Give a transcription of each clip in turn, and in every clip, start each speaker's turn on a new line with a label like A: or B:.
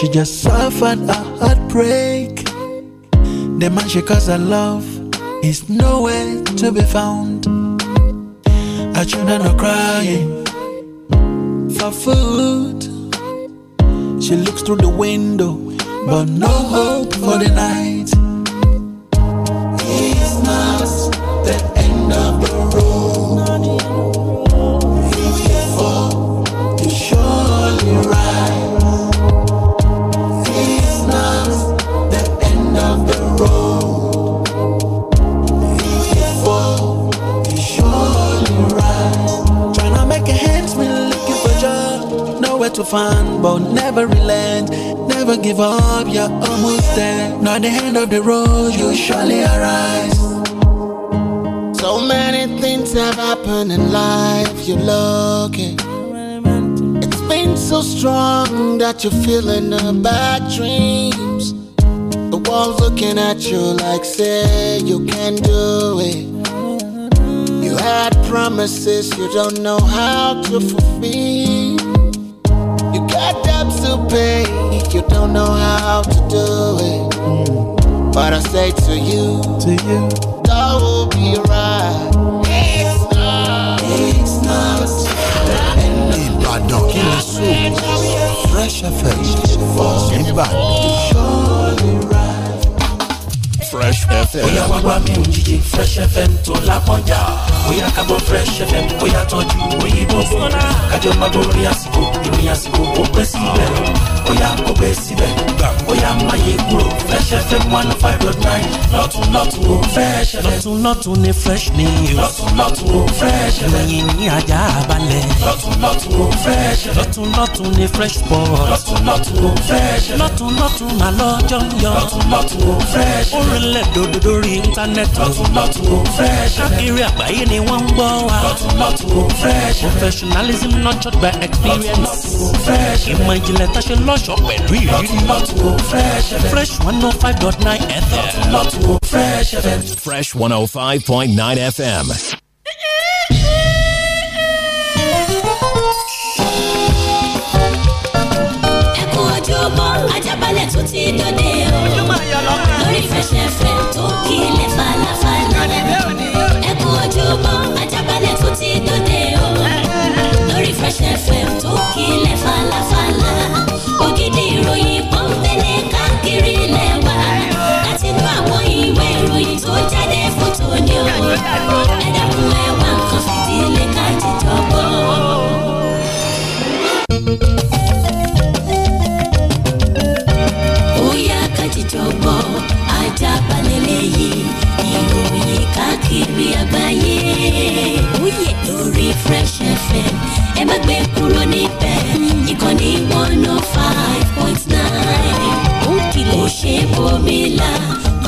A: She just suffered a heartbreak. The man she calls her love is nowhere to be found. Her children are crying for food. She looks through the window, but no hope for the night. fun, but never relent. Never give up, you're almost there. Not the end of the road, you surely arise. So many things have happened in life, you're lucky. It's been so strong that you're feeling the bad dreams. The world's looking at you like, say, you can do it You had promises you don't know how to fulfill to pay. You don't know how to do it. But I say to you, to you, that will be right. It's not, it's not. Ibadan, Fresh fresh fm. bóyá wá wá mi ò jíjẹ fresh fm tó lápọ́njà bóyá ká gbọ́
B: fresh fm bóyá tọ́jú òyìnbó fúnra kájọ máa bọ̀ orí àsìkò ìròyìn àsìkò ó pẹ́ síbẹ̀ bóyá kò pẹ́ síbẹ̀ bóyá máa yẹ kúrò fresh fm one oh five dot nine lọ́tún lọ́tún o fresh fm. lọ́tùnlọ́tùn ni fresh ni o. lọ́tùnlọ́tùn o fresh fm. ìròyìn ní ajá balẹ̀. lọ́tùnlọ́tùn o fresh fm. lọ́tùnlọ́tùn ni fresh
C: sport. lọ́tùnlọ́tùn o
B: fresh fm. lọ́tùnlọ́tùn mà lọ́jọ́ ń yọ. lọ́tùnlọ́tùn o fresh fm. ó rẹlẹ̀ dòdò lórí íńtánẹ́ẹ̀tì. lọ́tùnlọ́tùn lọ́tún fresh. káàkiri àgbáyé ni wọ́n ń gbọ́ wa. lọ́tún lọ́tún fresh. professionalism nurtured by experience. lọ́tún lọ́tún fresh. ìmọ̀ ìjìnlẹ̀ tó ṣe lọ́ṣọ̀ọ́ pẹ̀lú ìrírí. lọ́tún lọ́tún fresh. fresh one oh five dot nine fm.
C: lọ́tún lọ́tún fresh
D: fresh one oh five point nine fm.
C: ẹkún ojúbọ ajábalẹ̀ tó ti dòde o lórí fẹsẹ̀fẹ̀ tó kí ilé falafel need ni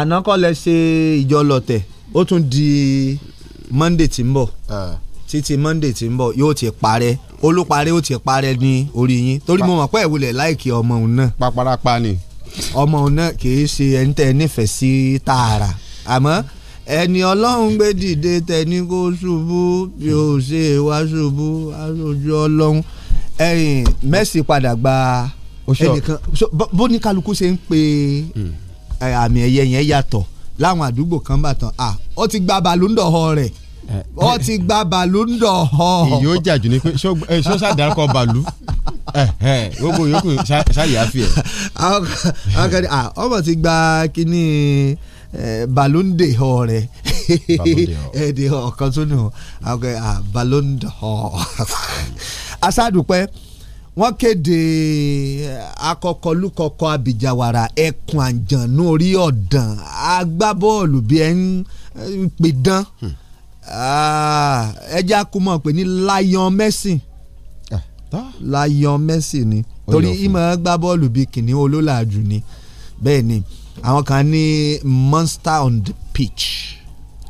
E: àná kọ́ lẹ ṣe ìjọ lọ̀tẹ̀ ó tún di monday tí ń bọ̀ títí monday tí ń bọ̀ yóò ti parẹ́ olùparẹ́ ó ti parẹ́ ní orí yín torí mo mọ̀ pé ìwúlẹ̀ láìkí ọmọ òun náà. paparapa ni. ọmọ òun náà kì í ṣe ẹni tẹ́ ẹ nífẹ̀ẹ́ sí tààrà àmọ́ ẹni ọlọ́run gbé dìde tẹni kó ṣubú bí ó ṣe wá ṣubú aṣojú ọlọ́run ẹ̀yìn mẹ́sì padà gba ẹnìkan bó ní kálukú ṣe ń pe. Mm àmì ẹ̀yẹ yẹn yàtọ̀ láwọn àdúgbò kan bá tán à ó ti gba bàlúndọ̀
F: họ rẹ̀ ó ti gba bàlúndọ̀ họ. ìyó jàjù ni pé ṣó ṣàdárúkọ bàlú gbogbo yòókù ṣàyàfi ẹ. akọni
E: ọmọ ti gba kínní balóńdè họ rẹ èdè ọkàn tó nù balóńdè họ. asádùpẹ́ wọ́n kéde eh, akọkọlùkọkọ abìjàwàrà ẹkùn àjànú orí ọ̀dàn agbábọ́ọ̀lù bíi ẹ̀ ń pidán hmm. ah, ẹjẹ́ àkúmọ̀ pé ní Lion Messi ah, Lion Messi ni torí ìmọ̀ gbá bọ́ọ̀lù bíi kìnìún olólàjù ni bẹ́ẹ̀ ni àwọn kan ní monster on the pitch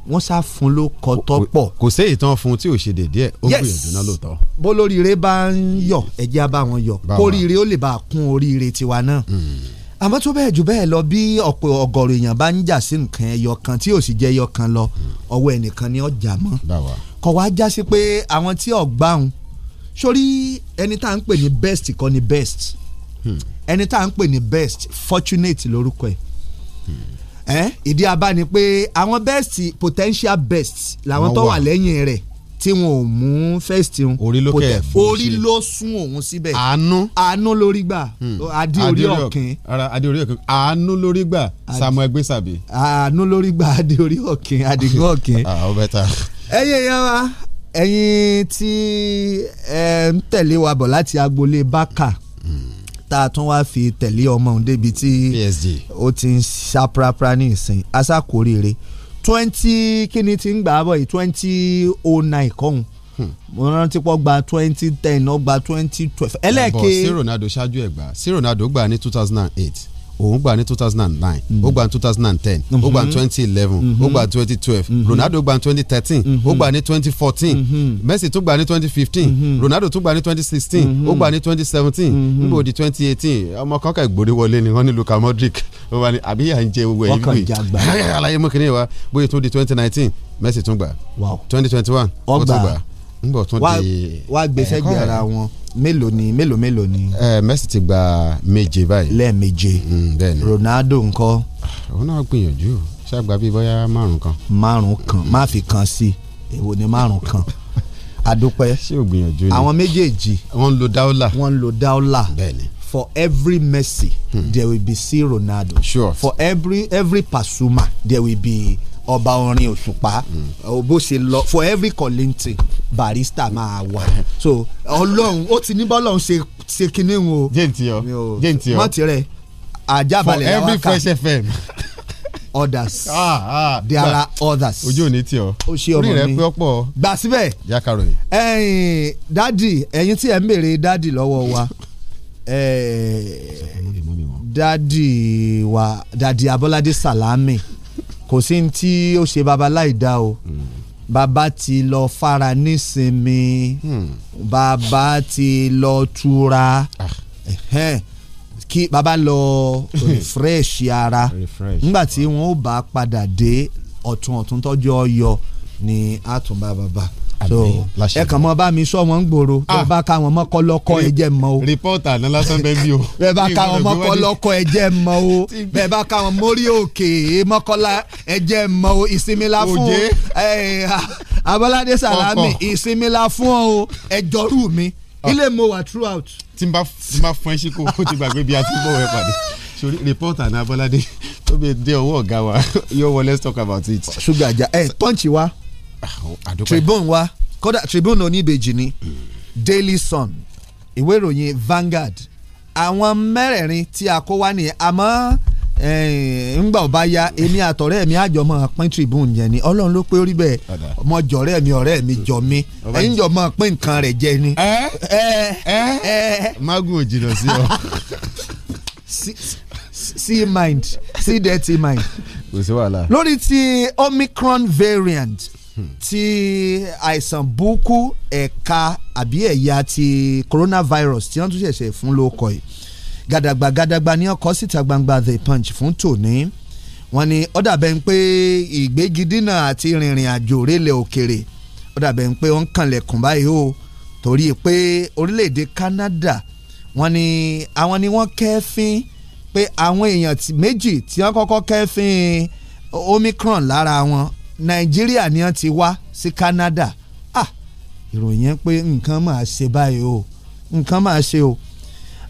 E: wọ́n sá fún
F: ló kọ tọ́ pọ̀. kò sí ìtàn fún tí ò ṣe dédé ẹ̀ ó gbìyànjú náà lóòótọ́.
E: bólóríire bá ń yọ ẹ̀jẹ̀ á bá wọn yọ kóríire ó lè bá a kún oríire tiwa náà. Hmm. àmọ́ tó bẹ́ẹ̀ jù bẹ́ẹ̀ lọ bí ọ̀pọ̀ ọ̀gọ̀rọ̀ èèyàn bá ń jà sí nǹkan ẹyọ kan tí ò sì jẹ́ ẹyọ kan lọ hmm. ọwọ́ ẹnìkan ni ọjà mọ́. kọ̀ wá já sí pé àwọn tí ọ̀gbáhùn sórí ẹni tá à ni best hmm. ẹni tá à best fortunate lórúkọ Eh? ìdí abá ni pé àwọn best potential best làwọn tó wà lẹ́yìn rẹ̀ tí wọn ò mú first wọn. orí ló kẹ fún un ṣe orí
F: ló sún òun síbẹ̀. àánú àánú lórí gbà hmm. adé orí ọ̀kìn. ara adé orí ọ̀kìn àánú lórí gbà Samuel Gbèsàbí. àánú lórí gbà adé orí ọ̀kìn adigun ọ̀kìn. àwọn bẹ́ẹ̀ ta.
E: ẹ̀yin èèyàn wa ẹ̀yin tí ẹ eh, ń tẹ̀lé wa bọ̀ láti agboolé bákà. Hmm tá a tún wáá fi tẹ̀lé ọmọ òun débi tí ó ti ń ṣàprápra ní ìsìn aṣàkóríire twenty kíni ti ń gbà á bọ̀ yìí twenty oh nine kọ́hún hmm. mo rántí pọ̀ gba twenty ten ó gba
F: twenty twelve. ẹlẹ́ẹ̀kẹ́ bọ̀ sí Ronaldo ṣáájú ẹ̀ gbà sí Ronaldo gbà ní two thousand and eight òun gbà ní two thousand and nine mm-hmm. ó gbà ní two thousand and ten ó gbà ní mm-hmm. twenty eleven mm-hmm. ó gbà ní twenty twelve Ronaldo gbà ní twenty thirteen ó gbà ní twenty fourteen Messi tún gbà ní twenty fifteen Ronaldo tún gbà ní twenty sixteen ó gbà ní twenty seventeen níbo di twenty eighteen ọmọ kan kà gbòde wọlé ni wọ́n ní Luka Modric wọ́n wà ní àbí yà ń jẹ owó ẹ̀yìn gbé alaye mọ́kìnrin wa bóyá tó di twenty nineteen Messi tún gbà twenty twenty one ó tún gbà nbọ tún di wá gbèsè gbé ara wọn mélòó ni mélòó mélòó ni. ẹ Messi ti gba méje báyìí. lẹ́ẹ̀méje mm, Ronaldo ńkọ́. òun náà gbìyànjú ṣàgbà bíi bóyá márùn kan. márùn kan má fi kan
E: sí èwo ni márùn kan adúpẹ́ àwọn méjèèjì. wọ́n ń lo dáúlà. wọ́n ń lo dáúlà. bẹ́ẹ̀ni for every Messi hmm. there will be C Ronaldo. Sure. For every every Pasuma there will be ọba orin òṣùpá hmm. bó ṣe lọ for every Kollington barista máa wà so ọlọ́run ó ti ní bọ́lọ́run ṣe ṣe kinní o. jẹ́ǹtì ọ jẹ́ǹtì ọ mọ́tì rẹ̀ àjábalẹ̀ làwọn for every Fresh FM. others ah,
F: ah, there are others. ojú òní tí ọ ó ṣe ọmọ mi orí rẹ pé
E: ọ̀pọ̀ gbà síbẹ̀ jákàròyìn. ẹyin dádì ẹyin tí ẹ ń béèrè dádì lọ́wọ́ wa dádì wa dádì Abọ́ládé Salami kò sí ní tí ó ṣe baba láì dá o hmm. bàbá ti lọ fara nísinmi hmm. bàbá ti lọ tura ah. kí bàbá lọ hmm. refresh ara nígbà tí wọn ó bá padà dé ọ̀tún ọ̀tún tọ́jú ọyọ ni a tún bá bàbá so ẹ kàn mọ bá mi sọ wọn ń gbòòrò bẹ ah. bá ká wọn mọkọ lọkọ ẹ jẹ mọ o. rìpọ́tà ní lásán bẹ́ẹ̀ bí o. bẹ bá ká wọn mọkọ lọkọ ẹ jẹ mọ o bẹ bá ká wọn mórí òkè mọkọlá ẹ mọ o ìsinmi fún o
F: Abọ́ládé Sàlámì ìsinmi fún o ẹ mi ah. ilé mo wà throughout. tí n bá fún ẹ sí kó o ti gbàgbé bí a ti bọ̀ wẹ́ pàdé sori rìpọ́tà ní Abọ́ládé tó dé ọwọ́ ọ̀gá wa yóò wọlé talk about it. ṣùgbọ́n àjà ẹ pọ́ǹchì wa.
E: Tribune wa kódà Tribune oníbejì ni Daily Sun ìwé ìròyìn Vanguard àwọn mẹ́rẹ̀ẹ̀rin tí a kó wá nìyẹn àmọ́ eh, ńgbà ọba ya èmi àtọ̀rẹ́ mi àjọmọ́ pín tribune yẹn ni ọlọ́run ló pé orí bẹ́ẹ̀ ọmọ jọ̀rẹ́ mi ọ̀rẹ́ mi jọ mi ẹ̀yin jọ mọ́ pín nǹkan rẹ̀ jẹ ni. magun ò jìnnà sí ọ. see mind see dirty mind. kò sí wàhálà. lórí ti omicron variant ti àìsàn burúkú ẹ̀ka àbí ẹ̀yà ti coronavirus tí wọ́n tún ṣẹ̀ṣẹ̀ fún ló kọ̀ yìí gàdàgbà gàdàgbà ní ọkọ̀ síta gbangba the punch fún tòní wọ́n ní ó dàbẹ̀ ń pé ìgbégidínà àti rìnrìn àjò rélẹ̀ òkèrè ó dàbẹ̀ ń pé wọ́n ń kànlẹ̀kùn báyìí o torí pé orílẹ̀-èdè Canada wọ́n ní àwọn ni wọ́n kẹ́fín pé àwọn èèyàn méjì tí wọ́n kọ́kọ́ kẹ́fín Omicron lára wọn nàìjíríà ni wọ́n ti wá sí Canada ah ìròyìn yẹn pé nǹkan máa ṣe báyìí o nǹkan máa ṣe o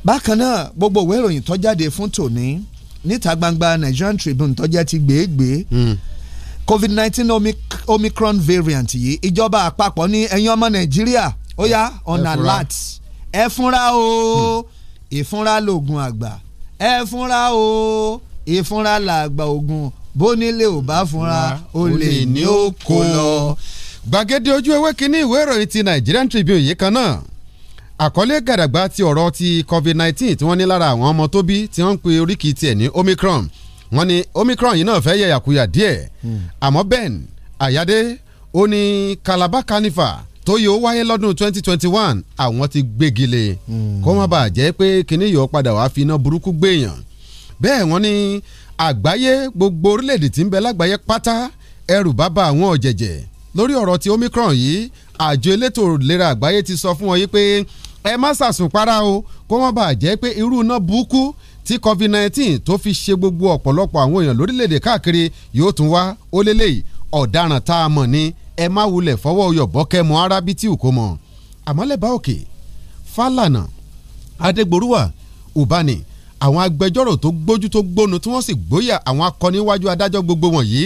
E: bákan náà gbogbo ìwé ìròyìn tó jáde fún tòní níta gbangba Nigerian Tribune tó ti gbèégbé mm. covid nineteen omic Omicron variant yìí ìjọba àpapọ̀ ní ẹ̀yin ọmọ nàìjíríà ó yá on alert ẹ fúnra o hmm. ìfúnra lògùn àgbà ẹ fúnra o
F: ìfúnra làgbà ògùn bónílé ò bá fúnra olè ní ó kó lọ. gbàgede ojú ewé kínní ìwé ìròyìn ti Nigerian Tribune yìí kan náà àkọlé gàdàgbà ti ọ̀rọ̀ ti COVID-19 tí wọ́n ní lára àwọn ọmọ tó bí tí wọ́n ń pe oríkì tiẹ̀ ní Omicron wọ́n ní Omicron yìí náà fẹ́ yẹ yàkuyà díẹ̀ hmm. àmọ́ Ben Ayade ó ní Calabar Carnival tó yóò wáyé lọ́dún 2021 àwọn ti gbégi lé hmm. kó má bàa jẹ́ pé kínní yóò padà wá fi iná burúkú gbéyàn bẹ́ẹ̀ wọ́n ní. Ni àgbáyé gbogbo orílẹ̀-èdè tí ń bẹ lágbàáyé pátá ẹrù bàbá àwọn ọ̀jẹ̀jẹ̀ lórí ọ̀rọ̀ ti omicron yìí àjọ elétò ìlera àgbáyé ti sọ fún wọn yìí pé ẹ má sàsùn para o kó wọ́n bàa jẹ́ pé irú iná burúkú tí covid-19 tó fi ṣe gbogbo ọ̀pọ̀lọpọ̀ àwọn èèyàn lórílẹ̀‐èdè káàkiri yóò tún wá ó lélẹ́yìí ọ̀daràn tá a mọ̀ ni ẹ má wulẹ̀ fọwọ́ oyọ̀ bọ́kẹ́mọ arábí tí ò kó mọ̀ àmọ́lẹ́bá òkè Fálànà Adégbòrúwà Ubani àwọn agbẹjọ́rò tó gbójú tó gbónu tí wọ́n sì gbóyà àwọn akọni iwájú adájọ́ gbogbo wọ̀nyí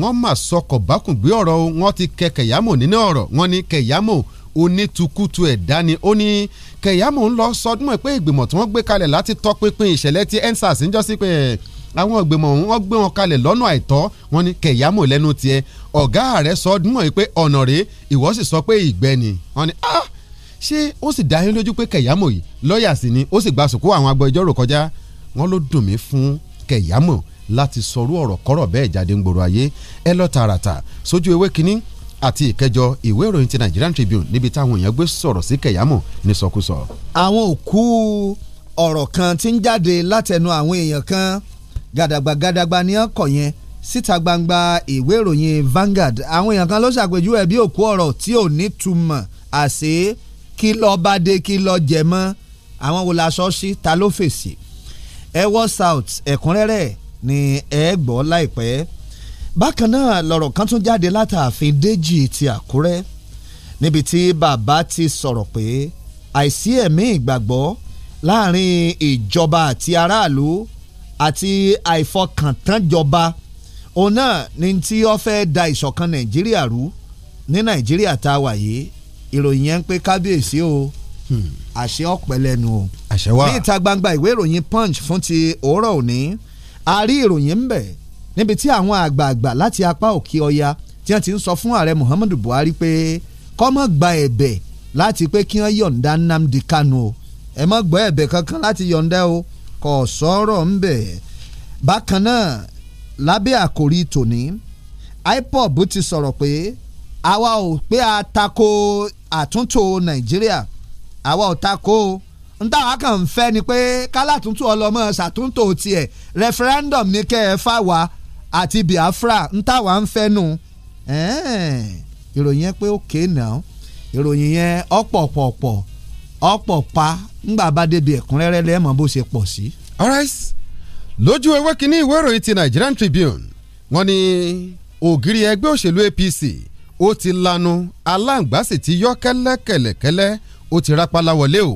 F: wọ́n mà sọkọ̀ bákùn gbé ọ̀rọ̀ wọn ti kẹ kẹ̀yàmọ̀ nínú ọ̀rọ̀ wọn ni kẹ̀yàmọ̀ onítùkùtù ẹ̀dá ni ó ní kẹ̀yàmọ̀ ń lọ sọdún mọ̀ pé ìgbìmọ̀ tí wọ́n gbé kalẹ̀ láti tọpinpin ìṣẹ̀lẹ̀ tí EndSARS ń jọ́ sí pé àwọn ìgbìmọ̀ wọn gbé wọn kalẹ̀ lọ́nà àìtọ́ wọn ni kẹ̀yàmọ̀ lẹ́nu tiẹ̀ ọ̀gá ààrẹ sọdún pé ọ̀nà rèé ìwọ sọ pé ìgbẹ́ni wọn ni ah ṣé ó sì dá yín lójú pé kẹ̀yámọ̀ yìí lọ́ọ̀yà sì ni ó sì gba sùkú àwọn agbẹjọ́rò kọjá wọ́n ló dùn mí fún kẹ̀yámọ̀ láti sọrú ọ̀rọ̀ kọ́rọ̀ bẹ́ẹ̀ jáde ń gbòòrò ayé ẹ lọ tààràtà sójú ewé kínní àti ìkẹjọ ìwé ìròyìn ti Nigerian Tribune níbi táwọn èèyàn gbé sọ̀rọ̀ sí kẹ̀yámọ̀ ní sọkúsọ.
E: àwọn òkú ọ̀rọ̀ kan ti ń jáde látẹnu àwọn èèyàn kan gàdàgbà gàdàgbà ni wọ́n kọ̀ yẹn síta gbangba ìwé ìròyìn Vanguard àwọn èèyàn kan ló ṣàpèjúwe bí òkú ọ̀rọ̀ tí ò ní túmọ̀ àṣẹ kí ló bá dé kí ló jẹ mọ́ àwọn wo la sọ sí ta ló fèsì ẹ wọ́ south ẹ̀kúnrẹ́rẹ́ ni ẹ gbọ́ láìpẹ́ bákan náà lọ̀rọ̀ kan tún jáde látààfin Déjì ti Àkúrẹ́ níbi tí bàbá ti sọ̀rọ̀ pé àìsí ẹ̀mí ìgbàgbọ́ láàrin ìjọba àti aráàlú àti àìfọkàntánjọba òun náà ni tí ó fẹ́ da ìṣọ̀kan Nàìjíríà rú ní Nàìjíríà tá a wà yìí ìròyìn yẹn ń pé kábíyèsí o hmm. àṣẹ ọ̀pẹ̀lẹ́nu o àṣẹ wà ní ìta gbangba ìwé ìròyìn punch fún ti òórọ̀ òní a rí ìròyìn ń bẹ̀ níbi tí àwọn àgbààgbà láti apá òkè ọya tí wọ́n ti ń sọ fún ààrẹ Muhammadu Buhari pé kọ́mọ́ gba ẹ̀bẹ̀ láti pé kí wọ́n yọ̀ǹda Nnamdi Kanu o ẹ mọ́ gbọ́ ẹ̀bẹ̀ kankan láti yọ̀ǹda o kò sọ̀rọ̀ ń bẹ̀ bákan náà lábẹ́ àkòrí tòní IPOB ti sọ̀rọ̀ pé àwa ò pé a tako àtúntò nàìjíríà àwa ò takò o n táwa kàn ń fẹ́ ni pé kálátúntò ọlọ́mọ ṣàtúntò tiẹ̀ referendum ní kẹ́ ẹ fà wá àti biafra n táwa ń fẹ́ nu ìròyìn yẹn pé òkè náà ìròyìn yẹn ọ̀pọ̀pọ̀pọ̀
F: ọ̀pọ̀ pa ńgbà bá débi ẹ̀kúnrẹ́rẹ́ lẹ́mọ̀ bó ṣe pọ̀ sí. alright lójú ewé kínní ìwé ìròyìn ti Nigerian Tribune wọ́n ní ògiri ẹgbẹ́ òṣèlú APC ó ti lanu aláǹgbá sì ti yọ́ kẹ́lẹ́kẹ̀lẹ́kẹ́lẹ́ ó ti rápálá wọlé o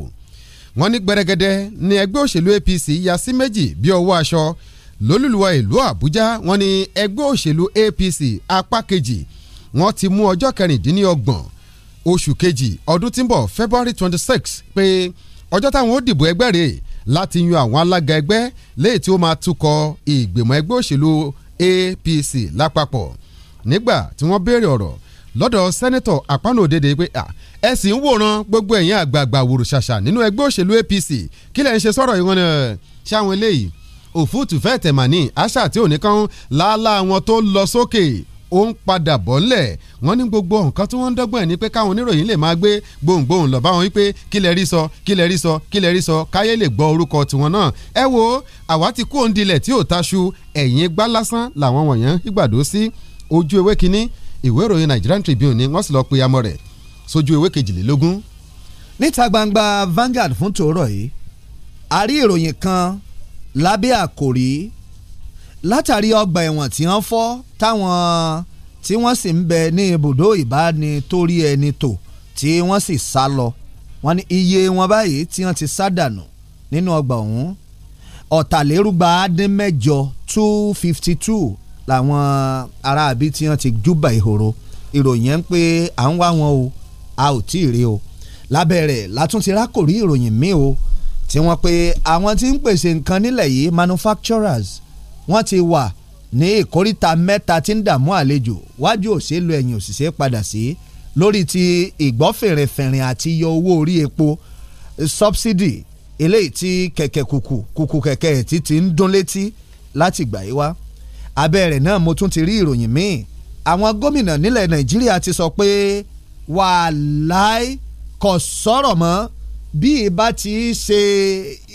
F: wọ́n ní gbẹrẹgẹdẹ ní ẹgbẹ́ òṣèlú APC ya sí méjì bí ọwọ́ aṣọ lólùlùwà ìlú Àbújá wọ́n ní ẹgbẹ́ òṣèlú APC apá kejì wọ́n ti mú ọjọ́ kẹrìndínlọ́gbọ̀n oṣù kejì ọdún tí ń bọ̀ February twenty six pé ọjọ́ táwọn ó dìbò ẹgbẹ́ rèé láti yan àwọn alága ẹgbẹ́ léyìí tí ó máa tukọ̀ ìgbìmọ̀ ẹgbẹ́ òṣèlú APC lápapọ̀ nígbà tí wọ́n béèrè ọ̀rọ̀ lọ́dọ̀ sẹ́nẹ́tọ̀ àpánú òdede pé ẹ sì ń wòran gbogbo ẹ̀yin àgbààgbà wòrùṣàṣà nínú ẹgbẹ́ òṣèlú APC kí lẹ̀ ń ṣe sọ̀rọ̀ yìí wọn náà ṣáwọn eléyìí òfúùtù fẹ́ẹ̀ tẹ̀mánì àṣà tí ò ní kán láálá wọn tó lọ sókè ó ń padà bọ́ ńlẹ̀ wọ́n ní gbogbo nǹkan tí wọ́n ń dọ́gbọ́n ẹ̀ ní pé káwọn oníròyìn lè máa gbé gbohùngbohùn lọ bá wọn wípé kí lẹ rí sọ kí lẹ rí sọ kí lẹ rí sọ káyé lè gbọ́ orúkọ tiwọn náà ẹ wo àwa ti kú òǹdilẹ̀ tí ò taṣu ẹ̀yìn gbá lásán làwọn wọ̀nyẹn ìgbàdo sí ojú ewé kínní ìwé ìròyìn Nigerian Tribune ni wọ́n sì lọ pe amọ̀ rẹ̀ sójú ewé kejìlélógún. níta gbangba Vanguard fún tòórọ̀ yìí a rí ìròyìn kan lábẹ́ àkòrí
E: látàrí ọgbà ẹ̀wọ̀n tí wọ́n fọ́ táwọn tí wọ́n sì ń bẹ ní ibùdó ìbánitórí ẹni tò tí wọ́n sì sá lọ wọ́n ní iye wọn báyìí tí wọ́n ti sá dànù nínú ọgbà ọ̀hún ọ̀tàlérúgba dín mẹ́jọ two fifty two làwọn aráabí tí wọ́n ti júbà ìhòòrò ìròyìn ẹ̀ ń pé à ń wá wọn o a ò tí ì rí o lábẹ́ rẹ̀ látúntì rákòrí ìròyìn míì o tí wọ́n pe àwọn tí ń pèsè nǹkan nílẹ̀ yìí manufacturers wọ́n ti wà ní ìkóríta mẹ́ta tí ń dààmú àlejò wájú òṣèlú ẹ̀yìn òṣìṣẹ́ padà sí lórí ti ìgbọ́fẹ̀rẹ̀fẹ̀rẹ̀ àti yọ owó orí epo subsidy eléyìí tí kẹ̀kẹ́ kùkù kùkù kẹ̀kẹ́ ẹ̀ ti ti ń dún létí láti gbà wá abẹ́ rẹ̀ náà mo tún ti rí ìròyìn míì àwọn gómìnà nílẹ̀ nàìjíríà ti sọ pé wàláì kò sọ̀rọ̀ mọ́ bí ibà ti ṣe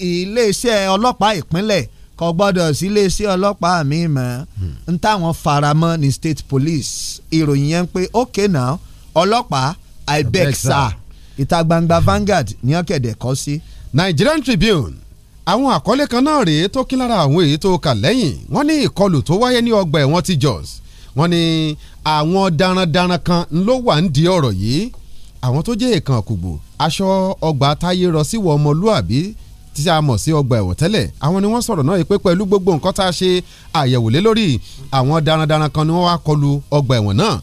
E: iléeṣẹ́ ọlọ́pàá ìpínlẹ̀ kò gbọ́dọ̀ sí iléeṣẹ́ ọlọ́pàá mi mọ́ hmm. n táwọn faramọ́ ní state police ìròyìn yẹn pé okay now ọlọ́pàá I beg sir ìta gbangba Vanguard ní
F: ọ̀kẹ́dẹ̀ kọ́ sí. Nigerian Tribune àwọn àkọlé kan náà rèé tó kí lára àwọn èyí tó kà lẹ́yìn wọ́n ní ìkọlù tó wáyé ní ọgbà ẹ̀wọ̀n ti Jos wọ́n ní àwọn darandaran kan ló wà ń di ọ̀rọ̀ yìí àwọn tó jẹ́ èèkàn àkùgbò aṣọ ọgbà táyé rọ sí wọ ọmọlúàbí tí a mọ̀ sí ọgbà ẹ̀wọ̀n tẹ́lẹ̀ àwọn ni wọ́n sọ̀rọ̀ náà pé pẹ̀lú gbogbo nǹkan tá a ṣe àyẹ̀wò lé lórí àwọn darandaran kan ni wọ́n wá kọlù ọgbà ẹ̀wọ̀n náà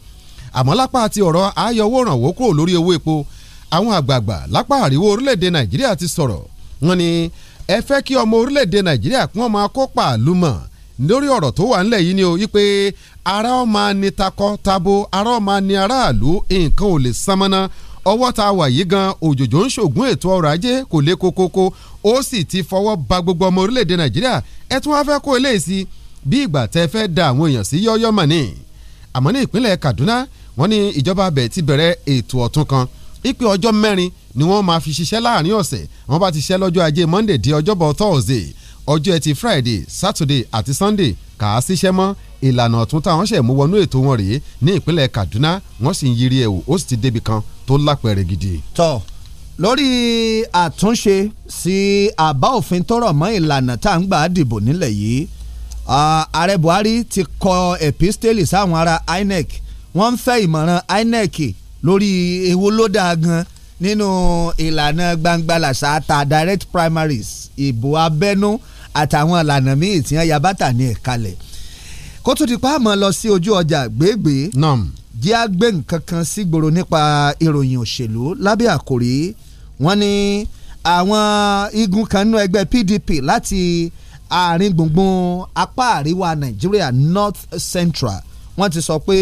F: àmọ́ lápá ti ọ̀rọ̀ ayọ̀wò rànwó kúrò lórí owó epo àwọn àgbààgbà lápá àríwó orílẹ̀-èdè Nàìjíríà ti sọ̀rọ̀ wọ́n ní ẹ fẹ́ kí ọmọ orílẹ̀-èdè nàìjíríà kí wọ́n máa kópa àlùmọ̀ lórí ọ̀rọ̀ tó wà nílẹ̀ yìí ni o wípé ara ọ máa takọ tabo ara ọ máa ní aráàlú nǹkan ò lè sánmọ́ná ọwọ́ tá a wà yìí gan òjòjò ń ṣògùn ètò ọrọ̀ ajé kò lè kokoko ó sì ti fọwọ́ ba gbogbo ọmọ orílẹ̀-èdè nàìjíríà ẹ tún wá fẹ́ kó eléyìí bí ìgbà tẹ́ fẹ́ da àwọn èèyàn sí yọ́yọ́ mọ̀ ní àmọ́ ní ìpínlẹ̀ kaduna wọ́n ní ìjọba abẹ ti bẹ̀rẹ̀ ètò ọ̀tun kan ipe ọjọ́ mẹ́rin ni wọ́n máa fi ṣiṣẹ́ láàrin ọ̀sẹ̀ wọ́n bá ti ṣiṣẹ́ lọ́jọ́ ajé monday di ọjọ́bọ̀ thursday ọjọ́ ẹtì friday saturday àti sunday kà á síṣẹ́ mọ́ ìlànà ọ̀tún táwọn ṣẹ̀ mú wọnú ètò wọn rèé ní ìpínlẹ̀ kaduna wọ́n sì ń yiri ẹ̀wò ó sì ti débi kan tó lápẹ̀rẹ̀ gidi. tọ́ lórí
E: àtúnṣe sí àbá òfin tó rọ̀ mọ́ ìlànà tá à ń gbà á dìbò nílẹ̀ yìí ààrẹ buhari ti kọ epistele sáwọn ará inec wọ́n ń fẹ́ ìmọ̀ràn inec lórí èwo ló dáa gan nínú ìlànà gbangba làṣà àtà direct primaries ìbò abẹ́nú àtàwọn ìlànà míì tí wọ́n ya bàtà ní ẹ̀kalẹ̀ kó tó ti pa àmọ́ lọ sí ojú ọjà gbégbé jẹ́ àgbẹ̀ nǹkan kan sígboro nípa ìròyìn òṣèlú lábẹ́ àkòrí wọ́n ní àwọn igun kan nínú ẹgbẹ́ PDP láti àárín gbùngbùn apá àríwá Nàìjíríà North Central wọ́n ti sọ pé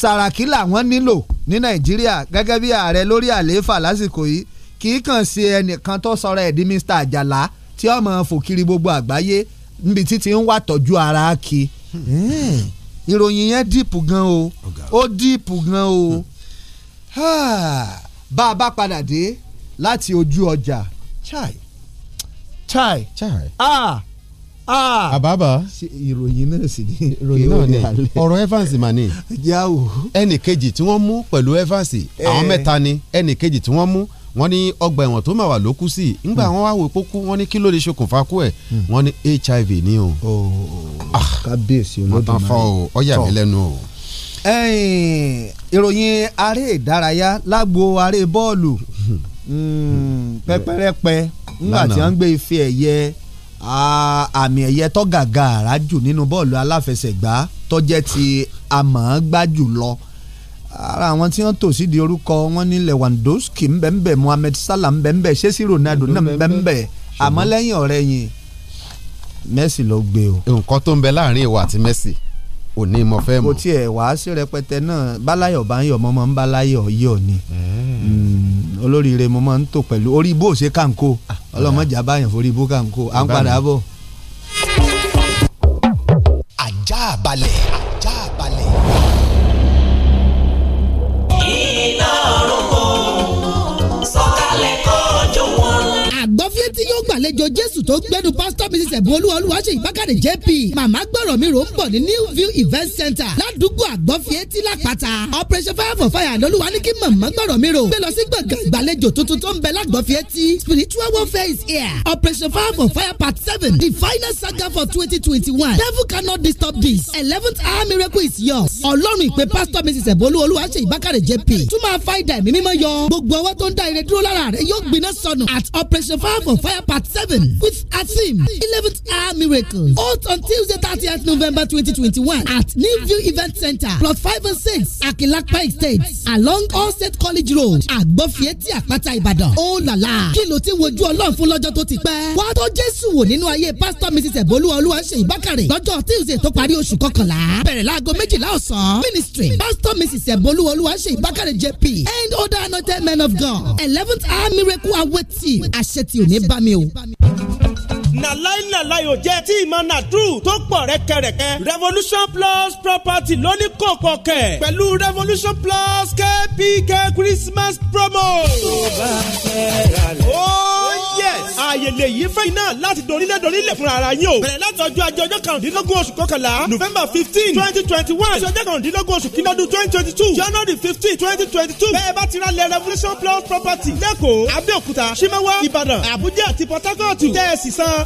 E: Sàràkí làwọn nílò ní Nàìjíríà gẹ́gẹ́ bí ààrẹ lórí àlééfà lásìkò yìí kì í kàn sí ẹnìkan tó sọ̀rọ̀ ẹ̀dí Mr. Àjàlá tí ọmọ fòkiri gbogbo àgbáyé níbi títí ń wà tọ́jú ara kí hmm. ìròyìn yẹn díìpù gan o ó díìpù gan o ah, bá a bá padà dé láti ojú
F: ọjà chai chai chai ah àbábà ah. ah, ìròyìn náà sì ní ìròyìn náà ni ọ̀rọ̀ Evans mà ní ẹnì kejì tí wọ́n mú pẹ̀lú Evans eh. àwọn mẹ́ta ni ẹnì kejì tí wọ́n mú wọ́n ní ọgbà ẹ̀wọ̀n tó máa wà ló kú sí i ńgbà hmm. wọ́n wá wò wọ́n ní kí ló lè ṣokùnfà kú HIV hmm. o. Oh, oh, oh. Ah. kábíyèsí olódùmarè o mi o.
E: ìròyìn aré ìdárayá lágbo aré bọ́ọ̀lù hmm. pẹ́pẹ́rẹ́pẹ́ ńgbà tí wọ́n ń gbé ife ẹ̀yẹ àmì ẹ̀yẹ tó gàgà àràjù nínú bọ́ọ̀lù aláfẹsẹ̀gbá tó jẹ́ ti amọ̀ọ́gbá jùlọ ara àwọn tí wọ́n tò sí di orúkọ wọn ní Lewandowski ńbẹ̀ńbẹ̀ Mohamed Salah ńbẹ̀ńbẹ̀ ṣẹ́sì Ronaldo náà ńbẹ̀ńbẹ̀
F: àmọ́ lẹ́yìn ọ̀rẹ́ yìí Messi ló gbé o. nǹkan tó ń bẹ láàrin ìwà àti Messi ò ní mo fẹ́ mọ̀. kò tiẹ̀ wá sí rẹpẹtẹ náà
E: bálayọ̀ bá ń yọ̀ mọ́ mọ́ ń bálayọ̀ yọ̀ ni mm, olóríire mo máa ń tò pẹ̀lú orí bó ṣe kàǹkó. ọlọ́mọdé àbáyàn forí búkà ń kó à ń padà bọ̀.
G: ìgbàlejò jésù tó gbẹ́nu pásítọ̀ mrs ẹ̀bùn olúwolúwa ṣe ìbákàdé jp màmá gbọ́rọ̀ mi rò ń bọ̀ ní new view event center ládùúgbò àgbọ̀fìẹ́tì lápáta operation fire for fire lolúwa ní kí màmá gbọ́rọ̀ mi rò gbé lọ sí gbọ̀ngàn ìgbàlejò tuntun tó ń bẹ lágbọ̀fìẹ́tì spiritual warfare is here operation fire for fire part seven the final saga for twenty twenty one devil cannot disturb this eleventh hour miracle is yours ọlọ́run ìpè pásítọ̀ mrs ẹ̀bùn olúwolúwa ṣe ìbákàdé jp tún máa fa ìdá ẹ̀mí mímọ́ yọ gbogbo ọwọ́ tó ń dá ire at operation fire for fire part seven with Asim eleventh hour miracles hold on Tuesday thirtieth November twenty twenty one at Newview Event Center plot five and six Akilapa Estate along All College Road Agbofieti Àpáta Ìbàdàn ó oh la kí ló ti wojú Ọlọ́run fún lọ́jọ́ tó ti pẹ́ wàá tó Jésù wò nínú ayé pásítọ̀ Mrs Ẹ̀bọ́lúwa Olúwaṣeyì Bákàrè lọ́jọ́ Tuesday tó parí oṣù kọkànlá bẹ̀rẹ̀ láago méjìlá ọ̀sán ministry pásítọ̀ Mrs Ẹ̀bọ́lúwa Olúwaṣeyì Bákàrè JP and other anointed men of God eleventh hour miracle awaiting. you àṣetì ò ní bá mi o mi. na láìláìláì ò jẹ́ tí ìmọ̀ nàdúrù
H: tó pọ̀ rẹ́kẹrẹ́kẹ́ revolution plus property lóní kòkò kẹ̀ pẹ̀lú revolution plus kpk christmas promo. tó bá fẹ́ ra lẹ̀. ó oh yes. àyèlè yìí fẹ́yìn náà láti dorílẹ̀ dorílẹ̀ fún ara yín o. bẹ̀rẹ̀ láti ọjọ́ ajé ọjọ́ kàrúndínlógún oṣù kọkànlá november fifteen twenty twenty one ọjọ́ kàrúndínlógún oṣù kìnnàdún twenty twenty two january fifteen twenty twenty two. bẹ́ẹ̀ bá ti ra lẹ̀ revolution plus property lẹ́kọ̀ọ́ abẹ́òkúta simawa ìbàdàn àbújá àti port harcourt. tẹ́ ẹ sì san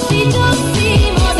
G: Dusty, dusty,
C: mother.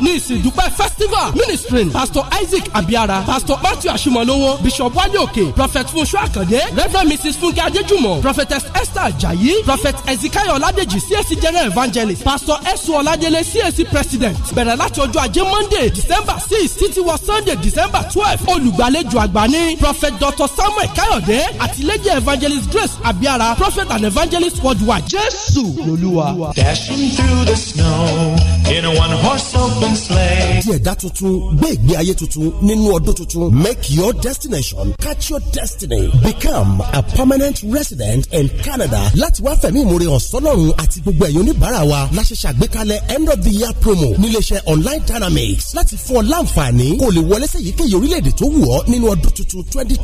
H: ní ìsìndúpẹ́ festival ministering pastor isaac abiara pastor matthew ashimolowo bishop wale prophet funṣu akande reverend mrs funke adejumo prophetess esther ajayi prophet ezekiel oladeji cac general evangelist pastor esu oladele cac president bẹ̀rẹ̀ láti ọjọ́ ajé monday december six títí wọ sunday december twelve olùgbàlejò àgbà ní prophet dr samuel kayode àti lady evangelist grace abiara prophet and evangelist worldwide jésù lolúwa. dashing through the snow in
I: a one horse open
H: ẹ̀dá tuntun gbé ìgbé ayé tuntun nínú
J: ọdún tuntun make your destination catch your destiny become a permanent resident in Canada láti wá fẹ̀mí ìmúre ọ̀sọ́lọ́run àti gbogbo ẹ̀yọ́ oníbàárà wa la ṣe ṣàgbékalẹ̀ end of the year promo níléeṣẹ́ online dynamics láti fún ọ láǹfààní kó lè wọlé sí èyíkéyìí orílẹ̀-èdè tó wù ọ́ nínú ọdún tuntun twenty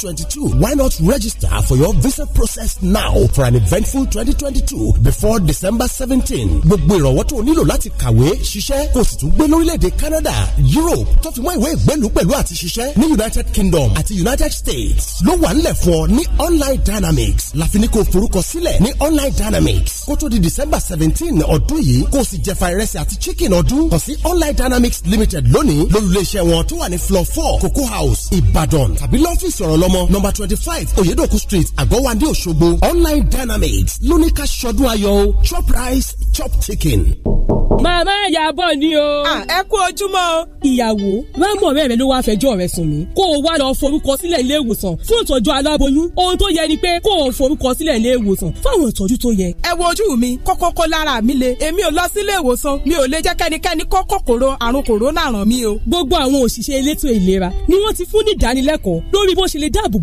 J: why not register for your visa process now for an eventful 2022 before December 17. gbogbo ìrànwọ́ tó o nílò láti kàwé ṣiṣẹ́ kó o sì tún gbé lórílẹ̀ orílẹ̀-èdè Canada Europe tó fi mọ́ ìwé ìgbẹ́lú pẹ̀lú àti ṣiṣẹ́ ní United Kingdom àti United States ló wà nílẹ̀ fún ọ ní Online Dynamics láfi ní kò forúkọ sílẹ̀ ní Online Dynamics kó tó di December seventeen ọdún yìí kó o sì jẹfa ìrẹsì àti chicken ọdún kàn sí Online Dynamics Limited lónìí lólùléeṣẹ́ wọn tó wà ní floor four Cocoa House Ibadan. tàbí lọ́fíìsì ọ̀rọ̀ lọ́mọ number twenty five Oyedoku Street Àgọ́wandé Òṣogbo
B: Online Dynamics lóníkà ṣọdún ayọ̀ chop rice chop chicken. màmá ìyàbọ̀ ni o. Ah, ẹ ẹ kú ojúmọ́. ìyàwó rámọ̀ ọ̀rẹ́ rẹ ló wá fẹjọ́ rẹ sùn mí kó o wá lọ forúkọ sílẹ̀ ilé ìwòsàn fún ìtọ́jú aláboyún ohun tó yẹ ni pé kó o forúkọ sílẹ̀ ilé ìwòsàn fáwọn ìtọ́jú tó yẹ. ẹ wo ojú mi kókó kó lára mi le èmi ò lọ sílé ìwòsàn mi ò lè jẹ́ kẹ́nikẹ́ni kó kòkòrò àrùn kòrónà ràn mí o. gbogbo àwọn òṣìṣẹ́ elétò ìlera ni wọ́n ti fún ní ìdánilẹ́kọ̀ọ́ lórí bó ṣe lè dáàbòbo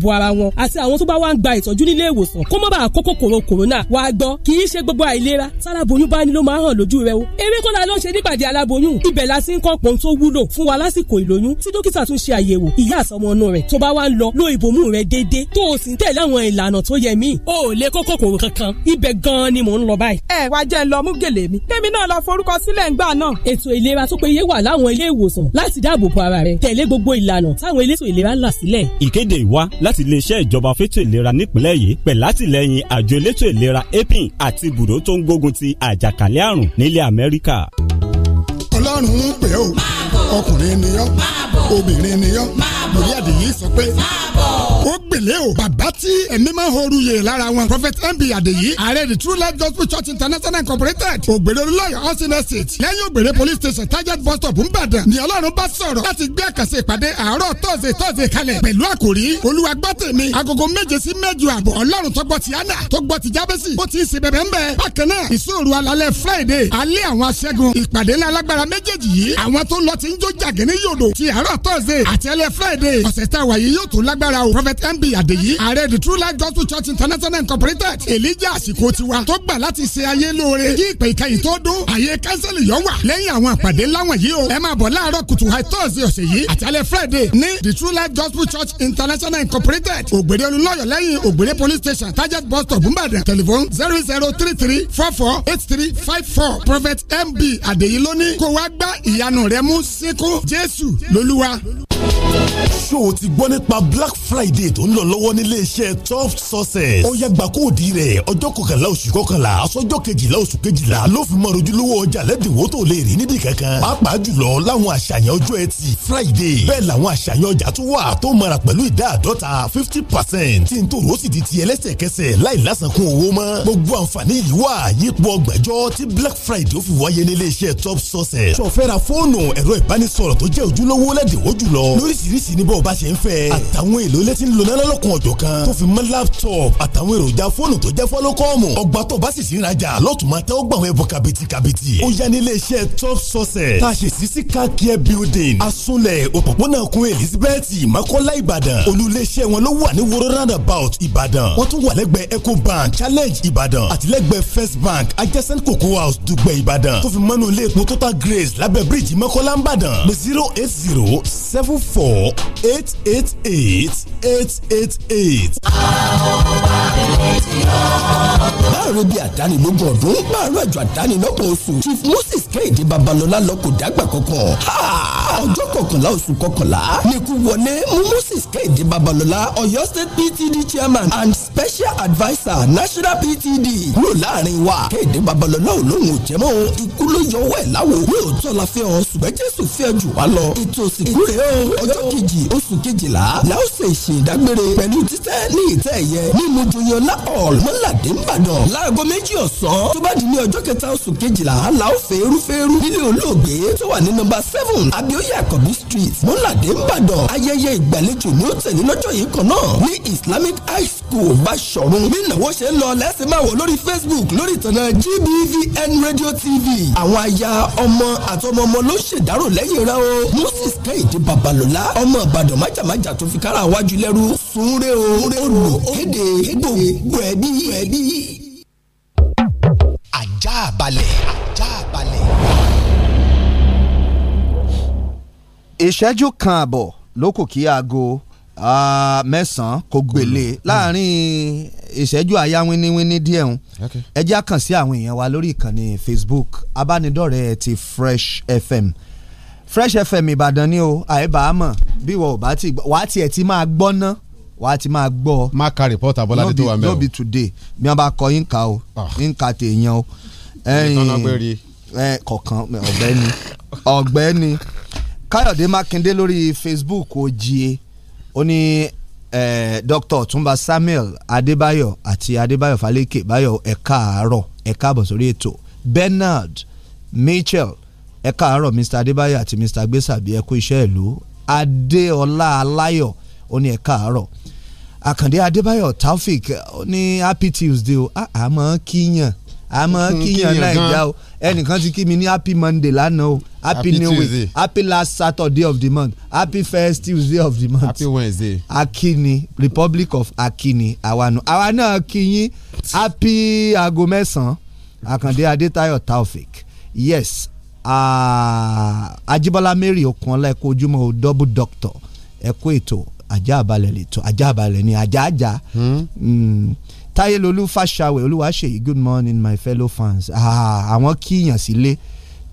B: fi ń kọ́ pọ́n tó wúlò fún wa lásìkò ìlóyún tí dókítà tún ṣe àyẹ̀wò ìyá àsọmọ ọ̀nà rẹ̀ tó bá wá ń lọ lo ìbomú rẹ̀ déédéé tó o sì ń tẹ̀lé àwọn ìlànà tó yẹ míì o ò lè kó kòkòrò kankan ibẹ̀ gan-an ni mò ń lọ báyìí. ẹ wá jẹ́ ń lọ mú gèlè mi tèmi náà lọ forúkọ sílẹ̀ ń gbà náà. ètò ìlera tó péye wà láwọn ilé ìwòsàn láti dáàbò bo ara rẹ tẹ̀lé gbogbo ìlànà táwọn elétò ìlera là sílẹ̀. ìkéde wa láti iléeṣẹ́ ìjọba fétò ìlera nípìnlẹ̀ yìí pẹ̀lú àtìlẹ́yìn àjọ elétò ìlera apin àti ibùdó tó ń gbógun ti àjàkálẹ̀ àrùn nílẹ̀ Amẹ́ríkà
J: ọlọ́run ń pè ó ọkùnrin ni ọ́ obìnrin ni ọ́ lórí àdìyí sọ pé ó gbèlè o bàbá tí ẹ̀mí máa ń horu yèrè lára wọn prophet mb adeyi ààrẹ the true life gospel church international incorporated ògbèrè olùlọ́yọ̀ housing estate lẹ́yìn ògbèrè police station target bus stop ńbàdàn ni ọlọ́run bá sọ̀rọ̀ láti gbé àkànṣe ìpàdé àárọ̀ tọ́sẹ̀ tọ́sẹ̀ kalẹ̀ pẹ̀lú àkòrí olúwa gbọ́ agogo méje sí mẹ́jọ àbọ̀ ọlọ́run tó ti yánà tó gbọ́ ti jábẹ́sì bó ti ń ṣe bẹ̀bẹ̀ ń friday alẹ́ àwọn aṣẹ́gun ìpàdé ńlá alágbára méjèèjì yìí àwọn tó lọ ti ń jó ti àárọ̀ tọ́sẹ̀ àti friday ọ̀sẹ̀ táwa yìí yóò tó o prophet prophet mb adeyi ààrẹ the true life gospel church international incorporated èlíjà àsìkò tiwa tó gbà láti ṣe ayé lóore kí ìpè ìkẹyìn tó dún àyè kánsẹ́lì yọ wà lẹ́yìn àwọn àpàdé láwọn yìí o ẹ máa bọ̀ láàárọ̀ kùtù high thursday ọ̀sẹ̀ yìí àtàlẹ́ friday ní the true life gospel church international incorporated ògbèrè olùlọ́yọ̀ lẹ́yìn ògbèrè police station target bus stop nìbàdàn telephone zero zero three three four four eight three five four prophet mb adeyi lónìí kó wá gbá ìyanu rẹ mú síkú jésù lolúwa. ṣó o ti gbọ́ nípa black friday birthday tó ń lọ lọ́wọ́ nílé iṣẹ́ top success. ó yá gba kóòdì rẹ̀ ọjọ́ kọkànlá oṣù kọkànlá aṣọ́jọ́ kejìlá oṣù kejìlá ló fi mọ ojúlówó ọjà lẹ́dínwó tó lè rí níbi kankan. pàápàá jùlọ láwọn àṣàyàn ọjọ́ ẹtì friday bẹ́ẹ̀ làwọn àṣàyàn ọjà tó wà tó mara pẹ̀lú ìdá àdọ́ta fifty percent tí n tó rò sì di ti ẹlẹ́sẹ̀kẹsẹ̀ láì lásàkún owó mọ́. gbogbo àǹfààní yìí wà yípo ọgbẹ̀jọ́ tí black friday ó fi wáyé nílé iṣẹ́ top success. sọfẹ́ra fóònù ẹ̀rọ ìbánisọ̀rọ̀ tó jẹ́ ojúlówó lẹ́dínwó jùlọ lóríṣiríṣi níbọ̀ bá ṣe ń fẹ́ àtàwọn èlò létí ń lo ọ̀jọ̀ kan tó fi mọ́ laptop àtàwọn èròjà fóònù tó jẹ́ fọ́lọ́kọ́ọ̀mù ọgbà tó bá sì sí ìrajà lọ́tùmọ̀ tẹ́wọ́ gbà wọn ẹ̀bùn kàbìtì kàbìtì ó yá ní iléeṣẹ́ top sources tá a ṣe sí sí car care building asunlẹ̀ òpópónà kun elizabeth makola ìbàdàn olú iléeṣẹ́ wọn ló wà ní woro roundabout ìbàdàn wọ́n tún wà lẹ́gbẹ̀ẹ́ ecobank challenge ìbàdàn àtìlẹ́gbẹ̀ẹ́ cocoa house dùgbẹ̀ ìbàdàn tó fi mọ́nú ilé epo total grace lábẹ́ bíríìjì makola ìbàdàn zero eight zero seven four eight eight eight eight eight eight eight. báàrò bíi àdánilógún ọdún báàrò àjọ àdánilọ́gbọ̀n oṣù chief moses kẹ́hìndé
K: babalọ́lá lọ́kọ̀ dàgbà kankan ọjọ́ kọkànlá oṣù kọkànlá nìkú wọlé mú moses kẹ́hìndé babalọ́lá ọ̀yọ́ state ptd chairman and special adviser national ptd kúrò láàrin wa kẹ́hìndé babalọ́lá olóhùn òjẹ́mọ́ ikú ló yọ ọwọ́ ẹ̀ láwo lóòótọ́ la fẹ́ ọ ṣùgbọ́n jésù fẹ́ jù wá lọ ètò òsìkú rẹ̀ ọjọ́ kejì oṣù kejìlá làó ṣe ìṣèdágbére pẹ̀lú títẹ́ ní ìtẹ́ ẹ̀yẹ nínú joyan corona hall mọ́ládé ńbàdàn láago méjì ọ̀sán tó bá di ní ọjọ́ kẹta oṣù kejìlá la ó fẹ́ẹ́rú fẹ́ẹ́rú nílé olóògbé tó wà ní nọ́mbà seven abioye àkànbí street mọ́ládé ńbàdàn ayẹyẹ ìgbàlejò ni ó tẹ̀lé lọ́jọ́ yìí kan náà ní islamic high kù bá ṣọ̀run bí ìnáwó ṣe ń lọ lẹ́sìn máa wò lórí Facebook lórí ìtànà GBVN Radio TV àwọn aya ọmọ àtọmọ ló ṣèdárò lẹ́yìn rẹ o Moses Kẹ́hìndé Babalọ́lá ọmọ Ìbàdàn májàmájà tó fi kára wájú lẹ́rú sunre o olùkéde
J: gbogbo ẹbí
E: ẹbí. ajá balẹ̀ ajá balẹ̀. ìṣẹ́jú kan àbọ̀ ló aago Ah, mẹ́sàn-án kò gbélé mm. láàrin ìṣẹ́jú àyà wíníwíní díẹ̀ ń ẹ jẹ́ kàn sí àwọn èèyàn wa lórí ìkànnì Facebook abánidọ́rẹ̀ẹ́ ti Fresh FM Fresh FM Ìbàdàn ni o àìbámọ̀ bí wọ́n ò bá ti gbọ́ wàá tiẹ̀ ti máa gbọ́ ná wàá ti máa gbọ́. má ka report abọ́ládé tó wà mẹ́rin no be today bí wọ́n bá kọ yín ka o ah. yín ka tèèyàn o. ìtọ́nà gbére. kọ̀ọ̀kan ọ̀gbẹ́ni ọ̀gbẹ́ni Káyọ̀dé Mákindé lórí Facebook ojie ó ní Dr. Ọ̀túnba Samuel Adébáyọ̀ àti Adébáyọ̀ Falẹ́kè Báyọ̀ ẹ káàárọ̀ ẹ káàbọ̀ sórí ètò Bernard Mitchell ẹ káàárọ̀ Mr. Adébáyọ̀ àti Mr. Agbésàbí ẹ kú iṣẹ́ ìlú Adéọlá Aláyọ̀ ó ní ẹ káàárọ̀ Àkàndé Adébáyọ̀ Taofik ó ní happy Tuesday o àmọ́ kíyàn àmọ́ kíyàn nàìjà o ẹnìkan ti kí mi ní happy monday lánàá o happy new week happy last saturday of the month happy first tuesday of the month happy wednesday akini republic of akini àwa náà àwa náà kíyìn happy aago mẹ́sàn-án àkàndé adétayọ̀ taofik yes ajibola mary okunla ẹ̀kọ́ ojúmọ́ o double doctor ẹ̀kọ́ ètò ajá àbálẹ̀ lẹ́tọ̀ ni ajá ajá. Hmm. Mm Tayelolu fàṣàwẹ̀ olúwaṣèyí good morning my fellow fans ah, àwọn kíyàn sílé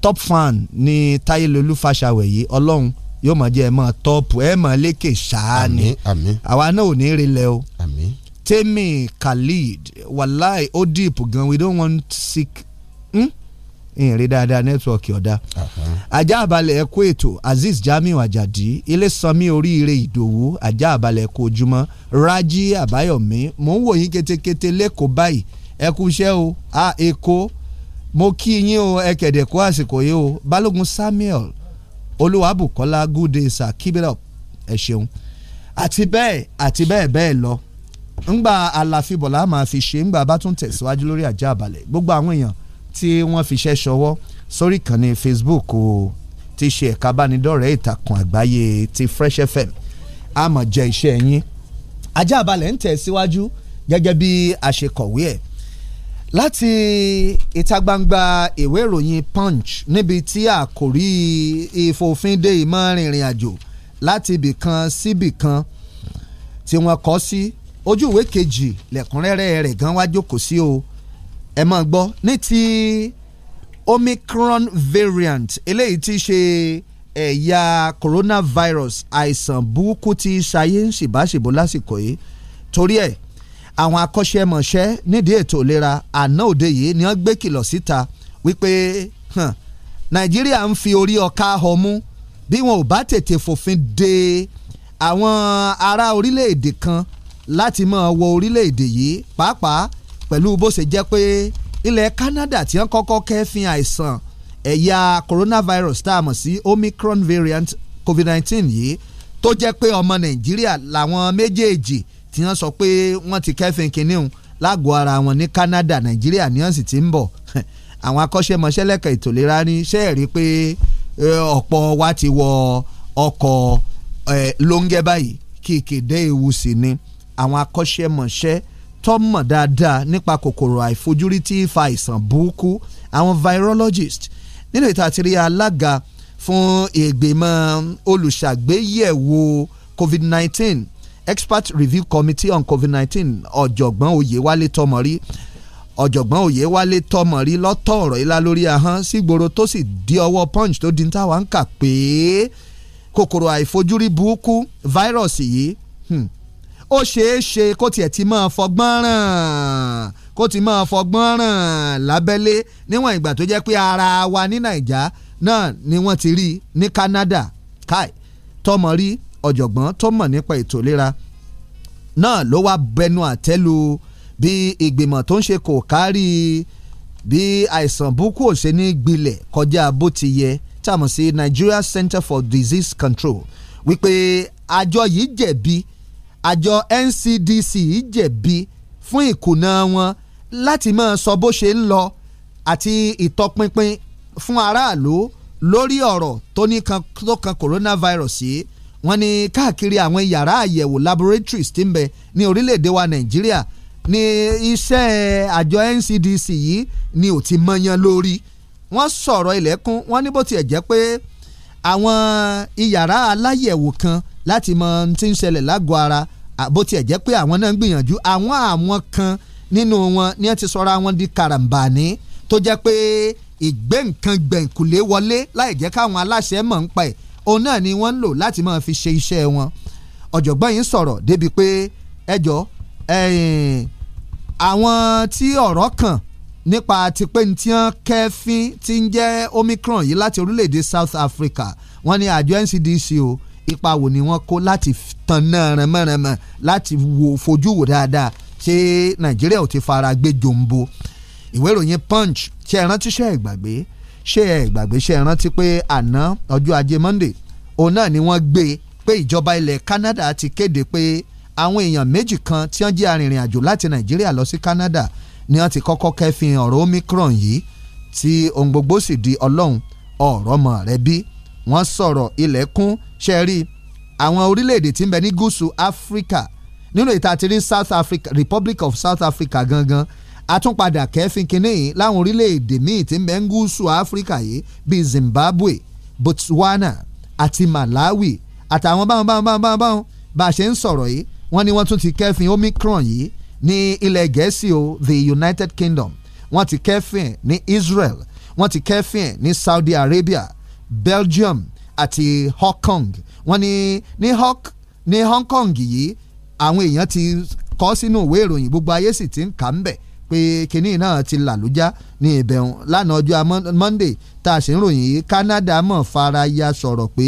E: top fan ni Tayelolu fàṣàwẹ̀ yìí ọlọ́run yóò mọ̀ jẹ́ ẹ mọ̀ tọ́pù ẹ mọ̀ lékè ṣáá ni àwa náà ò ní relẹ̀ o tèmi khalid wàláì ó dìpù gan we don't want sick ìrìn dáadáa nẹ́tíwọ̀kì ọ̀dà. ajá àbálẹ̀ ẹ̀kọ́ ètò aziz Jamiu Ajadi Ilésànmí Oríire Ìdòwú ajá àbálẹ̀ ẹ̀kọ́ ojúmọ́ Rájí Àbáyọ̀mí mò ń wò yín ketekete lẹ́kọ̀ọ́ báyìí ẹ̀kú o a èkó mo kí yín o ẹ̀kẹ̀dẹ̀ kó àsìkò yìí o Balógun Samuel Olúwabùkọ́lá good day sir keep it up ẹ ṣeun àti bẹ́ẹ̀ àti bẹ́ẹ̀ bẹ́ẹ̀ lọ ńgbà àlàfíbọ̀lá máa fi ṣe ńgbà bá tún tẹ̀síwájú lórí ajá àbálẹ̀ gbogbo àwọn èèyàn tí wọ́n fi ṣẹ́ ṣọwọ́ sórí ìkànnì Facebook o ti ṣe ẹ̀ka abánidọ́rẹ̀ẹ́ ìtàkùn àgbáyé ti Fresh FM àmọ̀ jẹ́ iṣẹ́ yín ajá balẹ̀ ń tẹ̀ síwájú gẹ́gẹ́ bí a ṣe kọ̀wé ẹ̀ láti ìta gbangba ìwé ìròyìn Punch níbi tí àkòrí ìfòfindè ìmọ̀ rìnrìn àjò láti ibì kan síbì kan tí wọ́n kọ́ sí ojú ìwé kejì lẹ́kùnrẹ́rẹ́ rẹ̀ gan wá jókòó sí o. Si ẹ máa gbọ́ ní ti Omicron variant eléyìí ti ṣe ẹ̀yà coronavirus àìsàn burúkú tí ṣayé ń ṣìbáṣìbò lásìkò yìí torí ẹ̀ àwọn akọ́ṣẹ́mọṣẹ́ nídìí ètò ìlera àná òde yìí ni wọ́n gbé kìlọ̀ síta wípé Nàìjíríà ń fi orí ọ̀ka ọmú bí wọn ò bá tètè fòfin de àwọn ará orílẹ̀-èdè kan láti máa wọ orílẹ̀-èdè yìí pàápàá pẹ̀lú bó ṣe jẹ́ pé ilẹ̀ Canada ti ń kọ́kọ́ kẹ́fìn àìsàn ẹ̀yà coronavirus tá a mọ̀ sí Omicron variant COVID-19 yìí tó jẹ́ pé ọmọ Nàìjíríà làwọn méjèèjì tí wọ́n sọ pé wọ́n ti kẹ́fìn kìnìún lágọ̀ọ́ ara wọn ní Canada Nàìjíríà ni wọ́n sì ti ń bọ̀ àwọn akọ́ṣẹ́mọṣẹ́ lẹ́ka ètò ìlera ní ṣe é rí i pé ọ̀pọ̀ wa ti wọ ọkọ̀ lóńgẹ́ báyìí kìkì dé ewu sí ni àwọn akọ́ṣẹ́mọṣẹ́ tó mọ̀ dáadáa nípa kòkòrò àìfojúrí tí fa àìsàn burúkú àwọn virologist nínú ìta àti rí alága fún ìgbìmọ̀ olùṣàgbéyẹ̀wò covid-19 expert review committee on covid-19 ọ̀jọ̀gbọ́n oyèwálé tọmọrí ọ̀jọ̀gbọ́n oyèwálé tọmọrí lọ́tọ̀ ọ̀rọ̀ ilá lórí ahọ́n sígboro tó sì di ọwọ́ punch tó di táwa ń kà pé kòkòrò àìfojúrí burúkú fáírọ̀sì yìí hmm, ó ṣeé ṣe kó tiẹ̀ ti máa fọgbọ́n ràn kó ti máa fọgbọ́n ràn lábẹ́lé níwọ̀n ìgbà tó jẹ́ pé ara wa ní nàìjà náà ni wọ́n ti rí ní Canada kai tọmọ rí ọ̀jọ̀gbọ́n tó mọ̀ nípa ètò ìlera náà ló wá bẹnu àtẹ́lu bí ìgbìmọ̀ tó ń ṣe kò kárí bí àìsàn búkú ò ṣe ní gbilẹ̀ kọjá bó ti yẹ tàmù sí Nigeria Center for Disease Control wípé àjọ yìí jẹ̀bi àjọ NCDC jẹ̀bi fún ìkùnà wọn láti máa sọ bó ṣe ń lọ àti ìtọpinpin fún aráàlú lórí ọ̀rọ̀ tó ní kan tó kan coronavirus yìí wọ́n ní káàkiri àwọn yàrá àyẹ̀wò laboratories tí ń bẹ ní orílẹ̀-èdè wa Nàìjíríà ní iṣẹ́ àjọ NCDC yìí ni ò ti mọyan lórí wọ́n sọ̀rọ̀ ilẹ̀kùn wọ́n ní bó tiẹ̀ jẹ́ pé àwọn iyàrá aláyẹ̀wò kan láti mọ ohun tí ń ṣẹlẹ̀ lágọ̀ọ́ ara bó tiẹ̀ jẹ́ pé àwọn náà ń gbìyànjú àwọn àwọn kan nínú wọn ni wọ́n ti sọra wọn di karambani tó jẹ́ pé ìgbé nǹkan gbẹ̀ǹkùlé wọlé láì jẹ́ káwọn aláṣẹ mọ̀ ń pa ẹ̀ òun náà ni wọ́n ń lò láti máa fi ṣe iṣẹ́ wọn ọ̀jọ̀gbọ́n yìí sọ̀rọ̀ débi pé ẹjọ́ àwọn tí ọ̀rọ̀ kàn nípa tipẹ́ ní tí wọ́n kẹ́fín tí ń jẹ́ Omicron yìí láti orílẹ̀-èdè South Africa wọ́n ní àjọ NCDC o ipa wo ni wọ́n kó láti tan náà rẹmọ́rẹmọ́ láti wo fojú wò dáadáa ṣé nàìjíríà ò ti fara gbé jòǹbo ìwé ìròyìn punch ṣé ẹ rántí ṣé ẹ gbàgbé ṣé ẹ gbàgbé ṣé ẹ rántí pé àná ọjọ́ ajé monday òun náà ni wọ́n gbé pé ìjọba ilẹ̀ canada ti kéde pé àwọn èèyàn méjì kan tí wọ́n jẹ́ arìnrìn àjò láti nàìjíríà lọ sí canada ni wọ́n ti kọ́kọ́ kẹ́fìn ọ̀rọ̀ omicron yìí tí ohun gbogbo sì di ọlọ́run ọ̀rọ̀ mọ̀ rẹ bí wọ́n sọ̀rọ̀ ilẹ̀kùn ṣẹ́rí àwọn orílẹ̀-èdè tí ń bẹ ní gúúsù áfíríkà nínú ìta ti rí South Africa Republic of South Africa gangan àtúnpadà kẹ́fín kínní yìí láwọn orílẹ̀-èdè míì tí ń bẹ ní gúúsù áfíríkà yìí bíi Zimbabwe Botswana àti Malawi àtàwọn báwọn báwọn báwọn báwọn báwọn bá a ṣe ń sọ̀rọ̀ yìí wọ́n ní wọ́n tún ti kẹ́fín Omicron yìí ní ilẹ̀ gẹ̀ẹ́sì o the United Kingdom wọ́n ti kẹ́fín ní Israel wọ́n ti kẹ́fín ní Saudi Arabia Belgium àti Hong Kong wọ́n ní ní Hong ní Hong Kong yìí àwọn èèyàn ti kọ sínú ìwé ìròyìn gbogbo ayé sì ti ń kà ń bẹ̀ pé kinní náà ti làlújá ní ìbẹ̀rùn lánàá ọjọ́ Monday tá a sì ń ròyìn yìí Canada mọ̀ fara ya sọ̀rọ̀ pé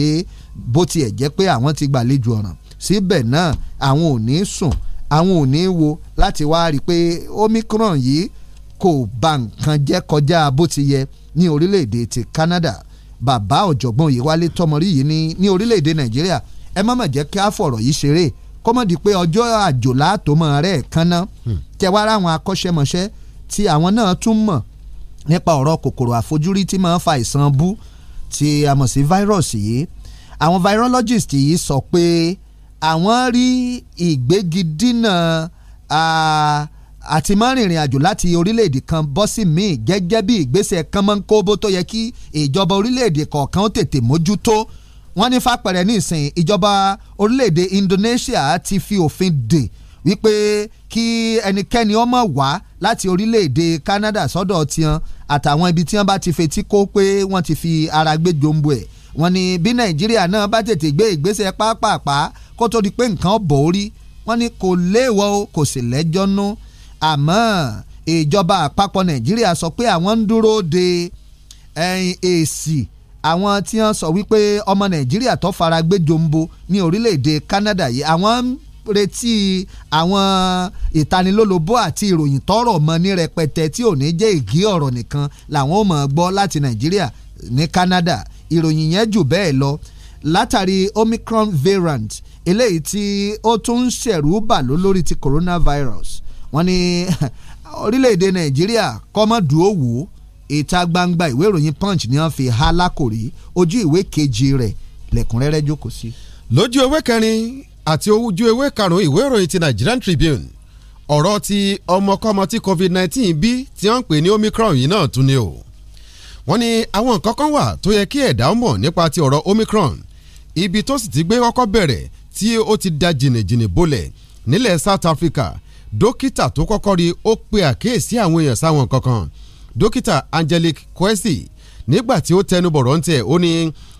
E: bó tiẹ̀ jẹ́ pé àwọn ti gbàlejò ọ̀ràn síbẹ̀ náà àwọn ò ní sùn àwọn ò ní wo láti wá rí i pé Omicron yìí kò bà nǹkan jẹ́ kọjá bó ti yẹ ní orílẹ̀-èdè ti Canada bàbá ọ̀jọ̀gbọ́n Oyèwálé tọmọrí yìí ní ní orílẹ̀-èdè Nàìjíríà ẹ má mà jẹ́ kí á fọ̀rọ̀ yìí ṣeré kọ́mọ̀dì pé ọjọ́ àjò látòmọ̀ rẹ̀ kanna hmm. tẹ̀wárà àwọn akọ́ṣẹ́mọṣẹ́ tí àwọn náà tún mọ̀ nípa ọ̀rọ̀ kòkòrò àfojúrí tí máa ń fa ìsan bú tí a mọ̀ sí fáírọ̀sì yìí àwọn virologist yìí sọ pé àwọn rí ìgbégidínà àti máa rìnrìn àjò láti orílẹ̀-èdè kan bọ́ sí míì gẹ́gẹ́ bí ìgbésẹ̀ kánmọ́nkóbó tó yẹ kí ìjọba orílẹ̀-èdè kọ̀ọ̀kan tètè mójútó wọ́n ní fàpẹ̀rẹ̀ ní ìjọba orílẹ̀-èdè Indonesia ti fi òfin dè wípé kí ẹnikẹ́ni ọmọ wá láti orílẹ̀-èdè Canada sọ́dọ̀ tiwọn àtàwọn ibi tí wọ́n bá ti fetí kó pé wọ́n ti fi ara gbé jombo ẹ̀ wọ́n ní bí Nàìjíríà náà bá tètè gbé ìgbésẹ̀ pápápá kó tó di pé nǹkan bò wọ́n ní kò léèwọ̀ kò sì lẹ́jọ́ nú àmọ́ ìjọba àpapọ̀ nàìjíríà sọ pé àwọn ń dúró de èsì àwọn tí wọ́n sọ wípé ọmọ nàìjíríà tó fara gbé jombo ní orílẹ̀-èdè Canada yìí àwọn ń retí àwọn ìtanilólobó àti ìròyìn tọrọ mọ ní rẹpẹtẹ tí ò ní jẹ́ ìgí ọ̀rọ̀ nìkan làwọn ò mọ̀ gbọ́ láti nàìjíríà ní Canada ìròyìn yẹn jù bẹ́ẹ̀ lọ látàrí Omicron variant eléyìí tí ó tún ń ṣẹ̀rù bà lórí ti coronavirus wọ́n ní orílẹ̀-èdè nàìjíríà kọ́mọ́dùó wò ó ìta gbangba ìwé ìròyìn punch ni wọ́n fi há lákòrí
F: ojú ìwé kejì rẹ̀ lẹ́kùnrẹ́rẹ́ jókòó sí. lójú ewé kẹrin àti ojú ewé karùn ìwé ìròyìn ti Nigerian Tribune ọ̀rọ̀ ti ọmọkọ́mọ tí COVID-19 bí tí wọ́n ń pè ní Omicron yìí náà tún ni o wọ́n ní àwọn nǹkan kan wà tó yẹ kí ẹ̀dá mọ̀ nípa ti ọ̀rọ̀ Omicron ibi tó sì ti gbé kọ́kọ́ bẹ̀rẹ̀ tí ó ti da jìnnìjìnnì bolẹ̀ nílẹ̀ South Africa dókítà tó kọ́kọ́ rí ó pe àkíyèsí àwọn èèyàn sáwọn kankan dókítà Angelique Kwesi nígbà tí ó tẹnu bọ̀rọ̀ ń tẹ̀ ó ní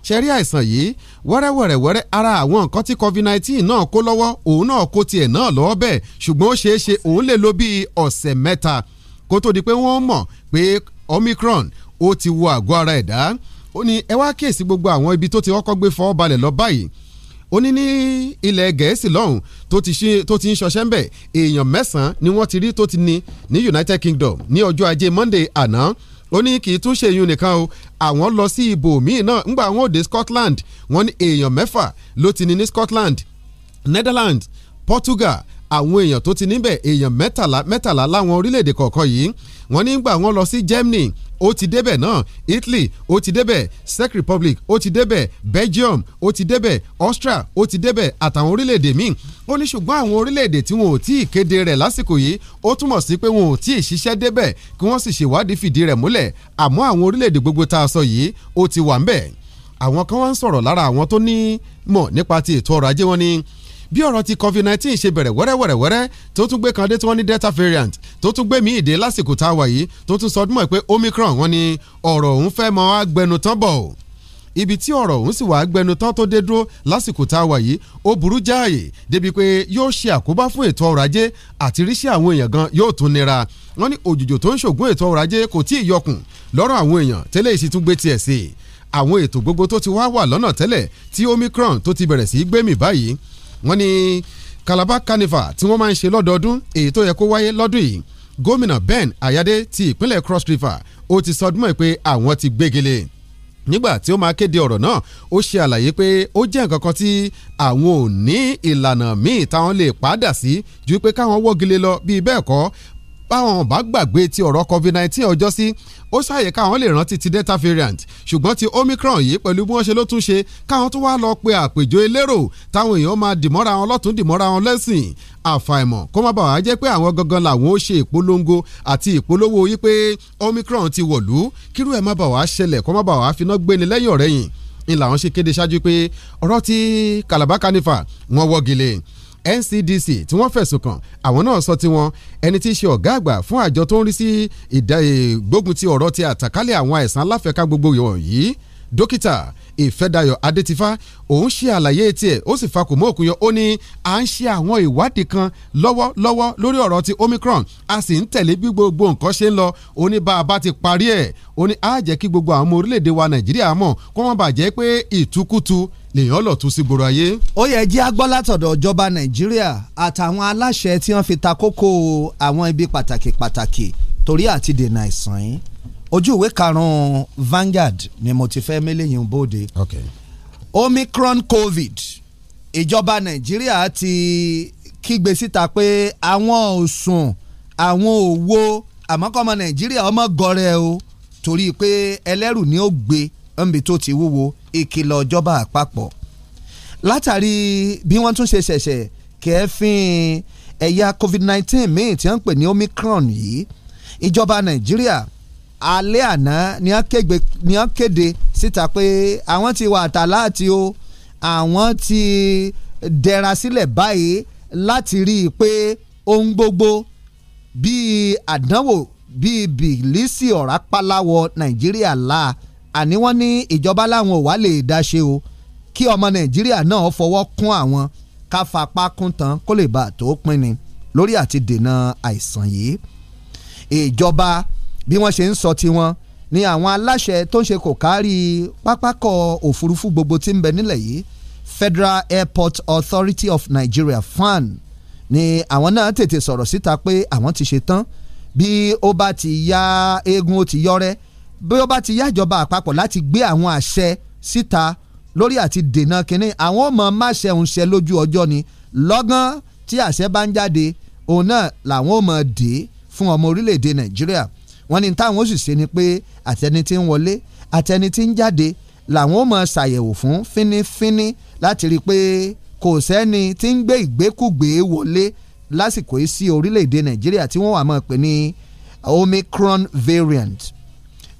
F: ṣẹ́rí àìsàn yìí wẹ́rẹ́wẹ́rẹ́wẹ́rẹ́ ara àwọn nǹkan tí COVID-19 náà kó lọ́wọ́ òun náà kó tiẹ̀ náà lọ́wọ́ bẹ́ẹ̀ ṣùgbọ́n ó ṣeé ṣe òun lè lò bíi ọ̀sẹ̀ mẹ́ta kó tó di pé wọ́n mọ̀ pé Omicron ó ti wọ àgọ́ ara ẹ̀dá ó ní ẹ wá kíyèsí gbogbo àwọn ibi tó ti kọ́kọ́ gbé fọ́ balẹ̀ lọ báyìí ó ní ní ilẹ̀ gẹ̀ẹ́sì lọ́hùn tó ti ń ṣọṣẹ́ ń bẹ̀ èèyàn mẹ́sàn-án ni wọ́n ti rí tó ti ní ní United Kingdom ní ọjọ́ ajé Monday àná ó ní kì í tún ṣe ìyún nìkan o àwọn lọ sí ibò míì náà ńgbà àwọn òde Scotland wọ́n ní èèyàn mẹ́fà ló ti ní ní Scotland Netherlands Portugal àwọn èèyàn tó ti níbẹ̀ èèyàn mẹ́tàlá mẹ́tàlá láwọn orílẹ̀-èdè kọ̀ọ̀kan yìí wọ́n nígbà wọ́n lọ sí Germany ó ti débẹ̀ náà Italy ó ti débẹ̀ Czech Republic ó ti débẹ̀ Belgium ó ti débẹ̀ Austria ó ti débẹ̀ àtàwọn orílẹ̀-èdè míì ó ní ṣùgbọ́n àwọn orílẹ̀-èdè tí wọn ò tí ì kéde rẹ̀ lásìkò yìí ó túmọ̀ sí pé wọn ò tí ì ṣiṣẹ́ débẹ̀ kí wọ́n sì ṣèwádìí fìdí rẹ̀ múlẹ̀ àmọ́ àwọn orílẹ̀-èdè gbogbo tá a sọ yìí ó ti wà ń bẹ̀ àwọn kan wá ń sọ̀rọ̀ lára àwọn tó ní mọ̀ nípa ti ètò ọrọ̀ ajé wọn ni bí ọ̀rọ̀ ti covid nineteen ṣe bẹ̀rẹ̀ wẹ́rẹ́wẹ́rẹ́wẹ́rẹ́ tó tún gbé kan dé tí wọ́n ní delta variant tó tún gbé mí ìdè lásìkò tá a wà yìí tó tún sọdún mọ́ pé omicron wọ́n ní ọ̀rọ̀ òun fẹ́ mọ́ agbẹnu tán bọ̀ o ibi tí ọ̀rọ̀ òun sì wà agbẹnu tán tó dé dúró lásìkò tá a wà yìí ó burú jáàyè débi pé yóò ṣe àkóbá fún ètò ọrọ̀ ajé àti ríṣẹ́ àwọn èèyàn gan yóò tún nira wọ́n ní òjòjò tó ń ṣògùn ètò ọrọ̀ ajé kò tí ì yọkùn lọ́rọ̀ àwọn èèyàn tẹ́lẹ̀ ìsì tún gbé tiẹ̀ sí i àwọn ètò gbogbo tó ti wá wà lọ́nà tẹ́lẹ̀ tí omicron tó ti bẹ̀rẹ̀ sí í gbẹ̀mí báyìí wọ́n ní Calabar Carnival tí wọ́n máa ń ṣe lọ́dọọdún èyí tó yẹ kó wáyé lọ́dún yìí gómìnà Ben Ayade ti ìpínlẹ̀ Cross River ó ti sọdúnmọ́ ẹ̀ pé àwọn ti gbégele nígbà tí ó máa kéde ọ̀rọ̀ náà ó ṣe àlàyé pé ó jẹ́ nǹkan kan tí àwọn ò ní ìlànà míì táwọn lè padà sí ju pé káwọn wọ́gilé lọ bíi bẹ́ẹ̀ kọ́ báwọn bá gbàgbé ti ọ̀rọ̀ covid-19 ọjọ́ sí ó ṣàyè káwọn lè rántí ti delta variant ṣùgbọ́n ti omicron yìí pẹ̀lú bí wọ́n ṣe ló tún ṣe káwọn tó wá lọ pe àpèjọ elérò táwọn èèyàn máa dìmọ́ra wọn lọ́tún dìmọ́ra wọn lẹ́sìn àfàìmọ̀ kó má bàa jẹ́ pé àwọn gangan làwọn ó ṣe ìpolongo àti ìpolówó yìí pé omicron ti wọ̀lú kírú ẹ̀ má bàa ṣẹlẹ̀ kó má bàa finá gbéni lẹ́yìn ọ̀rẹ́yìn ni làwọn ṣe kéde ṣáájú pé ọ̀rọ̀ ti Calabar Carnival wọ́n wọ́gilé NCDC tí wọ́n fẹ̀sùn kàn àwọn náà sọ tiwọn ẹni tí í ṣe ọ̀gá àgbà fún àjọ tó ń rí sí ìgbógun ti ọ̀rọ̀ ti àtàkálẹ̀ àwọn àìsàn aláfẹ́ká gbogbo yìí dókítà ìfẹ́dayọ̀ adétifá òun ṣe àlàyé tiẹ̀ ó sì fa kò mọ́ òkun yọ ó ní à ń ṣe àwọn ìwádìí kan lọ́wọ́lọ́wọ́ lórí ọ̀rọ̀ ti omicron a sì ń tẹ̀lé bí gbogbo nǹkan ṣe ń lọ ó ní bá a bá ti parí ẹ̀ ó ní á jẹ́ kí gbogbo àwọn ọmọ orílẹ̀-èdè wa nàìjíríà mọ̀ kó má bàa jẹ́ pé ìtukùtù lèèyàn lọ tún sí gbòòrò ayé. ó yẹ jí agbọ́ látọ̀dọ̀ ìjọba
E: nàìjíríà àtàwọn aláṣẹ tí wọ́n fi ta kókó àwọn ibi pàtàkì pàtàkì torí àti dènà àìsàn yìí ojú ìwé karùn-ún Vanguard ni mo ti fẹ́ mélèyìn bóde okay. Omicron COVID ìjọba Nàìjíríà ti kígbe síta pé àwọn ò sùn àwọn ò wo àmọ́kọ́mọ Nàìjíríà ọmọ gọrẹ o torí pé ẹlẹ́rù ni ó gbé ẹ̀ǹbì tó ti wúwo ìkìlọ̀ ìjọba àpapọ̀ látàrí bí wọ́n tún ṣe ṣẹ̀ṣẹ̀ kẹ́ẹ́fín ẹ̀yà COVID-19 míì tí wọ́n ń pè ní Omicron yìí ìjọba Nàìjíríà alẹ́ àná ni wọ́n kéde síta pé àwọn ti wà tà láti o àwọn ti dẹra sílẹ̀ báyìí láti rí i pé ohun gbogbo bíi àdánwò bíi bìlísì ọ̀rá pálawọ nàìjíríà la àní wọ́n ní ìjọba láwọn ò wá lè dá ṣe o kí ọmọ nàìjíríà náà fọwọ́ kún àwọn ká fapá kún tán kó lè bàa tó pín lórí àti dènà àìsàn yìí ìjọba e bí wọ́n ṣe ń sọ tiwọn ni àwọn aláṣẹ tó ń ṣe kò kárí pápákọ̀ òfurufú gbogbo tí ń bẹ nílẹ̀ yìí Federal Airport Authority of Nigeria FAN ni àwọn náà tètè sọ̀rọ̀ síta pé àwọn ti ṣe tán bí ó bá ti yá eégún ó ti yọrẹ́ bí ó bá ti yá ìjọba àpapọ̀ láti gbé àwọn àṣẹ síta lórí àti dènà kínní àwọn ọmọ máṣẹ ń ṣe lójú ọjọ́ ni lọ́gán tí àṣẹ bá ń jáde òun náà làwọn ò mọ̀ dé fún ọmọ orílẹ̀-èdè Nàìjíríà wọ́n ní táwọn ó sì ṣe ni pé àtẹni tí ń wọlé àtẹni tí ń jáde làwọn ó máa ṣàyẹ̀wò fún fínífíní láti rí i pé kò sẹ́ni tí ń gbé ìgbékùgbé wọlé lásìkò yìí sí orílẹ̀-èdè nàìjíríà tí wọ́n wà máa pè ní omicron variant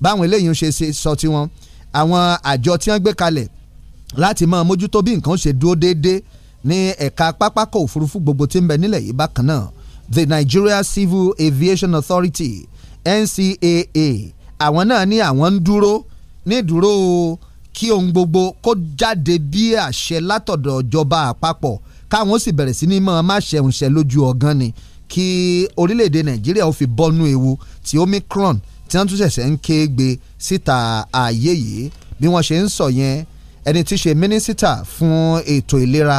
E: báwọn eléyìí ń ṣe sọ tiwọn àwọn àjọ tí wọ́n gbé kalẹ̀ láti máa mójútó bí nǹkan ṣe dúró déédéé ní ẹ̀ka pápákọ̀ òfurufú gbogbo tí ń bẹ nílẹ̀ yìí bákan náà the Nigeria Civil Aviation Authority NCAA àwọn náà ní àwọn ń dúró ní dúró kí ohun gbogbo kó jáde bí àṣẹ látọ̀dọ̀ ìjọba àpapọ̀ káwọn sì bẹ̀rẹ̀ sí ní máa má ṣẹun ṣẹ lójú ọ̀gán ni kí orílẹ̀-èdè Nàìjíríà ó fi bọ́nú ewu ti Omicron tí wọ́n tún ṣẹ̀ṣẹ̀ ń ké gbé síta ààyè yìí bí wọ́n ṣe ń sọ yẹn ẹni tí í ṣe mínísítà fún ètò ìlera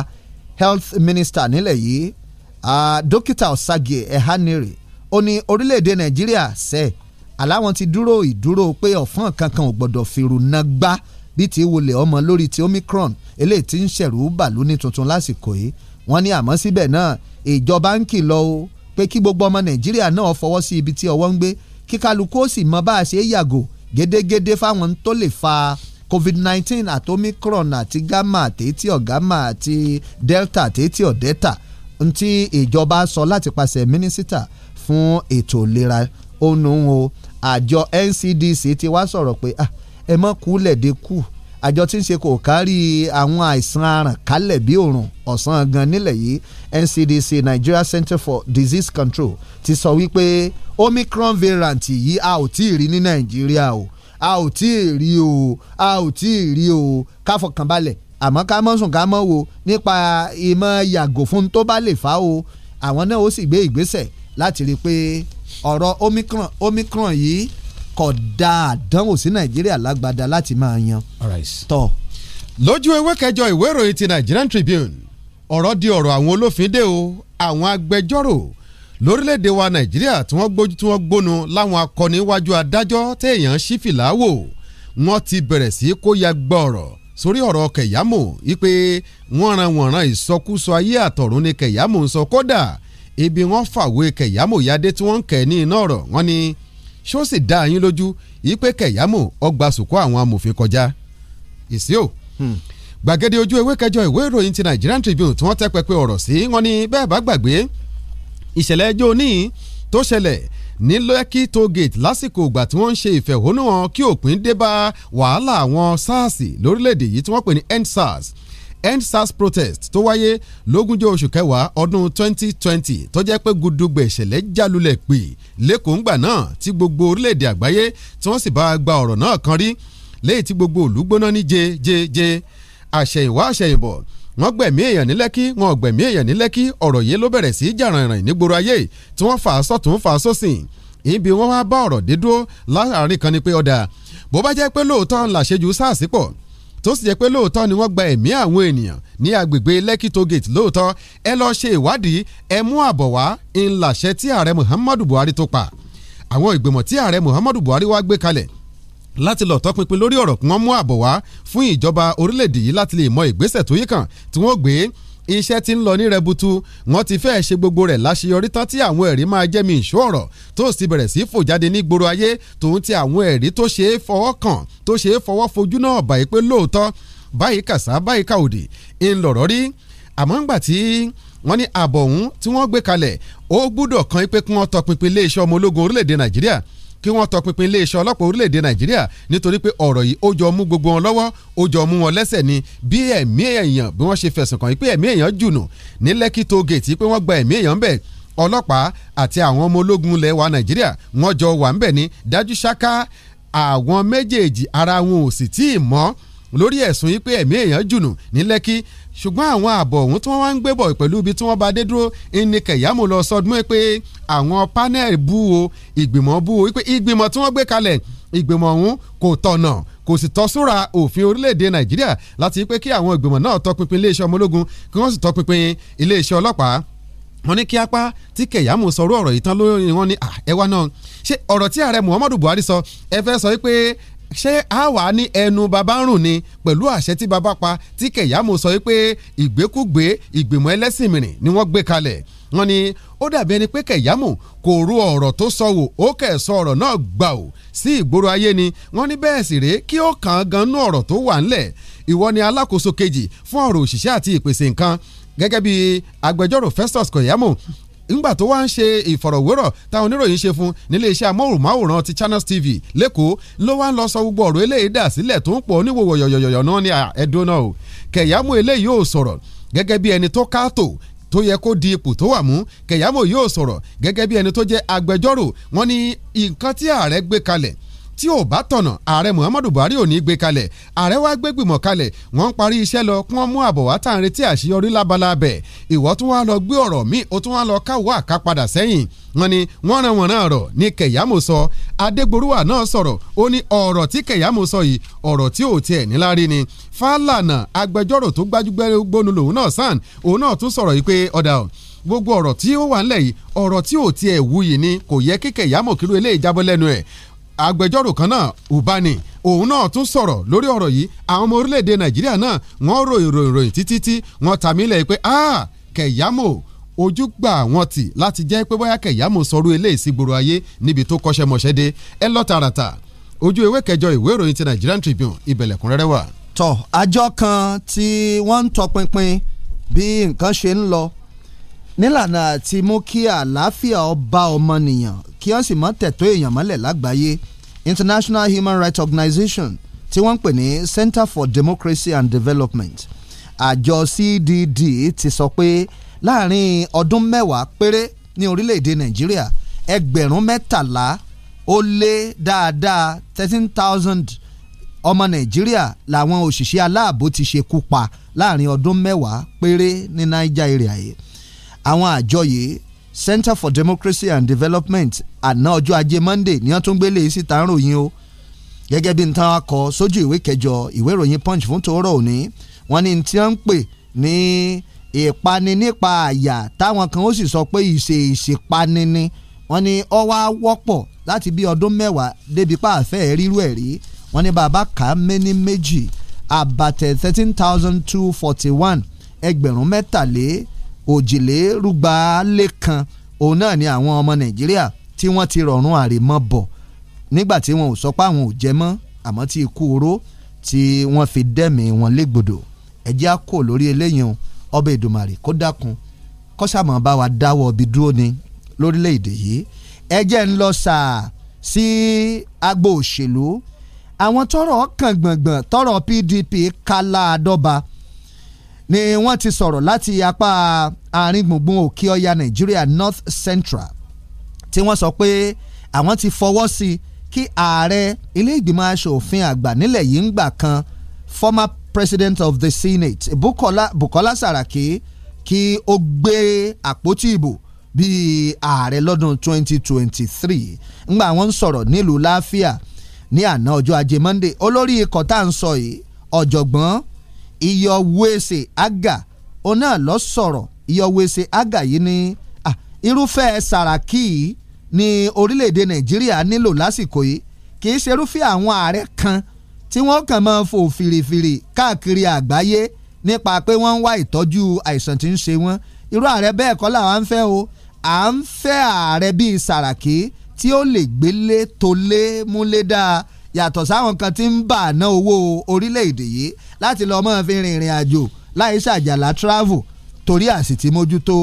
E: health minister nílẹ̀ yìí dókítà Ọ̀sàgìẹ̀ Ẹ̀hánírè ó ní orílẹ̀-èdè nàìjíríà sẹ́ aláwọn ti dúró ìdúró pé ọ̀fọ́n kankan ò gbọ́dọ̀ fèrò náà gbá bí ti wọlé ọmọ lórí ti omicron eléyìí ti ń ṣẹ̀rù bàlú ní tuntun lásìkò yìí wọ́n ní àmọ́ síbẹ̀ náà ìjọba ń kìlọ̀ o pé kí gbogbo ọmọ nàìjíríà náà fọwọ́ sí ibi tí ọwọ́ ń gbé kí kálukú ó sì mọ bá a ṣe é yàgò gédégédé fáwọn tó lè fa covid-19 àti omicron àti gamma àtẹ́tí ọ̀gamma àti delta àtẹ́tí ọ̀dẹ́ta ntí ìjọba sọ láti pàṣẹ mínísítà fún ètò ìlera ònú o àjọ NCDC ti wá sọ̀rọ̀ pé ah, ẹ mọ́ kúlẹ̀ dé kù àjọ tí ń ṣe kò kárí àwọn àìsàn aràn kálẹ̀ bí òrùn ọ̀sán gan nílẹ̀ yìí NCDC Nigeria Center for Disease Control ti sọ wípé Omicron variant yìí a ò tí ì rí ní Nàìjíríà o a ò tí ì rí o a ò tí ì rí o káfọkànbalẹ̀ àmọ́ ká mọ́ sùn ká mọ́ wo nípa ìmọ̀ yàgò fún tó bá lè fà o àwọn náà ó sì gbé ìgbésẹ̀ láti rí i pé ọ̀rọ̀ omicron omicron yìí kò da àdánwò sí nàìjíríà lágbada láti máa yan.
F: tọ́. lójú ewé kẹjọ ìwé ìròyìn ti Nigerian Tribune ọ̀rọ̀ di ọ̀rọ̀ àwọn olófindé o àwọn agbẹjọ́rò lórílẹ̀‐èdè wa nàìjíríà tí wọ́n gbójú tí wọ́n gbónu láwọn akọni iwájú adájọ́ téèyàn sí fìlà wò wọ́n ti bẹ̀rẹ̀ sí kó ya gbọ́ ọ̀rọ̀ sórí ọ̀rọ̀ kẹ̀yàmù wípé wọ́n ran wọ̀nran ìsọkúsọ ayé àtọ̀run ni kẹ̀yàmù ń sọ kódà ibi wọ́n fàwé kẹ̀yàmó yadé tí wọ́n ń kẹ̀ ní iná ọ̀rọ̀ wọ́n ní ṣó sì dá yín lójú yìí pé kẹ̀yàmó ọgbà sùkú àwọn amòfin kọjá èsì o hmm. gbàgede ojú ewé kẹjọ ìwé ìròyìn ti Nigerian Tribune tí wọ́n tẹ́ pẹpẹ ọ̀rọ̀ sí wọ́n ní bẹ́ẹ̀ bá gbàgbé ìṣẹ̀lẹ̀ ẹjọ́ oníyìn tó ṣẹlẹ̀ ní Lekki toll lásìkò ìgbà tí wọ́n ń ṣe ìfẹ̀hónúhàn kí òpin dé bá wàhálà àwọn SARS lórílẹ̀ yìí tí wọ́n pè ní EndSARS EndSARS protest tó wáyé lógúnjọ́ oṣù kẹwàá ọdún 2020 tó jẹ́ pé gudugbẹ̀ ìṣẹ̀lẹ̀ jálulẹ̀ pè lẹ́kọ̀ọ́ ńgbà náà tí gbogbo orílẹ̀-èdè àgbáyé tí wọ́n sì bá gba ọ̀rọ̀ náà kan rí lẹ́yìn tí gbogbo ìlú gbóná ní jejeje àṣẹ̀yìnwá àṣẹ̀yìnbọ̀ wọ́n gbẹ̀mí èèyàn ní lẹ́kí wọ́n gbẹ̀mí èèyàn ní lẹ́kí ọ̀rọ̀ yìí ló bẹ̀rẹ̀ sí í jà ràìnràìn nígboro ayé tí wọ́n fà á sọ̀tún fà á sósìn ibi wọ́n wá bá ọ̀rọ̀ dé dúró kan ni pé ọ̀dà bó bá jẹ́ pé lóòótọ́ làṣejù sáàsì pọ̀ tó sì jẹ́ pé lóòótọ́ ni wọ́n gba ẹ̀mí àwọn ènìyàn ní agbègbè Lekki toll gate lóòótọ́ ẹ lọ ṣe ìwádìí ẹ mú àbọ̀ wá ńláṣẹ tí ààrẹ Muhammadu Buhari tó pa àwọn ìgbìmọ̀ tí ààrẹ Muhammadu Buhari wá gbé kalẹ̀ láti lọ tọpinpin lórí ọ̀rọ̀ kí wọ́n mú àbọ̀ wá fún ìjọba orílẹ̀-èdè yìí láti lè mọ ìgbésẹ̀ tó yí kàn tí wọ́n gbé iṣẹ́ tí ń lọ ní rẹbutu wọ́n ti fẹ́ẹ́ ṣe gbogbo rẹ̀ láṣeyọrí tán tí àwọn ẹ̀rí máa jẹ́ mi ìṣó ọ̀rọ̀ tó sì bẹ̀rẹ̀ sí fò jáde ní gbòòrò ayé tòun ti àwọn ẹ̀rí tó ṣe é fọwọ́ kàn tó ṣe é fọwọ́ fojú náà báyìí pé lóòótọ́ báyìí kàṣá báyìí kàòdì ń lọ̀rọ̀ rí àmọ́ ńgbà tí wọ́n ní àbọ̀ tí wọ́n gbé kalẹ̀ ó gbúdọ̀ kan pé kí wọ́n tọpinpin iléeṣẹ́ ọmọ ológun orílẹ̀-èdè Nàìjíríà kí wọ́n tọpinpin iléeṣẹ́ ọlọ́pàá orílẹ̀‐èdè nàìjíríà nítorí pé ọ̀rọ̀ yìí ó jọ mú gbogbo wọn lọ́wọ́ ó jọ mú wọn lẹ́sẹ̀ ni bí ẹ̀mí èèyàn bí wọ́n ṣe fẹ̀sùn kàn yìí pé ẹ̀mí èèyàn jùnù ní lẹ́kì tógèètì pé wọ́n gba ẹ̀mí èèyàn bẹ̀ ọlọ́pàá àti àwọn ọmọ ológun ilẹ̀ wa nàìjíríà wọ́n jọ wà ń bẹ̀ ní dájú ṣáká àwọn méjèèjì ara wọn ò sì tíì mọ́ lórí ẹ̀sùn yìí pé ẹ̀mí èèyàn jùnù ní lẹ́kì ṣùgbọ́n àwọn ààbọ̀ ọ̀hún tí wọ́n wá ń gbé bọ̀ pẹ̀lú ibi tí wọ́n bá dé dúró ní kẹ̀yàmó lọ sọdún pé àwọn panel bú o ìgbìmọ̀ bú o wípé ìgbìmọ̀ tí wọ́n gbé kalẹ̀ ìgbìmọ̀ ọ̀hún kò tọ̀nà kò sì tọ́ súra òfin orílẹ̀-èdè nàìjíríà láti pé kí àwọn ìgbìmọ̀ náà tọpinpin iléeṣẹ́ ọmọ ológun kí wọ́n sì tọpinpin iléeṣẹ́ ọlọ́pàá wọ́n ní kí tí kẹ̀yàmù sọ̀rọ̀ ọ̀rọ̀ yìí tán lóyún wọ́n ní ẹwà náà ṣé ọ̀rọ̀ tí ààrẹ muhammadu buhari sọ ẹ fẹ́ sọ pé ṣé a wà ní ẹnu bàbá ń rùn ni pẹ̀lú àṣẹ tí bàbá pa tí kẹ̀yàmó sọ pé ìgbékúgbé ìgbìmọ̀ ẹlẹ́sìn mìíràn ni wọ́n gbé kalẹ̀ wọ́n ní ó dàbí ẹni pé kẹ̀yàmó kò ru ọ̀rọ̀ tó sọ wò ó kẹ̀ sọ ọ̀rọ̀ náà gbà ò sí ìgboro ayé ni wọ́n ní bẹ́ẹ̀ sì rèé kí ó kàn án gan ọ̀rọ̀ tó wà ńlẹ̀ ìwọ ni alákòóso kejì fún ọ̀rọ̀ òṣìṣẹ́ àti ìpèsè nǹkan gẹ́gẹ́ bí agbẹjọ́rò Festus Kẹ̀yàmó ńgbà tó wá ń ṣe ìfọ̀rọ̀wérọ̀ táwọn oníròyìn ṣe fún nílé iṣẹ́ amóhùnmáwòrán ti Channels TV lẹ́kọ̀ọ́ ló wá ń lọ sọ gbogbo ọ̀rọ̀ eléyìí dà sílẹ̀ tó ń pọ̀ oníwòwò yọ̀yọ̀yọ̀ náà ní ẹ̀dùn náà kẹ̀yàmú eléyìí ò sọ̀rọ̀ gẹ́gẹ́ bí ẹni tó káàtó tó yẹ kó di ipò tó wà mú kẹ̀yàmú yóò sọ̀rọ̀ gẹ́gẹ́ bí ẹni tó jẹ́ agbẹjọ́rò wọn ni nǹkan tí ààrẹ gbé kalẹ̀ tí ò bá tọ̀nà ààrẹ Muhammadu Buhari ò ní gbé kalẹ̀ ààrẹ wa gbé gbìmọ̀ kalẹ̀ wọ́n ń parí iṣẹ́ lọ kí wọ́n mú àbọ̀ wá tàn retí àṣeyọrí lábala bẹ̀ ìwọ tún wá lọ gbé ọ̀rọ̀ míì ó tún wá lọ káwọ́ àkápadà sẹ́yìn wọ́n ní wọ́n ran wọ́n náà rọ̀ ní kẹ̀yàmó sọ adégbòrúwà náà sọ̀rọ̀ ó ní ọ̀rọ̀ tí kẹ̀yàmó sọ yìí ọ̀rọ̀ tí ò tiẹ̀ níláárí ni Fálànà agbẹjọ́rò tó gbajúgbónú lòun náà sàn òun náà tún sọ̀rọ̀ yìí pé ọ̀dà ọ̀ gbogbo ọ̀rọ̀ tí ó wà ńlẹ̀ yìí ọ̀rọ̀ tí ò tiẹ̀ wuyì ni kò yẹ kíkẹ̀ yámọ̀ kírú eléyìí jábọ́ lẹ́nu ẹ̀ agbẹjọ́rò kan náà Ubani òun náà tún sọ̀rọ̀ lórí ọ̀rọ̀ yìí àwọn ọmọ orílẹ̀-èdè Nàìjíríà náà wọ́n ròyìn ròyìn ròyìn títí tí wọ́n tàmílẹ̀ pé ah, kẹ̀yàmó ojú gbà wọ́n tì láti jẹ́ pé bóyá kẹ̀yàmó sọ̀rọ̀ eléyìí sí gbòòrò ayé níbi tó kọ́ṣẹ́mọṣẹ́ dé ẹ lọ tààràtà ojú ewé kẹjọ ìwé ìròyìn ti Nigerian Tribune ìbẹ̀lẹ̀kúnrẹ́rẹ́ wà. tọ
E: àjọ kan tí wọ́n ń tọpinpin bí nǹkan ṣe ń lọ nílànà àti mú kí àlàáfíà ọba ọmọnìyàn kí wọ́n sì mọ́ tẹ̀tọ́ èèyàn mọ́lẹ̀ lágbàáyé International Human Rights Organization tí wọ́n ń pè ní Center for Democracy and Development àjọ CDD ti sọ pé láàrin ọdún mẹ́wàá péré ní orílẹ̀-èdè Nàìjíríà ẹgbẹ̀rún mẹ́tàlá ó lé dáadáa thirteen thousand ọmọ Nàìjíríà làwọn òṣìṣẹ́ aláàbò ti ṣekú pa láàrin ọdún mẹ́wàá péré ní Nigeria yìí àwọn àjọ yìí Center for Democracy and Development àná ọjọ́ ajé Monday ni wọ́n tún gbé lè e síta ń ròyìn o gẹ́gẹ́ bí n tán akọ sójú ìwé kẹjọ ìwé ìròyìn Punch fún tòórọ́ òní wọ́n ní tí wọ́n ń pè ní ìpani nípa àyà táwọn kan ó sì sọ pé ìṣe ìṣèpani ni wọ́n ní ó wá wọ́pọ̀ láti bí ọdún mẹ́wàá débi pàfẹ́ rírú ẹ̀ rí wọ́n ní bàbá kà á méní méjì àbàtẹ̀ thirteen thousand two forty one ẹgbẹ̀rún mẹ́tàlé òjìlérúgbàálẹ́kan òun náà ni àwọn ọmọ nàìjíríà tí wọ́n ti rọ̀rùn àrèmọ́ bọ̀ nígbà tí wọn ò sọ pé àwọn ò jẹ mọ́ àmọ́ tí ikú oró tí wọ́n fi dẹ́mi wọn légbodò ẹ̀jẹ̀ á kò lórí eléyìí o ọba Èdùmàrè kó dákun kọ́sàmọ́ bá wa dáwọ́ ibi dúró ni lórílẹ̀‐èdè yìí ẹ̀jẹ̀ ń lọ sàá sí agbo òṣèlú àwọn tọ́rọ̀ kàn gbọ̀ngbọ̀n tọ́rọ̀ PDP kálá àdọ́ba ni wọ́n ti sọ̀rọ̀ láti apá àárín gbùngbùn òkè ọya Nàìjíríà North Central tí wọ́n sọ pé àwọn ti fọwọ́ sí kí ààrẹ ilé ìgbìmọ̀ asòfin àgbà nílẹ̀ yìí ń gbà kan former president of the Senate Bukola, Bukola Saraki kí ó gbé àpótí ìbò bíi ààrẹ lọ́dún 2023 ńgbà wọ́n ń sọ̀rọ̀ nílùú láfíà ní àná ọjọ́ ajé Monday olórí ikọ̀ tá à ń sọ yìí ọ̀jọ̀gbọ́n Iyọ̀wéṣe Aga òun náà lọ sọ̀rọ̀ Iyọ̀wéṣe Aga yìí ni ah, irúfẹ́ Sàràkí ní orílẹ̀-èdè Nàìjíríà nílò lásìkò yìí kì í ṣerúfẹ́ àwọn ààrẹ kan tí wọ́n kàn máa fò fìrìfìrì káàkiri àgbáyé nípa pé wọ́n ń wá ìtọ́jú àìsàn tí ń ṣe wọ́n irú ààrẹ bẹ́ẹ̀ kọ́ làwọn ń fẹ́ o à ń fẹ́ ààrẹ bíi Sàràkí tí ó lè gbélé tó lé múlé dáa yàtọ̀ sáwọn kan tí ń bà ná owó orílẹ̀-èdè yìí láti lọ́ọ́ mọ́ fi rìnrìn àjò láì ṣàjàlá travel torí àsìtì mójútó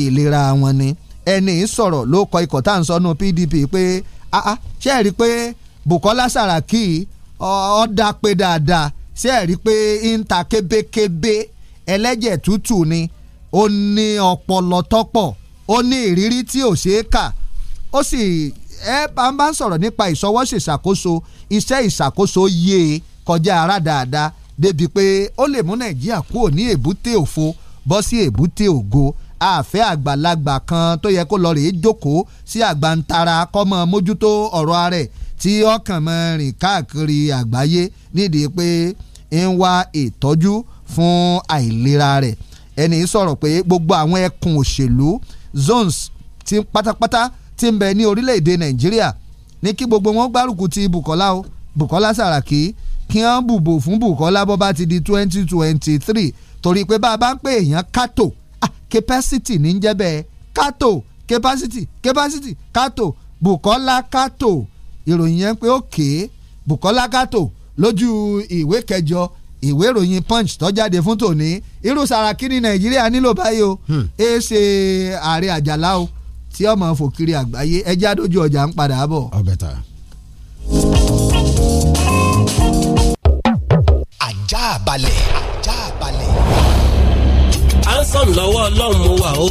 E: ìlera wọn ni ẹni sọ̀rọ̀ ló kọ ikọ̀ tá à ń sọnù PDP pé ah ah ṣe é rí i pé Bukola Saraki ó dá pé dáadáa ṣe é rí i pé ń ta kébékébé ẹlẹ́jẹ̀ tútù ni ó ní ọpọlọ tọ́pọ̀ ó ní ìrírí tí ò ṣeé kà ó sì ẹ bá ń bá ń sọ̀rọ̀ nípa ìṣọwọ́sí ìṣàkóso iṣẹ́ ìṣàkóso yé e kọjá ara dáadáa débi pé ó lè mú nàìjíríà kúrò ní èbúté òfo bọ́ sí èbúté ògo àfẹ́ àgbàlagbà kan tó yẹ kó lọ rèé jókòó sí àgbàǹtara kọ́mọ mójútó ọ̀rọ̀ ààrẹ tí ọkàn mọ́ rìn káàkiri àgbáyé nídìí pé ń wá ìtọ́jú fún àìlera rẹ̀ ẹni sọ̀rọ̀ pé gbogbo àwọn ẹkùn òṣèlú zones ti pátápátá tí ń bẹ ní orílẹ̀-èdè nàìjíríà ní kí gbogbo wọn gbárùkù ti bukola o bukola saraki kí wọ́n bùbò fún bukola bó bá ti di twenty twenty three torí pé bá a bá ń pè èèyàn kátó ah, capacity ní jẹ́ bẹ́ẹ̀ kátó capacity capacity kátó bukola kátó ìròyìn yẹn pé òkè bukola kátó lójú ìwé kẹjọ ìwé ìròyìn punch tó jáde fún tòní irú Sàràkí ní Nàìjíríà nílò báyìí o èé hmm. ṣe ààrẹ àjàlá o. Hmm tí ọmọ fò kiri àgbáyé ẹjẹ́ àdójú ọjà ń padà bọ̀. ọbẹ̀ta.
I: ajá balẹ̀
J: ajá balẹ̀
I: handsome lọ́wọ́ ọlọ́run mo wà
J: o.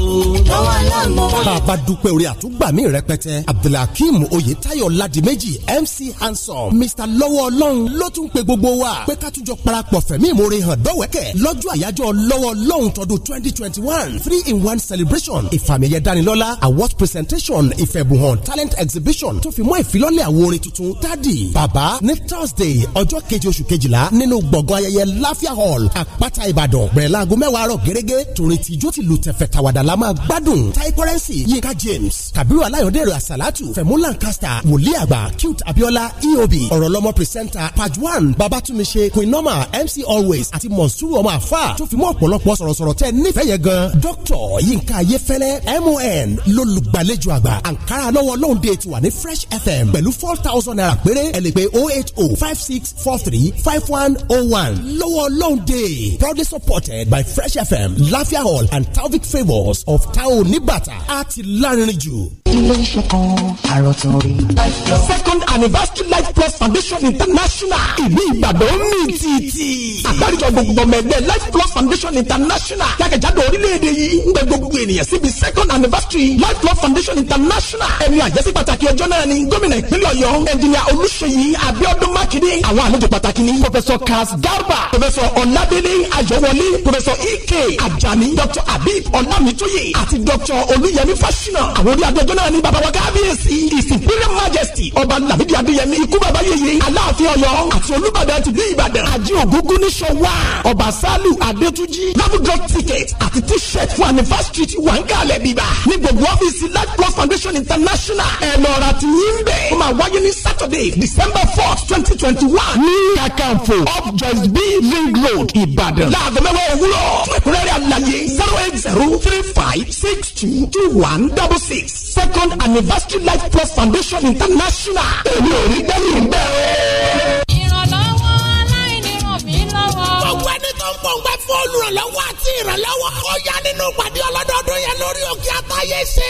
J: lọ́wọ́ ọlọ́run mo wà. bàbá dúpẹ́ orí àtúgbàmí rẹpẹtẹ abdulhakeem oyetayo ladimeji mc handsome mr lọ́wọ́ ọlọ́run ló tún pe gbogbo wa pé ká tún jọ parapọ̀ fẹ̀mí ìmoore hàn dọ́wẹ́kẹ̀ lọ́jọ́ àyájọ́ lọ́wọ́ ọlọ́run tọdún twenty twenty one three in one celebration ìfàmìyẹ danilọ́lá award presentation ìfẹ̀bùhàn talent exhibition tó fi mọ́ ìfilọ́lẹ̀ àwo orin tuntun tádì bàbá ní thursday ọjọ́ keje oṣù kejìlá nínú gbọ̀ngàn ayẹyẹ láfíà hall àpáta ìbàdàn bẹ̀rẹ̀ láago mẹ́wàá àárọ̀ gẹ́gẹ́ tòrìn tìjó ti lù tẹ̀fẹ̀ tàwàdà la máa gbádùn tai currency yinka james kabiru alayọ̀dẹ̀rẹ̀ asalatu fẹ̀mú lancaster wòlíì àgbà cute abiola eob ọ̀rọ̀lọ́mọ pírísẹ́ńtà pajwan babatunmise queen norma mc always àti monsuru ọmọ àfà tó fi mọ́ ọ̀pọ̀lọpọ̀ sọ̀rọ̀sọ̀rọ̀ tẹ́ nífẹ̀ẹ́ yẹn gan dr yinka ayefẹ́lẹ́ mon lólùgbàlejò àgbà ankara lọ́wọ́ lóhùndé ti wà ní fresh fm pẹ̀lú four thousand naira péré ẹ lè pè oh eight oh five six four three five one oh one lọ́wọ́ lóhùndé proudly supported by fresh fm Alafia Hall and Talvik Favours
B: of Tao Nibata á lárinrin jù. Ilé iṣẹ́ kan àròtún rí. Second anniversary Life Plus Foundation International. Ìlú Ìbàdàn mi tìtì. Àgbáríjọ gbogbo mẹ́gbẹ́ Life Plus Foundation International. Jákèjádò orílẹ̀-èdè yìí ń gbẹ gbogbo ènìyàn síbi second anniversary Life Plus Foundation International. Ẹni àjẹsí pàtàkì ọjọ́ náà ni gómìnà ìpínlẹ̀ Ọ̀yọ́. Ẹnjìnìà Olúṣèyí Abíọ́dún Mákindé. Àwọn àlejò pàtàkì ni Pọfẹ́sọ̀ Kaz Garba, Pọfẹ́sọ̀ Ọ̀làdélé Ayọ̀wọlé, Pọfẹ́sọ̀ Ike Ajá alani dr abib ọlámitóyè àti dr olúyẹmí fásínà àwọn orí adájọ́ náà ní baba wa kábíyèsí his imperial majesty ọba lamidi adéyẹmí ikú baba yèyé aláàfin ọ̀yọ́ àti olúbàdàn ti bí ìbàdàn àjẹ ògúngún ní sọwá ọba sálù adétúnjì labudrug ticket àti t-shirt fún anniversary ti wà ń kalẹ̀ bíbá ní gbogbo ọ́fíìsì light plus foundation international ẹ̀ lọ́ra ti yín bẹ́ẹ̀ ó máa wáyé ní saturday december fourth twenty twenty one ní kakanfo up just be ring road ìbàdàn láàgọ́ mẹ́wàá òwúrọ̀ fún ẹ̀kúnrẹ́rẹ́ àlọ́ láyé zero eight zero three five six two two one double six second anniversary life plus foundation international
L: èmi ò rí dẹ́rù bẹ́ẹ̀.
A: tó ń pọ́npẹ́ fún olùrànlọ́wọ́ àti ìrànlọ́wọ́. ó yá nínú pàdé ọlọ́dọọdún yẹn lórí òkè àtàyè ṣe.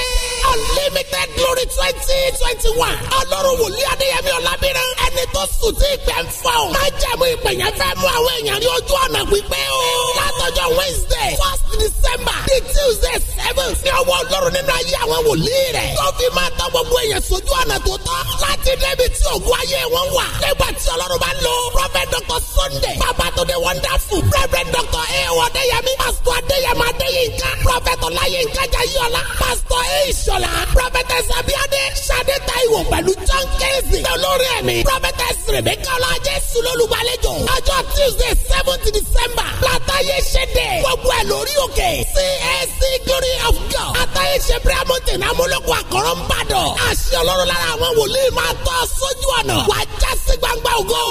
A: unlimited glory twenty twenty one. ọlọ́run wòlíì adéyẹmí ọ̀làbírán. ẹni tó sùn tí ìpè ń fọ́. má jẹ̀mú ìpè yẹn fẹ́ mú àwọn èèyàn ní ojú ọ̀nà pípẹ́ o. látọjọ́ wednesday first december di tuesday seventh. ní ọwọ́ ọlọ́run nínú ayé àwọn wòlíì rẹ̀. tó fi máa tọ́ gbogbo èèyàn sójú ọ̀nà tó tọ́. láti débi tí ògùn ayé wọn wà. nígbà tí ọlọ́run bá lọ. prophet dr sunday bàbá tó dé wonderful. Reverend Dr. A. Adéyẹmí. Pastor Adéyẹmọ Adéyínká. Prọfẹ̀tọ̀ Láyínká Jayọ̀lá. Pastor A. Ìṣọ̀lá. Prọfẹ̀tẹ̀ Sàbíadé. Ṣadé Táíwò pẹ̀lú John Kẹ́sì. Olórí ẹ̀mí. Prọfẹ̀tẹ̀ Sèrémẹ́kà Ọlájẹ́ Sulolúbalẹ̀jọ. Ọjọ́ Tuesday seventh December. Látàyè ṣẹ̀dẹ̀. Gbogbo ẹ̀ lórí òkè. CAC Glory of God. Látàyè ṣe prayer mountain amúlòkọ àkọ́rọ́ ń bàdàn. Àṣẹ Ọlọ́run lára àwọn wòlíì máa tọ́ sójú ọ̀nà. Wàá já sí gbangba ògo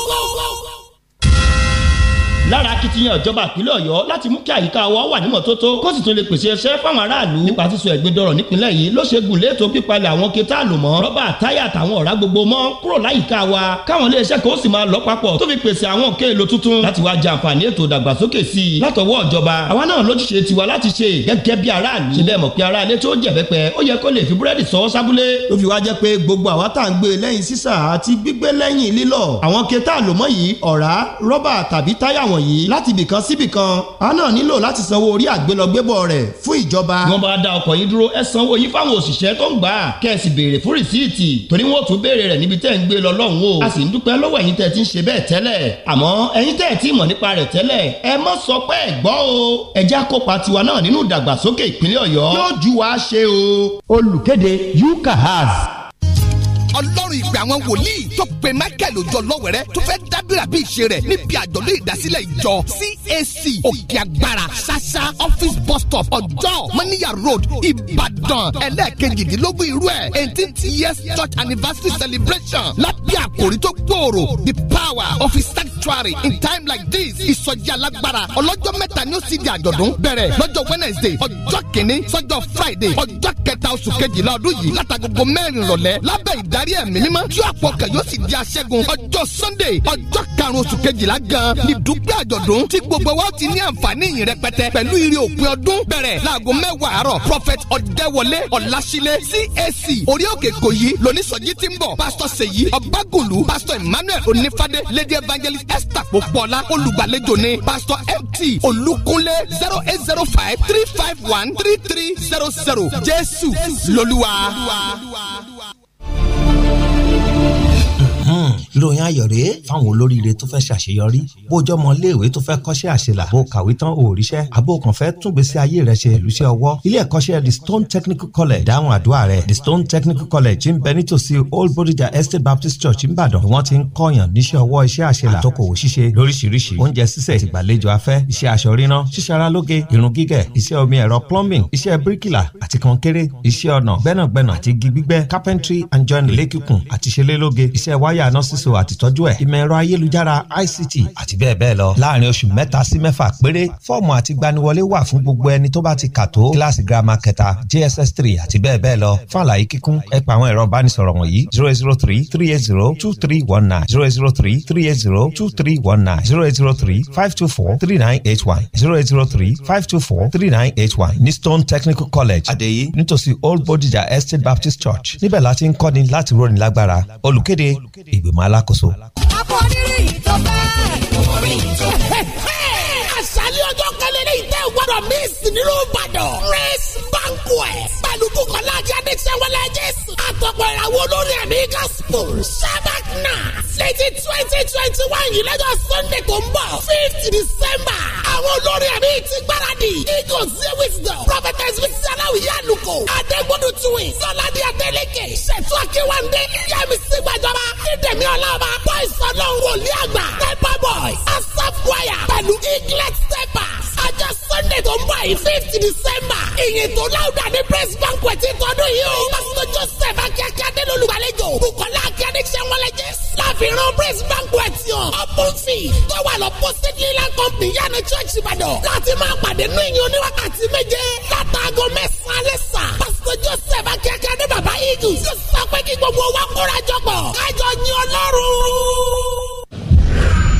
L: lára akitiyan ìjọba ìpínlẹ̀ ọ̀yọ́ láti mú kí àyíká wa wà nímọ̀tótó kó sì tún lè pèsè ẹsẹ̀ fáwọn aráàlú nípa sísọ ẹ̀gbin dọ̀rọ̀ nípínlẹ̀ yìí ló ṣe gùn léètò pípalẹ̀ àwọn kẹta àlòmọ́ rọ́bà táyà àtàwọn ọ̀rá gbogbo mọ́ kúrò láyìíká wa káwọn iléeṣẹ́ kan ó sì máa lọ papọ̀ tó fi pèsè àwọn òkè èlò tuntun láti wá jàǹfààní ètò ìdàgbàsókè sí i látọwọ́ ìjọba àwa náà lójúṣe tiwa láti ṣe gẹ́gẹ́ bí aráàlú ṣe bẹ́ẹ̀ mọ̀ pé aráalé tó jẹ̀bẹ́pẹ́ ó yẹ kó lè fi búrẹ́dì sọ sábúlé ló fi wá jẹ́ pé gbogbo àwa tá à ń gbé e lẹ́yìn sísà àti gbígbé lẹ́yìn lílọ̀ àwọn kẹta àlòmọ́ wọ̀nyí láti ibìkan sí ibìkan a náà nílò láti sanwó orí àgbélọgbébọ̀ rẹ̀ fún ìjọba. wọ́n bá da ọkọ̀ yín dúró ẹ sanwó yín fáwọn òṣìṣẹ́ tó ń gbà á kẹ́ ẹ sì béèrè fún rìsíìtì torí wọ́n tún béèrè rẹ̀ níbi tẹ́ ń gbé lọ lọ́hùn o a sì ń dúpẹ́ lọ́wọ́ ẹ̀yin tẹ́ ti ń ṣe bẹ́ẹ̀ tẹ́lẹ̀ àmọ́ ẹ̀yin tẹ́ ti mọ̀ nípa rẹ̀ tẹ́lẹ̀ ẹ mọ́ sọ pé ẹ gbọ́ o ẹ já kópa tiwa náà nínú ìdàgbàsókè ìpínlẹ̀ Ọ̀yọ́ yóò ju wa ṣe o. olùkéde UCAS ọlọ́run ìpè
M: àwọn wòlíì tó pe michael òjò lọ́wẹ̀rẹ́ tó fẹ́ dábìrà bí ìṣe rẹ̀ níbi àjọ̀lé ìdásílẹ̀ ìjọ cac òkè agbára ṣáṣá office bus stop ọjọ́ maniya road ìbàdàn ẹlẹ́ẹ̀kejìdínlógún irú ẹ̀ eighteenth years church anniversary celebration lábẹ́ àkòrí tó gbòòrò the power of his sanctuary in time like this ìsọjí alágbára ọlọ́jọ́ mẹ́ta ni ó sì di àjọ̀dún bẹ̀rẹ̀ lọ́jọ́ wednesday ọjọ́ kìíní sọ́jọ́ friday ọjọ́ kẹta oṣù kejìlá ọdún yìí látàgógó mẹ́rin rọ̀lẹ́ lábẹ́ ìdarí ìdarí ẹ̀mí mímọ́ yóò àpọ̀kẹ́ yóò sì di aṣẹ́gun ọjọ́ sunday ọjọ́ karùn-ún oṣù kejìlá gan ni dúpẹ́ àjọ̀dún tí gbogbo wa ti ní àǹfààní yìí rẹpẹtẹ pẹ̀lú ire òpin ọdún bẹ̀rẹ̀ láago mẹ́wàá àárọ̀ prophet ọ̀dẹ́wọlé ọ̀làṣílẹ̀ cac orí òkè kòyí lóníṣọ̀jí ti ń bọ̀ Pastor Seyi, ọ̀bágòlù Pastor emmanuel onífádé lady evangelist esther pòpọ́lá olùgbàlejò ni Pastor mt olúkúnlé zero eight zero five three five one three three zero zero jésù lolúwa
N: ìròyìn hmm, ayọ̀ rèé fáwọn olóríire tó fẹ́ ṣàṣeyọrí bójọ́ ọmọ iléèwé tó fẹ́ kọ́ṣẹ́ àṣelà bó kàwé tán ò ríṣẹ́ àbó kàn fẹ́ tún gbèsè ayé rẹ ṣe ìlúṣẹ́ ọwọ́ ilé ẹ̀kọ́ṣẹ́ the stone technical college dáhùn àdúrà rẹ the stone technical college ń bẹ nítòsí old bodija estate baptist church ńbàdàn wọ́n ti ń kọ́yàn níṣẹ́ ọwọ́ iṣẹ́ àṣelà àtọkòwò ṣíṣe lóríṣiríṣi oúnjẹ sísè ìgbàlejò afẹ́ iṣẹ́ aṣọ ríná ṣíṣara lóge irun gígẹ̀ iṣẹ́ omi ẹ̀rọ plumbing iṣẹ́ bíríkìlà àti kọ̀ǹkéré iṣẹ́ ọnà gbẹ́nàgbẹ́nà àti igi gbígbẹ́ carpentry and joinery lékìkùn àti ṣelélóge iṣẹ́ wáyà n iná síso àtìtọ́jú ẹ̀ ìmọ̀ ẹ̀rọ ayélujára ICT àti bẹ́ẹ̀ bẹ́ẹ̀ lọ. láàrin oṣù mẹ́ta sí mẹ́fà péré fọ́ọ̀mù àti gbaniwọlé wà fún gbogbo ẹni tó bá ti kà tó kíláàsì girama kẹta JSS three àti bẹ́ẹ̀ bẹ́ẹ̀ lọ fún àlàyé kíkún ẹ pa àwọn ẹ̀rọ ìbánisọ̀rọ̀ wọ̀nyí zero zero three three eight zero two three one nine zero zero three three eight zero two three one nine zero zero three five two four three nine eight one zero zero three five two four three nine eight one ní Stone Technical College Adeyi nítòsí Old Bodija Estate Baptist Church níbẹ̀ láti ń kọ́ni láti roni lágbára olùkéde ìgbò ìgbìmọ̀ alákòóso.
A: akọni rí ìtọ́ bẹ́ẹ̀. orí ìtọ́ bẹ́ẹ̀. àṣálẹ́ ọjọ́ kẹlẹ́ ní ìtẹ́ ìwádọ̀ miss nílùú ìbàdàn. race banquet alùpùpọ̀lá jáde sẹ́wọ́lẹ̀ jésù. àtọ̀pọ̀ ìràwọ̀ olórin ẹ̀mí gospel shabakna létí twenty twenty one yìí lọ́jọ́ sunday tó ń bọ̀ fifth december. àwọn olórin ẹ̀mí ti gbáradì. eagle zee wisdom prophetess wisdom aláwìyé àlùkò. adégbodò tuwe sọládì adélèké. ṣètò akéwàndé yẹmi sígbàjọba. ìdèmí ọlọ́ba boys ọlọ́run wòlíì àgbà. pepper boys asaf choir pẹ̀lú eaglet steppers. àjọ sunday tó ń bọ̀ yìí fifth december. ìyètò láwùdà ní praise banquet tọdún yìí o. pásítọ̀ joseph akíákí adélo olùgbàlejò bukola akíade sẹ́wọ́lẹ́jẹ́ láfihàn praise banquet yàn. open fee tó wà lọ posted leland company yànnà church ìbàdàn láti máa pàdé ní ìyẹn oníwákàtí méje látàgọ́ mẹ́sàn-án alẹ́ sà. pásítọ̀ joseph akíákí adé bàbá eagles yóò sọ pé kí gbogbo wa kóra jọ pọ̀ kájọ yìn ọlọ́run.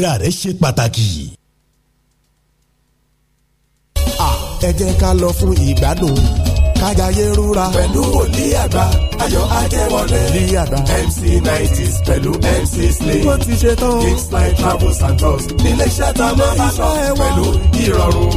J: ìlera rẹ ṣe pàtàkì ẹ jẹ́ ká lọ fún ìgbádùn kájàyé rúra. pẹ̀lú òní àgbà ayọ̀ ajẹ́wọlé ní àgbà mc nineties pẹ̀lú mc slay. wọ́n ti ṣe tán. kings fly travels and nílé iṣẹ́ tá a máa pẹ̀lú ìrọ̀rùn.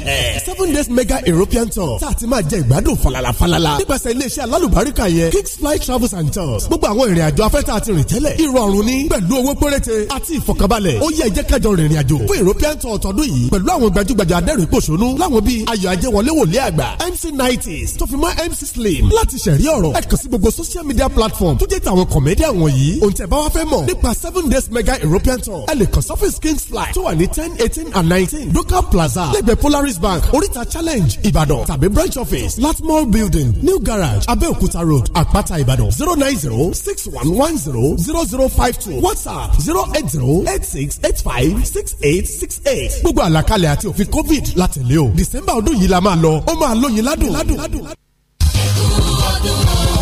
J: seven days mega european tour tá a ti máa jẹ ìgbádùn falala falala nípasẹ̀ iléeṣẹ́ alálùbáríkà yẹn kings fly travels and tours gbogbo àwọn ìrìn àjò afẹ́ tá a ti rìn tẹ́lẹ̀ ìrọ̀rùn ni pẹ̀lú owó péréte àti ìfọ̀kànbalẹ̀ ó yẹ ìjẹ́ kájọ rìnrìn àjò fún european tour tọdún yìí pẹ̀lú àwọn gbajúgbajà adẹ́rìn-ín pòṣónú láwọn bíi ayọ̀ ajẹ́wọlé wòlé àgbà mc nineties tó fi mọ́ MC Slim láti ṣẹ̀rí ọ̀rọ̀ ẹ kàn sí gbogbo social media platform tó jẹ́ tàwọn comedian wọ̀nyí ohun tẹ́ bá wá fẹ́ mọ̀ nípa seven days mega European tour ẹ lè kàn surface kings fly tó wà ní ten eighteen and nineteen local plaza lẹ́gbẹ̀ẹ́ Polaris Bank oríta challenge Ìbàdàn tàbí branch office Latmore building new garage Abẹ́òkúta road Àpáta Ìbàdàn zero nine zero six one one zero zero zero five two WhatsApp zero eight zero eight six eight five six eight six eight gbogbo àlàkalẹ̀ àti òfin COVID látẹ̀lé o December ọdún yìí la máa lọ ó máa lóyin lá ládùn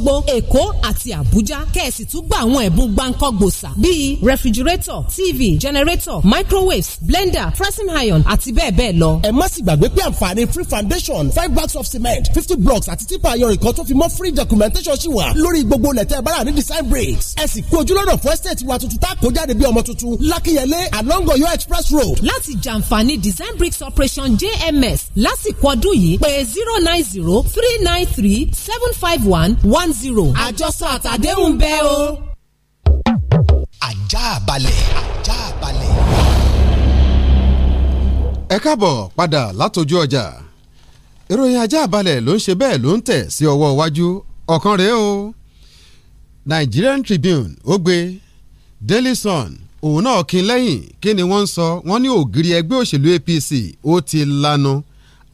K: Òṣogbo Èkó àti Àbújá kẹ̀sì tún gba àwọn ẹ̀bùn gbáǹkọ́ bíi rẹfrigirétọ̀ TV generator
J: microwaves blender pressing iron àti bẹ́ẹ̀ bẹ́ẹ̀ lọ. ẹ má sì gbàgbé pé àǹfààní free foundation five bags of cement fifty blocks àti tipa ayọ̀rìn kan tó fi mọ́ free documentation ṣì wà lórí gbogbo lẹ̀tẹ̀ bára ní design bricks. ẹ sì kú ojúlọ́nà fún estate wa tuntun tá a kó jáde bí ọmọ tuntun lákìyẹlé along Ọ̀yọ́ express road. láti
K: jàǹfààní design bricks operation JMS lásìkò ọdún yìí pé zero nine zero three nine three seven five one
J: one one zero àjọsọ àtàdéhùn bẹ́ẹ̀ o. ajá
F: balẹ̀
I: ajá balẹ̀.
F: ẹ káàbọ̀ padà látọjú ọjà ìròyìn ajá balẹ̀ ló ń ṣe bẹ́ẹ̀ ló ń tẹ̀ sí ọwọ́ iwájú ọ̀kan rèé o Nigerian Tribune ó gbé Daily Sun òun náà kín lẹ́yìn kí ni wọ́n ń sọ wọ́n ní ògiri ẹgbẹ́ òṣèlú APC ó ti lanu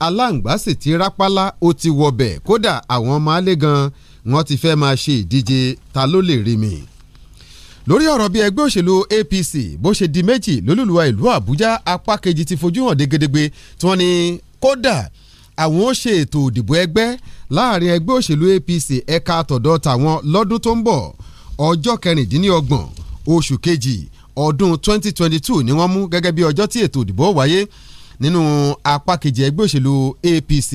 F: aláǹgbá sì ti rápálá ó ti wọbẹ̀ kódà àwọn ọmọ alẹ́ gan-an wọ́n ti fẹ́ máa ṣe ìdíje ta ló lè rí mi lórí ọ̀rọ̀ bí ẹgbẹ́ òṣèlú APC bó ṣe di méjì lólùlùwà ìlú Àbújá apá kejì ti fojú hàn dégedégbé tí wọ́n ní kódà àwọn ó ṣe ètò òdìbò ẹgbẹ́ láàrin ẹgbẹ́ òṣèlú APC ẹ̀ka àtọ̀dọ̀ tàwọn lọ́dún tó ń bọ̀ ọjọ́ kẹrìndínlọ́gbọ̀n oṣù kejì ọdún 2022 ni wọ́n mú gẹ́gẹ́ bí ọjọ́ tí ètò òdìbò wáyé nínú apá kejì ẹgbẹ́ òṣèlú APC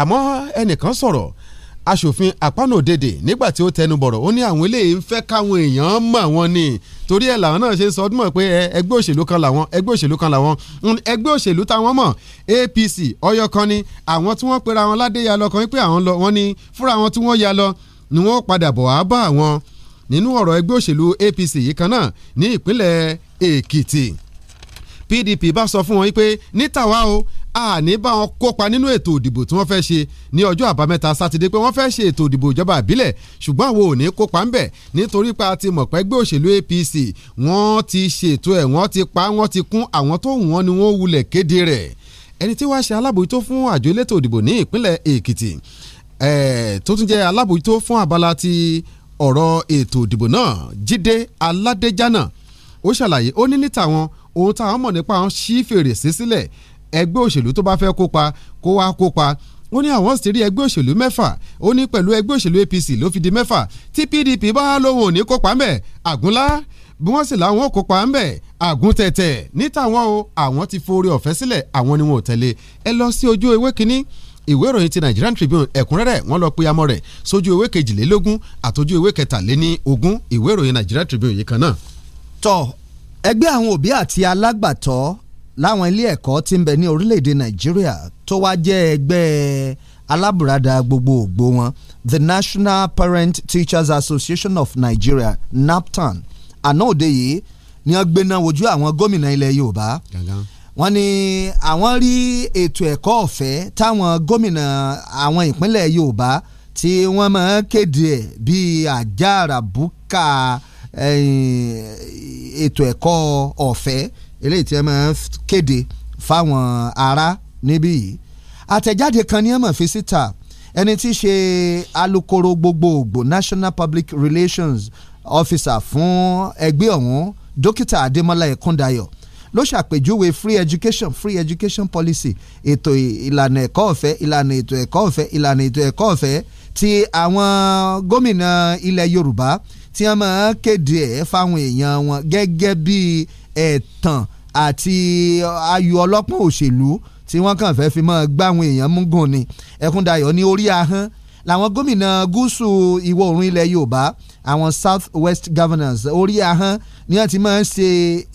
F: àmọ́ ẹnìkan sọ̀rọ̀ aṣòfin àpánù òdèdè nígbà tí ó tẹnu bọ̀rọ̀ ó ní àwọn eléyìí ń fẹ́ káwọn èèyàn mọ̀ wọn ni torí ẹ̀ làwọn náà ṣe ń sọ ọdún mọ̀ pé ẹgbẹ́ òṣèlú kan làwọn ẹgbẹ́ òṣèlú kan làwọn ẹgbẹ́ òṣèlú táwọn mọ̀ APC ọyọ kan ni àwọn tí wọ́n pera wọn ládé ya lọ kan wípé àwọn lọ wọn ni fúnra wọn tí wọ́n ya lọ ni wọ́n padà bọ̀ wá bá àwọn nínú ọ̀rọ̀ ẹgbẹ́ òṣèlú APC yìí kan náà ní ìpínlẹ̀ Èkìtì PDP bá sọ fún wọn pé ní tàwa o àní bá wọn kópa nínú ètò òdìbò tí wọ́n fẹ́ ṣe ní ọjọ́ àbámẹ́ta sátidé pé wọ́n fẹ́ ṣe ètò òdìbò ìjọba àbílẹ̀ ṣùgbọ́n àwọn ò ní kópa ń nítorí pé a ti mọ̀ pé ẹgbẹ́ òṣèlú APC wọ́n ti ṣètò ẹ̀ wọ́n ti pa wọ́n ti kún àwọn tó wọ́n ni wọ́n wulẹ̀ kéde rẹ̀ ẹni tí wàá ṣe alábòjútó fún àjọ elétò òdìbò ní ìpínlẹ̀ Èkìtì tó tún jẹ́ alábòjútó fún abala òun táwọn mọ̀ nípa àwọn ṣí fèrèsé sílẹ̀ ẹgbẹ́ òṣèlú tó bá fẹ́ kópa kó wá kópa ó ní àwọn sì rí ẹgbẹ́ òṣèlú mẹ́fà ó ní pẹ̀lú ẹgbẹ́ òṣèlú APC ló fi di mẹ́fà tí PDP bá lóhùn òní kópa ń bẹ̀ àgúnlá bí wọ́n sì láwọn kópa ń bẹ̀ àgúntẹ̀tẹ̀ ní tàwọn o àwọn ti forí ọ̀fẹ́ sílẹ̀ àwọn ni wọn ò tẹ̀lé ẹ lọ sí ojú ewé kínní ìwé ìròyìn ti Nigerian Tribune ẹ̀kúnrẹ́rẹ́ wọ́n lọ pe amọ̀ rẹ̀ sójú ewé kejìlélógún àtòjú ewé kẹtàléní ogún ìwé ìròyìn Nigerian Tribune yìí kan náà. tọ́
E: ẹgbẹ́ àwọn òbí àti alágbàtọ́ láwọn ilé ẹ̀kọ́ tí ń bẹ ní orílẹ̀-èdè nàìjíríà tó wá jẹ́ ẹgbẹ́ alábùradà gbogbogbò wọn the National Parent Teachers Association of Nigeria NAPTAN àná òde yìí ni wọ́n gbéná wojú àwọn gómìnà ilẹ̀ yorùbá wọ́n ní àwọn rí ètò ẹ̀kọ́ ọ̀fẹ́ táwọn gómìnà àwọn ìpínlẹ̀ yorùbá tí wọ́n máa kéde ẹ̀ bíi àjàràbùkà ètò ẹ̀kọ́ ọ̀fẹ́ eléyìí tí ẹ máa ń kéde fáwọn ará níbí yìí àtẹ̀jáde kan ní ẹ̀mọ̀ fi síta ẹni tí í ṣe alukoro gbogbogbò National Public Relations Officer fún ẹgbẹ́ ọ̀hún dókítà Adémọ́lá Ẹ̀kúndayọ̀ ló ṣàpèjúwe free education free education policy ètò ìlànà ẹ̀kọ́ ọ̀fẹ́ ìlànà ètò ẹ̀kọ́ ọ̀fẹ́ ìlànà ètò ẹ̀kọ́ ọ̀fẹ́ ti àwọn gómìnà ilẹ̀ Yorùbá tí wọ́n máa kéde ẹ̀ fáwọn èèyàn wọn gẹ́gẹ́ bí ẹ̀tàn àti ayò ọlọ́pọ̀n òṣèlú tí wọ́n kàn fẹ́ fi máa gbá àwọn èèyàn mú gùn ni Ẹ̀kúndayọ̀ ní orí ahọ́n làwọn gómìnà gúúsù ìwọ̀ oòrùn ilẹ̀ Yorùbá àwọn South West Governors orí ahọ́n ni wọ́n ti máa ń ṣe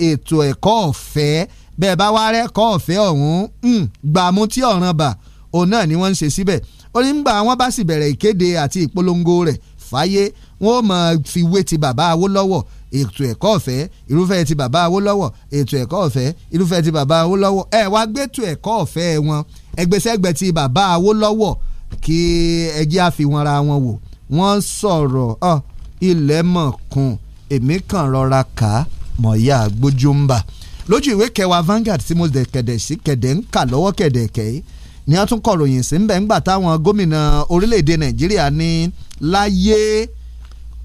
E: ètò ẹ̀kọ́ ọ̀fẹ́ bẹ́ẹ̀ bá wá rẹ́kọ́ ọ̀fẹ́ ọ̀hún hmm, gbàmú tí ọ̀ràn bà òun náà ni wọ́n ń ṣe síbẹ̀ ó ní gbà wọ́n bá sì bẹ̀rẹ̀ ìkéde àti ìpolongo rẹ̀ fáyé wọ́n ó máa fi wé ti bàbá Awólọ́wọ̀ ètò ẹ̀kọ́ ọ̀fẹ́ irúfẹ́ ti bàbá Awólọ́wọ̀ ètò ẹ̀kọ́ ọ̀fẹ́ irúfẹ́ ti bàbá Awólọ́wọ̀ ẹ wá gbẹ́tò ẹ̀kọ́ ọ̀fẹ́ wọn ẹgbẹ́sẹ́gbẹ́ ti bàbá Awólọ́wọ̀ kí ẹjẹ́ àfihànra wọn wò wọ́n sọ̀rọ̀ ọ ilẹ̀ mọ̀kùn èmi kàn rọra kà á mọ̀ ya gbójú lójú ìwé kẹwàá Vanguard tí mo dẹ̀ kẹ̀dẹ̀ sí kẹ̀dẹ̀ ń kà lọ́wọ́ kẹ̀dẹ̀ kẹ́ẹ́ ni wọ́n tún kọ̀ròyìn sí ń bẹ̀ ńgbà táwọn gómìnà orílẹ̀-èdè Nàìjíríà ní láyé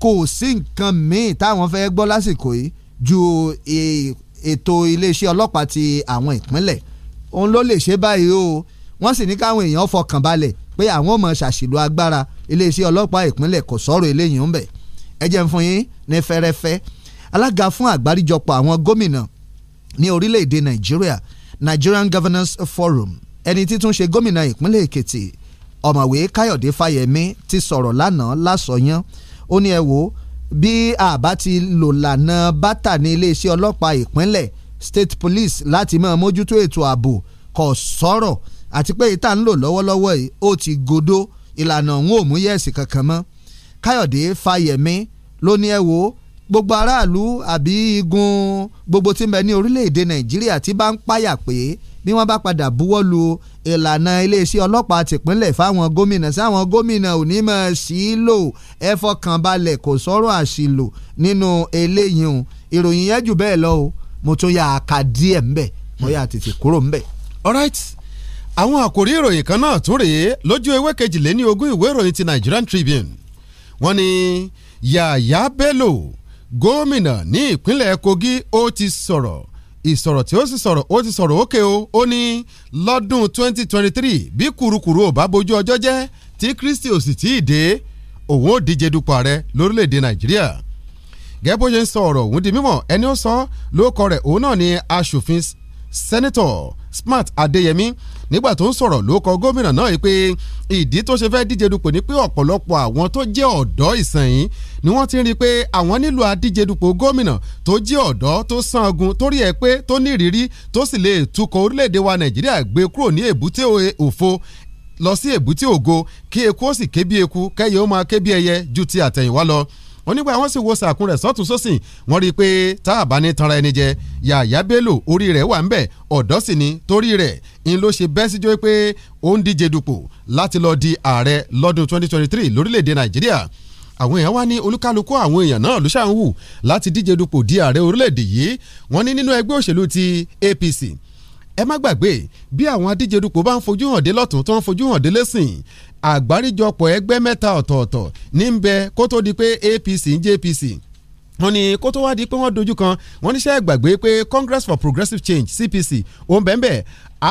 E: kò sí nǹkan míì táwọn fẹ́ gbọ́ lásìkò yìí ju e, ètò iléeṣẹ́ ọlọ́pàá ti àwọn ìpínlẹ̀ òun ló lè ṣe báyìí o wọ́n sì ní káwọn èèyàn fọkàn balẹ̀ pé àwọn ò mọ̀ ṣàṣìlò agbára iléeṣẹ́ ọlọ́pàá ìpínlẹ̀ kò sọ̀rọ̀ eléyìí ń bẹ̀ ẹ jẹ́ n fún yín ní fẹ́rẹ́fẹ́ alága fún àgbáríjọpọ̀ àwọn gómìnà ní orílẹ̀-èdè nàìjíríà Nigerian Governance Forum ẹni títún ṣe gómìnà ìpínlẹ̀ èkìtì ọ̀mọ̀wé káyọ̀dé fáyẹ̀mí ti sọ̀rọ̀ lánàá lásọyán la ó ní ẹ wò ó bí àbá ti lò lànà bátà ní iléeṣẹ́ ọlọ́pàá ìpínlẹ̀ state police láti máa mójútó ètò ààbò kò sọ̀rọ̀ àti pé ìta ń lò lọ́wọ́lọ́wọ́ yìí ó ti godo ìlànà òun ò mú yẹ̀sì kankan mọ́ káyọ̀dé fáyẹ̀mí ló ní ẹ wò ó gbogbo aráàlú àbí igun gbogbo tí ń bẹ ní orílẹ̀-èdè nàìjíríà ti bá ń páyà pé bí wọ́n bá padà buwọ́ lu ìlànà iléeṣẹ́ ọlọ́pàá tìpínlẹ̀ fáwọn gómìnà sáwọn gómìnà ò ní mọ̀ sí í lò ẹ fọkàn balẹ̀ kò sọ̀rọ̀ àṣìlò nínú eléyìí o ìròyìn yẹn jù bẹ́ẹ̀ lọ o mo tún yà á ka díẹ̀ ńbẹ̀
F: mo yà á tètè kúrò ńbẹ̀. all right àwọn àkòrí ìròyìn kan náà tún rèé lójú ewé kejìléní ogún ìwé ìròyìn ti Nigerian Tribune wọ́n ní Yàyà Bello gómìnà ní ìpínlẹ̀ Kogi ó ti sọ̀rọ̀ ìsọ̀rọ̀ tí ó sì sọ̀rọ̀ ó ti sọ̀rọ̀ òkè o ó ní lọ́dún 2023 bí kùrukùru ò bá bójú ọjọ́ jẹ́ tí Kristi ò sì tí ì dé òun ò díje dupò ààrẹ lórílẹ̀‐èdè Nàìjíríà gẹ́gẹ́ bó ṣe ń sọ ọ̀rọ̀ òun di mímọ̀ ẹni ó sọ lóko rẹ̀ òun náà ni aṣòfin sẹ́nitọ̀ Smart Adéyẹmí nígbà tó ń sọ̀rọ̀ ló kọ gómìnà náà yìí pé ìdí tó ṣe fẹ́ díje dupò ni pé ọ̀pọ̀lọpọ̀ àwọn tó jẹ́ ọ̀dọ́ ìsẹ̀yìn ni wọ́n ti rí i pé àwọn nílò adíje dupò gómìnà tó jẹ́ ọ̀dọ́ tó sangun tó rí ẹ pé tó ní ìrírí tó sì lè tukọ̀ orílẹ̀-èdè wa Nàìjíríà gbé kúrò ní èbúté òfo lọ sí èbúté ògo kí eku ó sì ké eku kẹ́yẹ ó máa ké ẹyẹ ju ti àtẹ̀yìnwá lọ wọ́n nígbà wọ́n sì wo sàkún rẹ̀ sọ́tún sósìn wọ́n rí i pé tá a bá ní tanra ẹni jẹ Yàyà Bello orí rẹ̀ wà ń bẹ̀ ọ̀dọ́ sì ni torí rẹ̀ ń ló ṣe bẹ́ẹ̀ síjọ́ pé ó ń díje dupò láti lọ di ààrẹ lọ́dún 2023 lórílẹ̀‐èdè Nàìjíríà àwọn èèyàn wá ní olúkálukú àwọn èèyàn náà ló ṣàn wù láti díje dupò di ààrẹ orílẹ̀‐èdè yìí wọ́n ní nínú ẹgbẹ́ òṣèlú ti APC ẹ má gbàgbé bí àwọn adíje dupò bá ń fojú hàn dé lọ́tún tó ń fojú hàn dé lẹ́sìn àgbáríjọpọ̀ ẹgbẹ́ mẹ́ta ọ̀tọ̀ọ̀tọ̀ ní ń bẹ kó tó di pé APC ń jẹ́ APC wọ́n ní kó tó wáá di pé wọ́n dojú kan wọ́n níṣẹ́ gbàgbé pé Congress for Progressive Change CPC òun bẹ́ẹ̀ bẹ́ẹ̀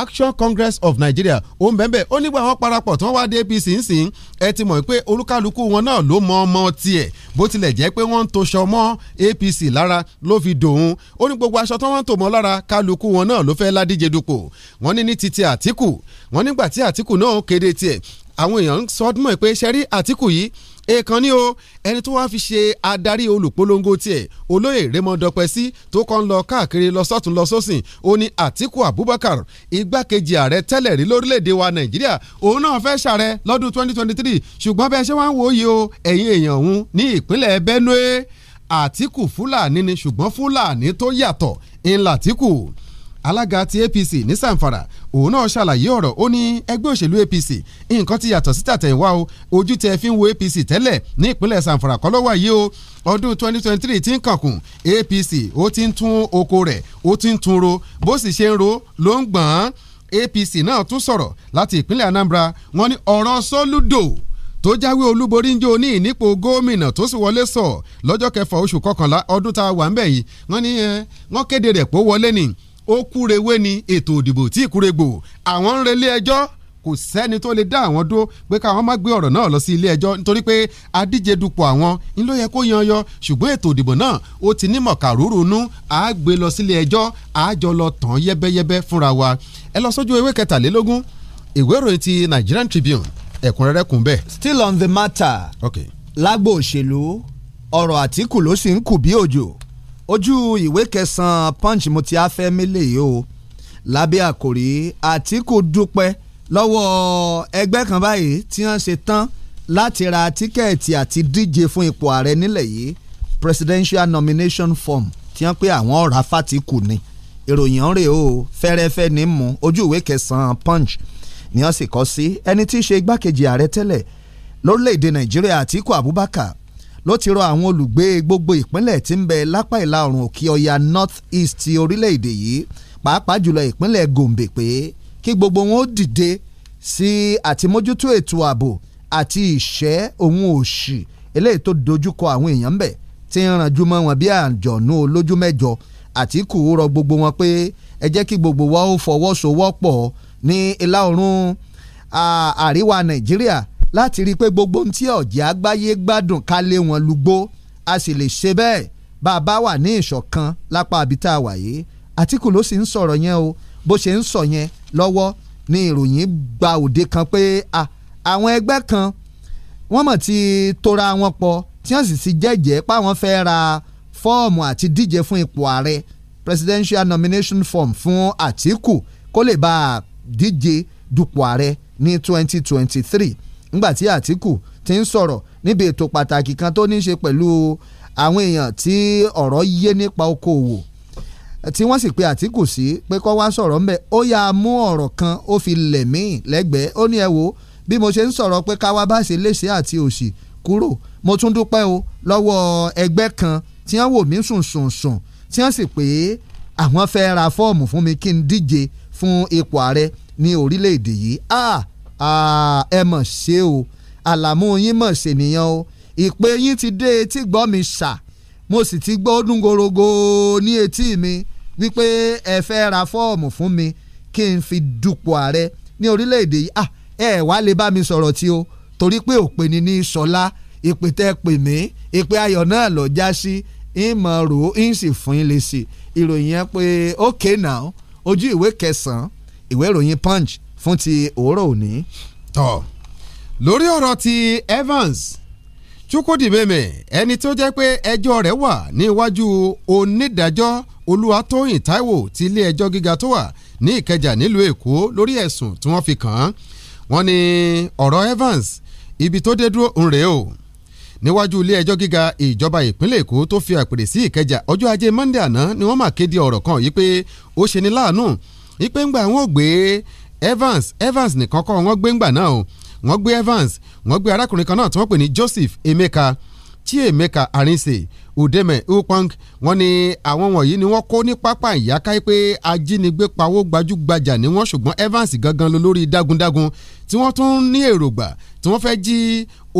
F: Action Congress of Nigeria ó ń bẹ́ẹ̀ ó nígbà wọn parapọ̀ tí wọ́n wá dé APC nsìn ẹ ti mọ̀ pé olúkálukú wọn náà ló mọ ọmọ tiẹ̀ bó tilẹ̀ jẹ́ pé wọ́n ń toṣọ mọ́ APC lára ló fi dòun ó ní gbogbo aṣọ tí wọ́n ń tò mọ́ lára kálukú wọn náà ló fẹ́ ládíje dupò wọ́n ní ní titi Àtíkù wọ́n nígbà tí Àtíkù náà kéde tiẹ̀ àwọn èèyàn ń sọ ọdún mọ̀ pé ṣẹ́rí Àtìkù yìí èèkàn ni o ẹni tó wáá fi ṣe adarí olùpolongo tiẹ̀ olóyè Rẹ́mọdọpẹ́ sí tó kàn ń lọ káàkiri lọ sọ́tún lọ sósìn ó ní Àtìkù Abubakar igbákejì ààrẹ tẹ́lẹ̀ rí lórílẹ̀‐èdè wa Nàìjíríà òun náà fẹ́ ṣàrẹ lọ́dún 2023 ṣùgbọ́n bẹ́ẹ̀ ṣé wàá ń wòye o ẹ̀yin èèyàn òun ní ìpínlẹ̀ Benue Àtìkù Fúlàní ni ṣùgbọ́n Fúlàní tó yàtọ̀ ńlá Àtìkù alága ti APC ní sanfara òun náà ṣàlàyé ọ̀rọ̀ ó ní ẹgbẹ́ òṣèlú APC nǹkan ti yàtọ̀ sí tàtẹ̀yìnwá o ojú tẹ fi ń wo APC tẹ́lẹ̀ ní ìpínlẹ̀ sanfara kọ́ lọ́wọ́ yìí o ọdún 2023 ti ń kànkùn APC ó ti ń tún oko rẹ̀ ó ti ń tún ro bó sì ṣe ń ro ló ń gbọ̀n APC náà tún sọ̀rọ̀ láti ìpínlẹ̀ Anambra wọ́n ní ọ̀rọ̀ Soludo tó jáwé olúborí ń jó ní ìnípò gómìnà tó sì wọlé sọ lọ́jọ́ kẹfà oṣù kọkànlá ọdún tá a wà ń bẹ̀ yìí wọ́n ní wọ́n kéde rẹ̀ pé ó wọlé ni ó kúrewé ni ètò òdìbò tí ìkúregbò àwọn ń relé ẹjọ́ kò sẹ́ni tó lè dá àwọn dó pé káwọn má gbé ọ̀rọ̀ náà lọ sí ilé ẹjọ́ nítorí pé adíje dupò àwọn ń ló yẹ kó yanyan ṣùgbọ́n ètò òdìbò náà ó ti ní mọ̀kàrúrú nú á gbé lọ sílé ẹjọ́ á jọ lọ tàn yẹ́bẹ́yẹ́bẹ́ fúnra wa ẹ lọ sójú ewé kẹtàlélógún ìwé ìròyìn ti Nigerian Tribune ẹ̀kúnrẹ́rẹ́ kún bẹ́ẹ̀. still on the matter. okay.
E: lágbo òṣèlú ọ̀rọ̀ Àtíkù ló sì ń kù bí òjò ojú ìwé kẹsàn-án punch mo ti afẹ́ mélèé o lábẹ́ àkòrí àtìkù dúpẹ́ lọ́wọ́ ẹgbẹ́ kan báyìí tí wọ́n ṣe tán láti ra tíkẹ́ẹ̀tì àti díje fún ipò ààrẹ nílẹ̀ yìí presidential nomination form tí wọ́n pé àwọn ọ̀rá fàtìkù ni ìròyìn rèé o fẹ́rẹ́fẹ́ ní mú ojú ìwé kẹsàn-án punch ni wọ́n sì kọ́ sí ẹni tí í ṣe igbákejì ààrẹ tẹ́lẹ̀ lórílẹ̀‐èdè nàìjíríà àtìkù abubakar ló ti rọ àwọn olùgbé gbogbo ìpínlẹ̀ tí ń bẹ lápá ìlà oòrùn òkè ọya north east ti orílẹ̀-èdè yìí pàápàá jùlọ ìpínlẹ̀ gombe pé kí gbogbo wọn ó dìde sí àtìmójútó ètò ààbò àti ìṣẹ́ òun òṣì eléyìí tó dojúkọ àwọn èèyàn ń bẹ tí ń ranjú mọ́ wọn bí àjọ̀nú olójú mẹ́jọ àtìkù rọ gbogbo wọn pé ẹ jẹ́ kí gbogbo wa ó fọwọ́sowọ́pọ̀ ní ìlà oòrùn àríwá nàìjíríà láti rí i pé gbogbo ohun tí ọ̀jẹ̀ àgbáyé gbádùn ká lé wọn lùgbó a sì lè ṣe bẹ́ẹ̀ bá a bá wà ní ìṣọ̀kan lápá abita wàyé Àtíkù ló sì ń sọ̀rọ̀ yẹn o bó ṣe ń sọ yẹn lọ́wọ́ ni ìròyìn gba òde kan pé àwọn ẹgbẹ́ kan wọ́n mọ̀ ti tora wọn pọ̀ tí wọ́n sì ti jẹ́jẹ́ páwọn fẹ́ ra fọ́ọ̀mù àti díje fún ipò ààrẹ presidential nomination form fún Àtíkù kó lè bá a díje dupò ààrẹ ní 2023 ńgbà tí Àtíkù ti ń sọ̀rọ̀ níbi ètò pàtàkì kan tó ní í ṣe pẹ̀lú àwọn èèyàn tí ọ̀rọ̀ yé nípa okòòwò tí wọ́n sì pe Àtíkù sí pé kó wá sọ̀rọ̀ ńbẹ̀ ó yà á mú ọ̀rọ̀ kan ó fi lẹ̀ mí lẹ́gbẹ̀ẹ́ ó ní ẹ wo bí mo ṣe ń sọ̀rọ̀ pé ká bá ṣe léṣe àti òṣì kúrò mo tún dúpẹ́ o lọ́wọ́ ẹgbẹ́ kan tí wọ́n wò mí sùn sùn sùn tí wọ́n sì pé àwọn fẹ́ ra fọ́ọ̀mù fún mi kí n díje fún ipò ààrẹ ní orílẹ̀-èdè yìí ah ẹ mọ̀ ṣe o àlàmú yín mọ̀ ṣe nìyẹn o ìpè yín ti dé etí gbọ́ mi ṣà mo sì ti gbọ́ dúngorogo ní etí mi wípé ẹ fẹ́ ra fọ́ọ̀mù fún mi kí n fi dupò ààrẹ ní orílẹ̀-èdè yìí ah ẹ wá lè bá mi sọ̀rọ̀ tí o torí pé òpè ni ní sọlá ìpè tẹ́ pè mí ìpè ayọ̀ náà lọ já sí ìmọ̀ rò ń sì fún yín lè sí ìròyìn yẹn pé okay now ojú ìwé kẹsàn-án ìwé ìròyìn punch fún ti
F: òórọ̀ òní. tọ́ lórí ọ̀rọ̀ ti Evans Chukwudimeme ẹni tó jẹ́ pé ẹjọ́ rẹ̀ wà ní iwájú onídàájọ́ Olúwatóyìn Táíwò ti ilé ẹjọ́ gíga tó wà ní Ìkẹjà nílùú Èkó lórí ẹ̀sùn tí wọ́n fi kàn án wọ́n ní ọ̀rọ̀ Evans ibi tó dé dúró ń rèé o níwájú ilé ẹjọ́ gíga ìjọba ìpínlẹ̀ èkó tó fi àpèrè sí ìkẹjà ọjọ́ ajé monde àná ni wọ́n máa kéde ọ̀rọ̀ kan yìí pé ó ṣe ní láàánú yìí pé ńgbà wọn ò gbé Evans Evans nìkan kọ́ wọ́n gbé ńgbà náà o wọ́n gbé Evans wọ́n gbé arákùnrin kan náà tí wọ́n pè ní Joseph Emeka Chiemeka Arinse Udeme Upong wọ́n ní àwọn wọ̀nyí ni wọ́n kó ní pápá ìyáká pé ajínigbé pawó gbajúgbajà ni wọ́n ṣùgbọ́n Evans gangan ló lórí dágundágun tí wọ́n tún ní èrògbà tí wọ́n fẹ́ jí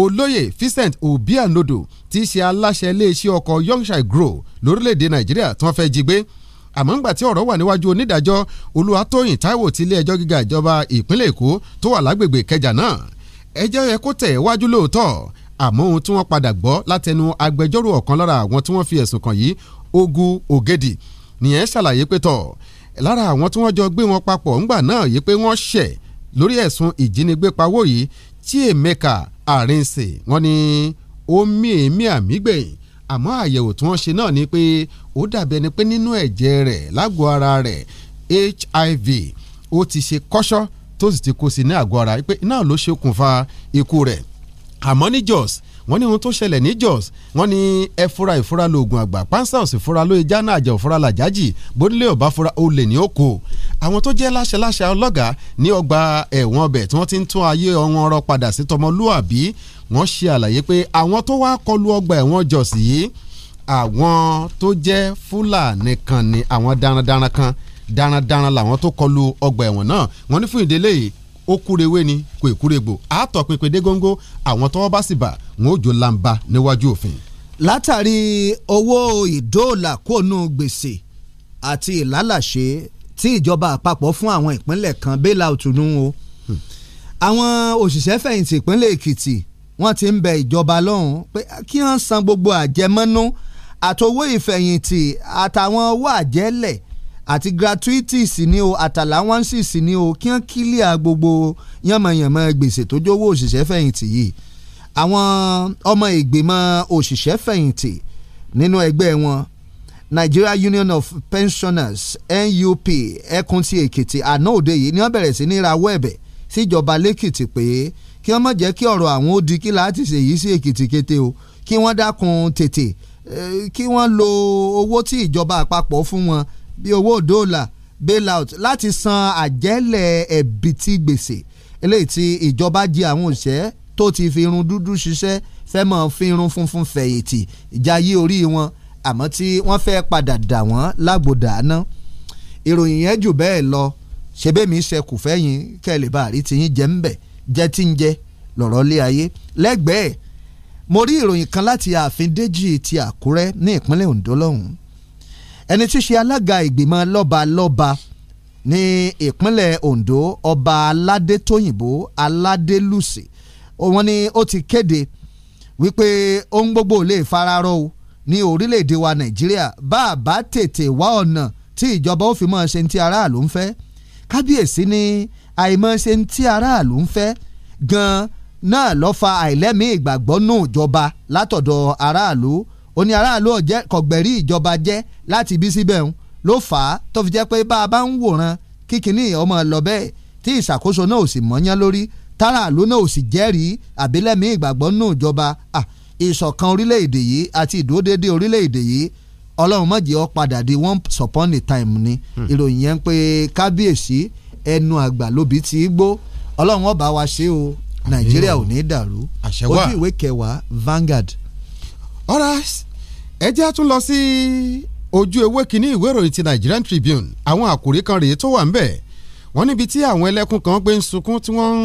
F: olóyè Vincent Obianodo tí í ṣe aláṣẹ iléeṣẹ́ ọkọ̀ Yongshai Gro lórílẹ̀‐èdè Nàìjíríà tí wọ́n fẹ́ jí gbé àmọ́ ńgbà tí ọ̀rọ̀ wà níwájú onídàájọ́ Olúwatóyìn Táíwò ti ilé ẹjọ́ gíga ìjọba ìpínlẹ̀ Èkó tó wà lágbègbè Ìkẹjà náà ẹjọ́ yẹ kó tẹ̀ wájú lóòótọ́ àmọ́ ohun tí wọ́n padà gbọ́ látẹnu agbẹjọ́rò ọ̀kan lára àwọn tí wọ́n fi ẹ̀sùn kàn yìí Ogu Ogedi nìyẹn ṣàlàyé pé tọ̀ lára àwọn tí wọ́n jọ gbé wọn papọ̀ ńgbà náà yìí pé wọ́n ṣẹ̀ lórí ẹ̀sùn ìjínigbé pawó yìí Chiemeka Arinse wọ́n ní ó mí èémí àmígbẹ̀yìn àmọ́ àyẹ̀wò tí wọ́n ṣe náà ni pé ó dàbí ẹni pé nínú ẹ̀jẹ̀ rẹ̀ lágọ̀ọ́ ara rẹ̀ HIV ó ti ṣe kọ́ṣọ́ tó sì ti kó sí ní àgọ́ ara pé náà ló ṣokùnfà ikú rẹ̀ àmọ́ ní Jos wọ́n ní ohun tó ṣẹlẹ̀ ní Jos wọ́n ní ẹ fura ìfura lóògùn àgbà pánsá òsì fura lóye jáná àjà òfura làjájì bónílé ọba fura olè ní òkò àwọn tó jẹ́ láṣẹ láṣẹ ọlọ́gàá ní ọgbà ẹ̀wọ̀n ọbẹ̀ tí wọ́n ti ń tún ayé wọn rọ padà sí tọmọlúàbí wọ́n ṣe àlàyé pé àwọn tó wá kọlu ọgbà ẹ̀wọ̀n Jos yìí àwọn tó jẹ́ Fúlàní kan ni àwọn darandaran kan darandaran làwọn tó kọlu ọgbà ẹ̀wọ̀n náà wọ́n ní fún ìdílé yìí ó kúrewé ni kò ìkúregbò àtọ̀pinpin dé góńgó àwọn tọ́wọ́ bá sì bà wọn ò jò lamba níwájú òfin. látàrí owó ìdóòlà kóònù gbèsè
E: àti ìlálàṣe tí ìjọba àpapọ̀ fún àwọn ìpínlẹ̀ kan bailout nù o hmm. àwọn òṣìṣẹ́ ìpínlẹ̀ èkìtì wọ́n ti ń bẹ ìjọba lọ́hùn pé kí wọ́n san gbogbo àjẹmọ́nú àtowó ìfẹ̀yìntì àtàwọn owó àjẹ́lẹ̀ àti gratuities ni o àtàláwọ́nsìs ni o kí wọ́n kílíà gbogbo yànmọ̀yànmọ̀ gbèsè tó jówó òṣìṣẹ́ fẹ̀yìntì yìí àwọn ọmọ ìgbìmọ̀ òṣìṣẹ́ fẹ̀yìntì nínú ẹgbẹ́ wọn Nigeria Union of Pensioners NUP ẹkùn ti Èkìtì àná òde yìí ni wọ́n bẹ̀rẹ̀ sí ní rawọ́ ẹ̀bẹ̀ síjọba lẹ́kìtì pé kí wọ́n má jẹ́ kí ọ̀rọ̀ àwọn ó di kí láti ṣèyí sí Èkìtì kété o kí wọ́n dákun tètè eh, kí wọ́n lo owó tí ìjọba àpapọ̀ fún wọn bí owó dọ́là bailout láti san àjẹ́lẹ̀ ẹ̀bìtì gbèsè eléyìí tí ìjọba jí àwọn òṣìṣẹ́ tó ti fi irun dúdú ṣiṣẹ́ fẹ́ mọ̀ fi irun funfun fẹ̀yìntì jayé orí wọn àmọ́ tí wọ́n fẹ́ padà dà wọ́n lágbòdà ná ìròyìn yẹn jù bẹ́ẹ̀ lọ ṣebémi ṣẹkù fẹ́yìn kẹ́lẹ́ bá rí tiyín jẹ́ ń bẹ̀ jẹ́ tí ń jẹ́ lọ̀rọ̀ lé ayé lẹ́gbẹ̀ẹ́ mo rí ìròyìn kan láti ààfin Déjì ti Àkúrẹ́ ní ìpínlẹ̀ Oǹdó lọ́hùn-ún ẹni tí í ṣe alága ìgbìmọ̀ lọ́balọ́ba ní ìpínlẹ̀ Ondo ọba aládé tóyìnbó aládé lùsì wọ́n ó ti kéde wípé ohun gbogbo ò lè fararọ o ní orílẹ̀-èdè wa Nàìjíríà bá a bá tètè wá ọ̀nà tí ìjọba ó fi mọ̀ ṣe ti aráàlú ń fẹ́ kábíyèsí ní àìmọ̀ ṣe ti aráàlú ń fẹ́ gan-an náà ló fa àìlẹ́mìí ìgbàgbọ́ nù ìjọba látọ̀dọ̀ aráàlú ó ní aráàlú ọ̀jẹ́ kọ̀gbẹ́rí ìjọba jẹ́ láti bí síbẹ̀ ń ló fà á tó fi jẹ́ pé bá a bá ń wòran kíkiní ọmọ lọ bẹ́ẹ̀ tí ìṣàkóso náà ò sì mọ́yán lórí táràlú náà ò sì jẹ́rìí àbílẹ̀mí ìgbàgbọ́ nù ìjọba ìṣọ̀kan orílẹ̀-èdè yìí àti ìdúródédé orílẹ̀-èdè yìí ọlọ́run mọ̀jẹ̀ ọ padà di once upon time ni hmm. ìròyìn yẹn ń pe kábíyèsí ẹnu àgbà lóbi tí í gbó ọlọ́run ọba wa ṣe o nàìjíríà ò ní dàrú ojú ìwé kẹwàá Vanguard
F: alright ẹ jẹ́ tún lọ sí ojú ewé kínní ìwé ìròyìn ti Nigerian Tribune àwọn àkòrí kan rèé tó wà ń bẹ̀ wọ́n níbi tí àwọn ẹlẹ́kùn kan gbé ń sunkún tí wọ́n ń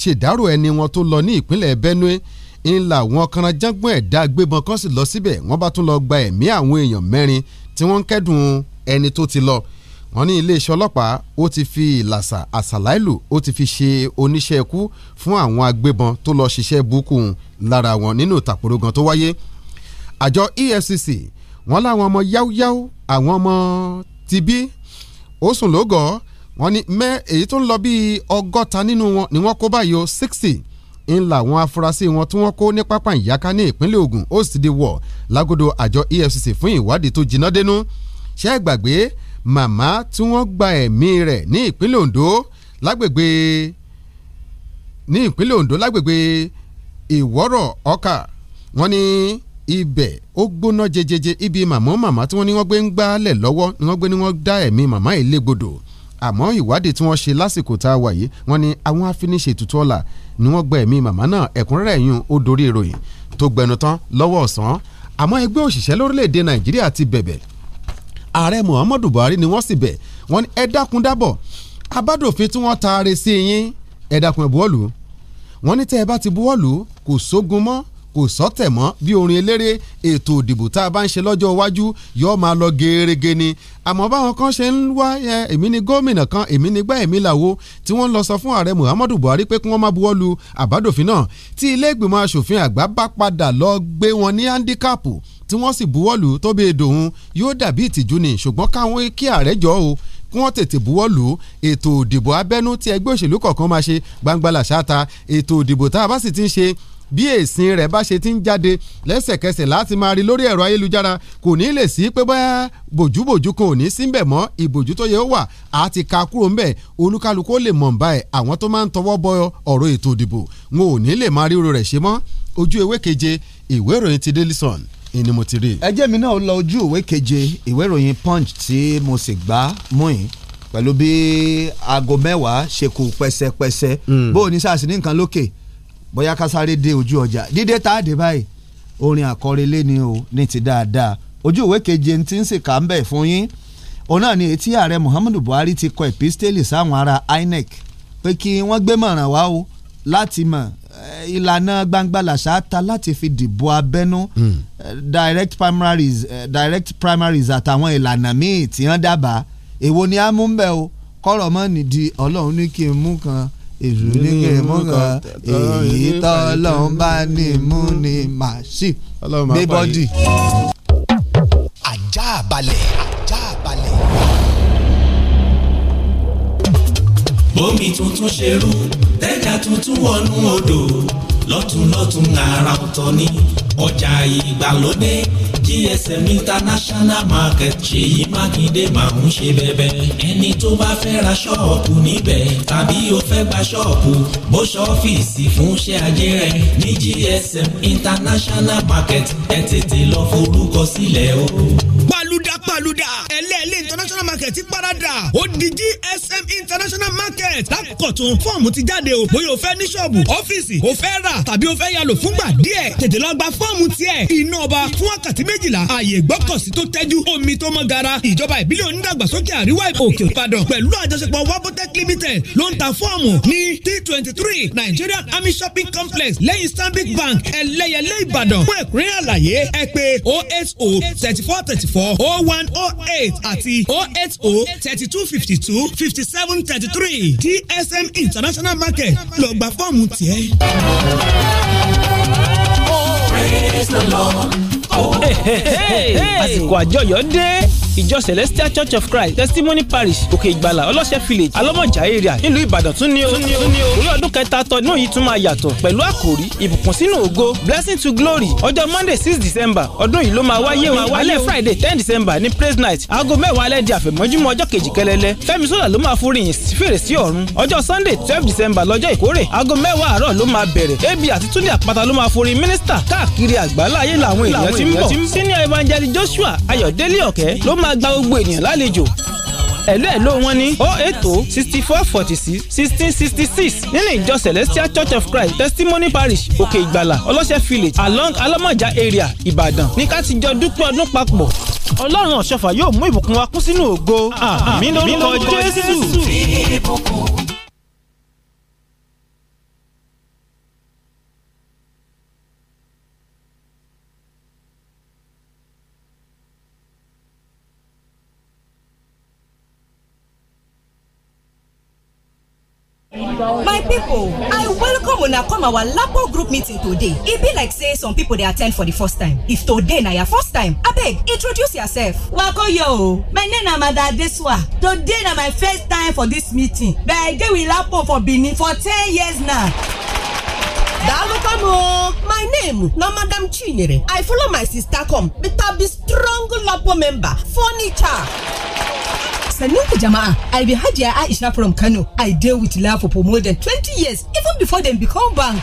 F: ṣèdárò ẹni wọn tó lọ ní ìpínlẹ̀ Benue ńlá àwọn kanajàngbọ̀n ẹ̀dá agbébọn kan sì lọ síbẹ̀ wọ́n bá tún lọ gba ẹ̀mí àwọn èèyàn mẹ́rin tí wọ́n ń kẹ́dùn ẹni tó ti lọ wọ́n ní iléeṣẹ́ ọlọ́pàá ó ti fi ìlàsà àsàláìlù ó ti fi ṣe oníṣẹ́ ikú fún àwọn agbébọn tó lọ ṣiṣẹ́ burúkú lára wọn nínú ìtàkùrọ̀gàn tó wáyé àjọ EFCC wọ́n láwọn ọmọ yáúyáú àwọn ọmọ ti bí ó sùn lógọ̀ wọ́n ní mẹ́ èyí tó ń lọ bíi ọgọ́ta nínú wọn ni wọ́n kó báyìí o sixty ń la àwọn afurasí wọn tí wọ́n kó ní pápá ìyáká ní ìpínlẹ̀ Ògùn ó sì ti wọ̀ lágodo àjọ EFCC fún ìwádìí tó jiná dénú ṣé ẹ gbàgbé màmá tí wọ́n gba ẹ̀mí rẹ̀ ní ìpínlẹ̀ Ondo lágbègbè ní ìpínlẹ̀ Ondo lágbègbè ìwọ́rọ̀ ọkà wọ́n Ni ibẹ̀ ó gbóná jejeje ibi màmá màmá tí wọ́n ní wọ́n gbé ń gbálẹ̀ lọ́wọ́ ni wọ́n gbé ni wọ́n dá ẹ̀mí màmá yìí légbodò àmọ́ ìwádìí tí wọ́n ṣe lásìkò tá a wà yìí wọ́n ní àwọn afiniṣètùtù ọ̀la ni wọ́n gba ẹ̀mí màmá náà ẹ̀kúnrẹ́rẹ́ yún ó dorí ìròyìn tó gbẹnu tán lọ́wọ́ ọ̀sán àmọ́ ẹgbẹ́ òṣìṣẹ́ lórílẹ̀‐èdè nàìjíríà ti bẹ̀bẹ̀ ààrẹ muhammadu buhari ni wọ́n sì bẹ̀ wọ́n ní ẹ dábọ̀ abádòfin tí wọ́n taare sí yín ẹ dákun ẹ wọ́n ní tẹ́ ẹ bá ti buwọ́lù kò sógun mọ́ kò sọ́tẹ̀ mọ́ bí orin eléré ètò òdìbò tá a bá ń ṣe lọ́jọ́ iwájú yóò máa lọ gerege ni àmọ́ báwọn kan ṣe ń wá èmi ni gómìnà kan èmi ni gbá èmi làwo tí wọ́n lọ sọ fún ààrẹ Muhammadu Buhari pé kí wọ́n má buwọ́ lu àbádòfin náà tí ilé ìgbìmọ̀ asòfin àgbà bá padà lọ gbé wọn ní handicap tí wọ́n sì buwọ́ lu tó bí èdò òun yóò dàbí ìtìjú ni ṣùgbọ́n káwọn kí ààrẹ jọ o kí wọ́n tètè buwọ́ lù ètò òdìbò abẹ́nú tí ẹgbẹ́ òṣèlú kọ̀ọ̀kan máa ṣe gbangba làṣáta ètò òdìbò tá a bá sì ti ń ṣe bí èsìn rẹ̀ bá ṣe ti ń jáde lẹ́sẹ̀kẹsẹ̀ láti máa rí lórí ẹ̀rọ ayélujára kò ní lè sí pé bóyá bòjúbòjú kan ò ní sí mbẹ̀ mọ́ ìbòjú tó yẹ ó wà á ti ka kúrò mbẹ̀ olúkálukú ó lè mọ̀ mbà ẹ̀ àwọn tó máa ń tọwọ́ bọ ọ̀rọ̀ ètò ìdìbò wọn ò ní lè máa ríro rẹ̀ ṣe mọ́ ojú ewé keje ìwé ìròyìn ti Daily Sun ni mo ti rí i. ẹ jẹ́ mi náà lọ ojú ìwé keje ìwé ìròyìn Punch tí
E: mo sì gbá mú yìí pẹ̀lú bí aago mẹ́wàá ṣe kù pẹ́sẹ́pẹ́sẹ́ hmm. bó o ní sáà sí ní nǹkan lókè bóyá ká sáré dé ojú ọjà dídé tá a dé báyìí orin àkọrelé ni o ní ti dáadáa ojú ìwé keje ti ń ṣèkà ń bẹ̀ fún yín òun náà ni etí ààrẹ Muhammadu Buhari ti kọ epistéèlì sáwọn ará INEC pé kí wọ́n gbé mọ̀ràn wá o láti mọ̀ eh, ìlànà gbangba làṣà ta láti fi dìbò abẹ́nú hmm. direct primaries eh, direct primaries àtàwọn ìlànà míì tí wọ́n dábàá èwo ni a mú bẹ́ẹ̀ o kọ́rọ̀ mọ́ nìdí ọlọ́run ní kí n mú kan èṣù ní kèémù kan èyí tọ́lọ́hún bá ní mú ni màṣí bíbọ́dì. ajá balẹ̀ ajá balẹ̀.
I: bómi tuntun ṣerú tẹ́jà tuntun wọnú odò lọ́tùnlọ́tùn àrà ọ̀tọ̀ ní ọjà ìgbàlódé GSM International Market Ṣèyí Mákindé máa ń ṣe bẹbẹ ẹni tó bá fẹ́ ra ṣọ́ọ̀pù níbẹ̀ tàbí o fẹ́ gba ṣọ́ọ̀pù bó ṣọ́ọ̀fìsì fún iṣẹ́ ajé rẹ ní GSM International Market ẹ tètè lọ forúkọ sílẹ̀ o.
B: pàlúdà pàlúdà ẹlẹ́ẹ̀lẹ́ international market ti parada ó di GSM International Market lákọ̀tún fọ́ọ̀mù ti jáde o bóyá o fẹ́ ní ṣọ́ọ̀bù ọ́fíìsì o fẹ́ ra náírà tàbí o fẹ́ yálò fúngbà díẹ̀ tètè lọ gba fọ́ọ̀mù tiẹ̀ iná ọba fún wákàtí méjìlá ààyè gbọ́kọ̀sí tó tẹ́jú omi tó mọ́ gara ìjọba ìbílẹ̀ onídàgbàsókè àríwá òkè ìbàdàn pẹ̀lú àjọṣepọ̀ wabotec limited ló ń ta fọ́ọ̀mù ní t twenty three nigerian army shopping complex lẹ́yìn stanbic bank ẹlẹ́yẹlé ìbàdàn fún ẹ̀kúnrẹ́ àlàyé ẹ pé o oh eight o oh thirty four thirty four o oh one o eight àti o eight o thirty two fifty two fifty seven thirty three dsm international market lọ
I: gba fọ́ọ̀mù tiẹ̀.
C: Praise
B: the
I: Lord. Oh, hey, hey, hey, hey. àsìkò àjọyọ̀ dé ìjọ celestial church of christ testimony parish òkè ìgbàlà ọlọ́sẹ̀ village alọ́mọjà area nílùú ìbàdàn tún ní o orí ọdún kẹta tọdún yìí tún máa yàtọ̀ pẹ̀lú àkòrí ìbùkún sínú ògo blessing to glory ọjọ́ monday six december ọdún yìí ló máa wáyé o alẹ́ friday ten december ní praise night aago mẹ́wàá alẹ́ di àfẹ̀mọ́júmọ́ ọjọ́ kejì kẹlẹ́lẹ́ fẹ́mi sọ́là ló máa forí yìn fèrèsé ọ̀run ọjọ́ sunday twelve december lọ́jọ́ ìkórè aago mẹ́wàá àárọ̀ ló máa bẹ̀rẹ̀ ab àti túnde àpáta ló máa forí mínísítà káàkiri àgbáláyé làwọn èèyàn ti ń bọ̀ senior evangelist joshua ayọ̀délé ọ̀kẹ́ ló m máa gba gbogbo ènìyàn lálejò ẹ̀lú ẹ̀lú wọn ní o oh eight oh sixty four forty six sixteen sixty six nínú ìjọ celestial church of christ testimony parish òkè ìgbàlà ọlọ́sẹ̀ village along alámọ̀já area ìbàdàn ní ká ti jọ dúpẹ́ ọdún papọ̀. ọlọ́run ọ̀ṣọ́fà yóò mú ìbùkún wa kún sínú ògo àmín lórúkọ jésù.
C: i welcome
K: una come our lapo group meeting today e be like say some people they attend for the first time if today na your first time I beg introduce yourself. wakoyo yo, my name is mada adesuwa today na my first time for this meeting but i dey with lapo for benin for ten years now. daalụkwanụ my name na madam chinyere i follow my sister come beta be strong lapo member furniture sannin ku jama'a I've been hajiya aisha from kano i deal with lapo for more than 20 years even before dem become bank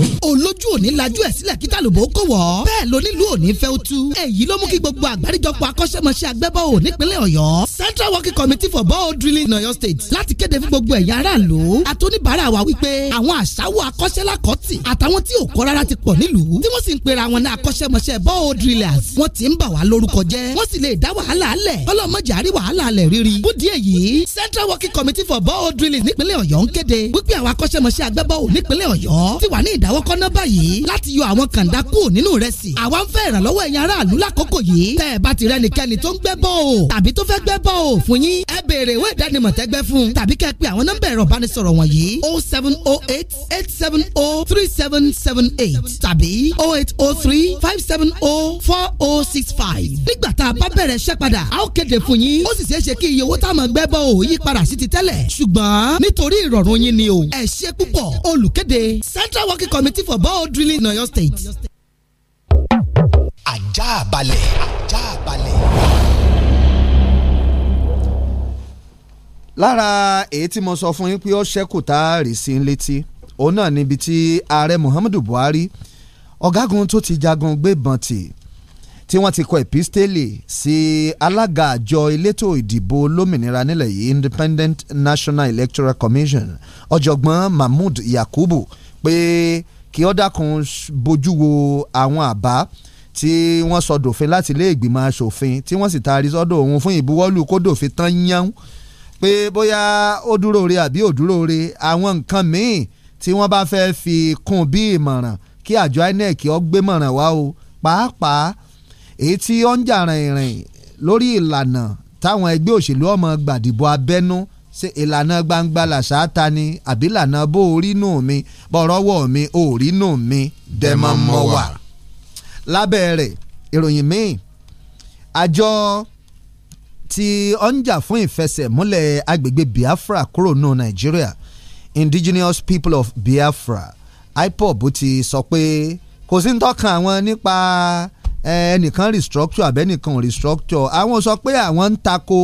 G: márùn-ún olójú òní lajú ẹ̀ sílẹ̀ kíta lòbó kò wọ́ bẹ́ẹ̀ lónílù òní fẹ́ o tú èyí ló mú kí gbogbo àgbáríjọpọ̀ akọ́ṣẹ́mọṣẹ́ agbẹ́bọ̀ọ́ nípínlẹ̀ ọ̀yọ́ central working committee for ball drilling in ọ̀yọ́ state láti kéde fún gbogbo ẹ̀yà aráàlú àtúníbàárà wa wípé àwọn àṣàwọ̀ akọ́ṣẹ́lákọ́tì àtàwọn tí ò kọ́ rárá ti pọ̀ nílùú tí wọ́n sì ń pera wọn ní akọ́ṣẹ́mọṣẹ́ ball drillers wọ́n ti ń bà wá lórúkọ jẹ́ wọ́n sì lè dá wàhálà alẹ̀ ọlọ́mọdé àrí wàhálà alẹ̀ rírí búdí èyí central working committee ìrànlọ́wọ́ kọ́ná báyìí láti yọ àwọn kàńdá kúrò nínú ìrẹsì àwa ń fẹ́ ìrànlọ́wọ́ ẹ̀yin aráàlú lákòókò yìí tẹ́ ẹ bá ti rẹ nìkẹ́ni tó ń gbẹ́ bọ́ o tàbí tó fẹ́ gbẹ́ bọ́ o fún yín ẹ béèrè ìwé ìdánimọ̀ tẹ́gbẹ́ fún tàbí kẹ́ pe àwọn nọ́mbà ẹ̀rọ ìbánisọ̀rọ̀ wọ̀nyí o oh seven o oh eight eight seven o oh three seven seven eight tàbí o eight o three five seven o four o six five nígbà tá a bá bẹ̀rẹ̀ iṣẹ́ padà a ó kéde fún yín ó sì ṣeé ṣe kí iye owó táwọn gbẹ́ bọ́ o yí padà sí ti tẹ́lẹ̀ ṣùgbọ́n o ẹ central working committee for borehole drilling in Oyo State. ajá balẹ̀ ajá balẹ̀.
E: lára èyí tí mo sọ fún yín pé ó ṣẹ́kù tá a rì sí létí òun náà níbi tí ààrẹ Muhammadu Buhari ọ̀gágun tó ti jagun gbébọn tì tí wọ́n ti kọ epistelli sí alága àjọ elétò ìdìbò olómìnira nílẹ̀ yìí Independent National Electoral Commission ọ̀jọ̀gbọ́n Mahmood Yakubu pé kí ó dákun bójú wo àwọn àbá tí wọ́n sọ dòfin láti ilé ìgbìmọ̀ asòfin tí wọ́n sì taari sọ́dọ̀ òun fún ìbuwọ́lù kó dòfin tán yán pé bóyá ó dúró re àbí ò dúró re àwọn nǹkan míì tí wọ́n bá fẹ́ fi kún bí ìmọ̀ràn kí àjọ INEC ó gbé mọ̀ràn wá o pàápàá èyí tí ó ń jà rìnrìn lórí ìlànà táwọn ẹgbẹ́ òṣèlú ọmọ gbàdìbò abẹ́nú ṣe ìlànà gbangba làṣà ta ni àbí ìlànà bó orí nù mi bọ̀rọ̀ wọ̀ mi ò nù mi dẹ́mọ̀ mọ́ wà. lábẹ́ rẹ̀ ìròyìn míì àjọ tí ó fún ìfẹsẹ̀múlẹ̀ agbègbè Biafra kúrò nù Nàìjíríà Indigenous People of Biafra IPOB ti sọ pé kò sí ń tọ́kàn àwọn nípa ẹnìkan eh, restructure abẹ́nìkan restructure àwọn sọ pé àwọn ń tako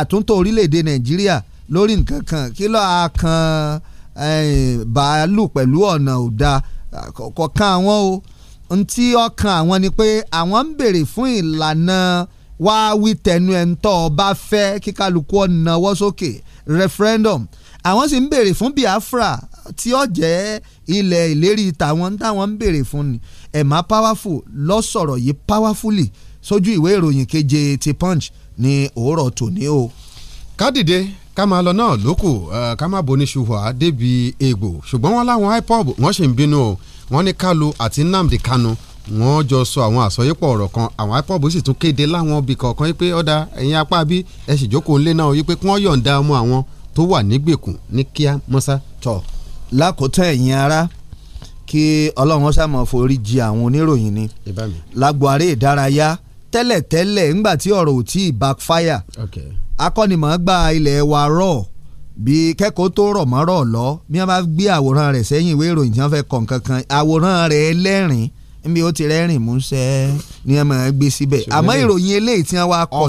E: àtúntò orílẹ̀-èdè Nàìjíríà lórí nǹkan kan kí ló a kan eh, bàálù pẹ̀lú ọ̀nà òda kọ̀ọ̀kan àwọn o ntí ọkàn àwọn ni pé àwọn ń béèrè fún ìlànà wá wí tẹnu ẹ̀ ń tọ́ ọ bá fẹ́ kí ọ̀nà wọ́ referendum àwọn sì ń béèrè fún Biafra tí ó jẹ́ ilẹ̀ ìlérí tàwọn táwọn ń béèrè fún ni Emma Powerful lọ sọ̀rọ̀ yìí
F: powerfully sójú ìwé ìròyìn keje ti Punch ní òórọ̀ tòní o. kádìdé ká máa lọ náà lókù ká boni ṣùhọ́à débi egbò ṣùgbọ́n wọn láwọn IPOB wọ́n ṣì ń bínú o wọ́n ní Kalu àti Nnamdi Kanu wọ́n jọ sọ àwọn àsọyípọ̀ ọ̀rọ̀ kan àwọn IPOB sì tún kéde láwọn ibì kọ̀ọ̀kan yìí pé ọ̀dà ẹ̀yin apá bí ẹ sì jókòó ńlẹ̀ náà yìí pé kí wọ́n yọ̀ǹda ọmọ àwọn tó wà nígbèkùn ní kíá mọ́sá. tọ́ lákòótán
E: ẹ̀yin ará kí ọlọ́run sàmọ̀ forí jì àwọn oníròyìn ni lágbo aré ìdárayá tẹ́lẹ̀tẹ́lẹ̀ ńgbà tí ọ̀rọ̀ ò tí ì backfire akọ́nimọ̀ọ́gbà ilẹ̀ wa rọ̀ bí kẹ́kọ̀ọ́ tó rọ̀ mọ́rọ̀ lọ bí wọ́n bá gbé àwòrán rẹ̀ sẹ́yìn ìwé ìròyìn tí wọ́n fẹ́ kọ̀ kankan àwòrán rẹ̀ lẹ́rìn-ín níbi ó ti rẹ́rìn músẹ́ ni ẹ máa gbé síbẹ̀ àmọ́ ìròyìn eléyìí tí wọ́n wá kọ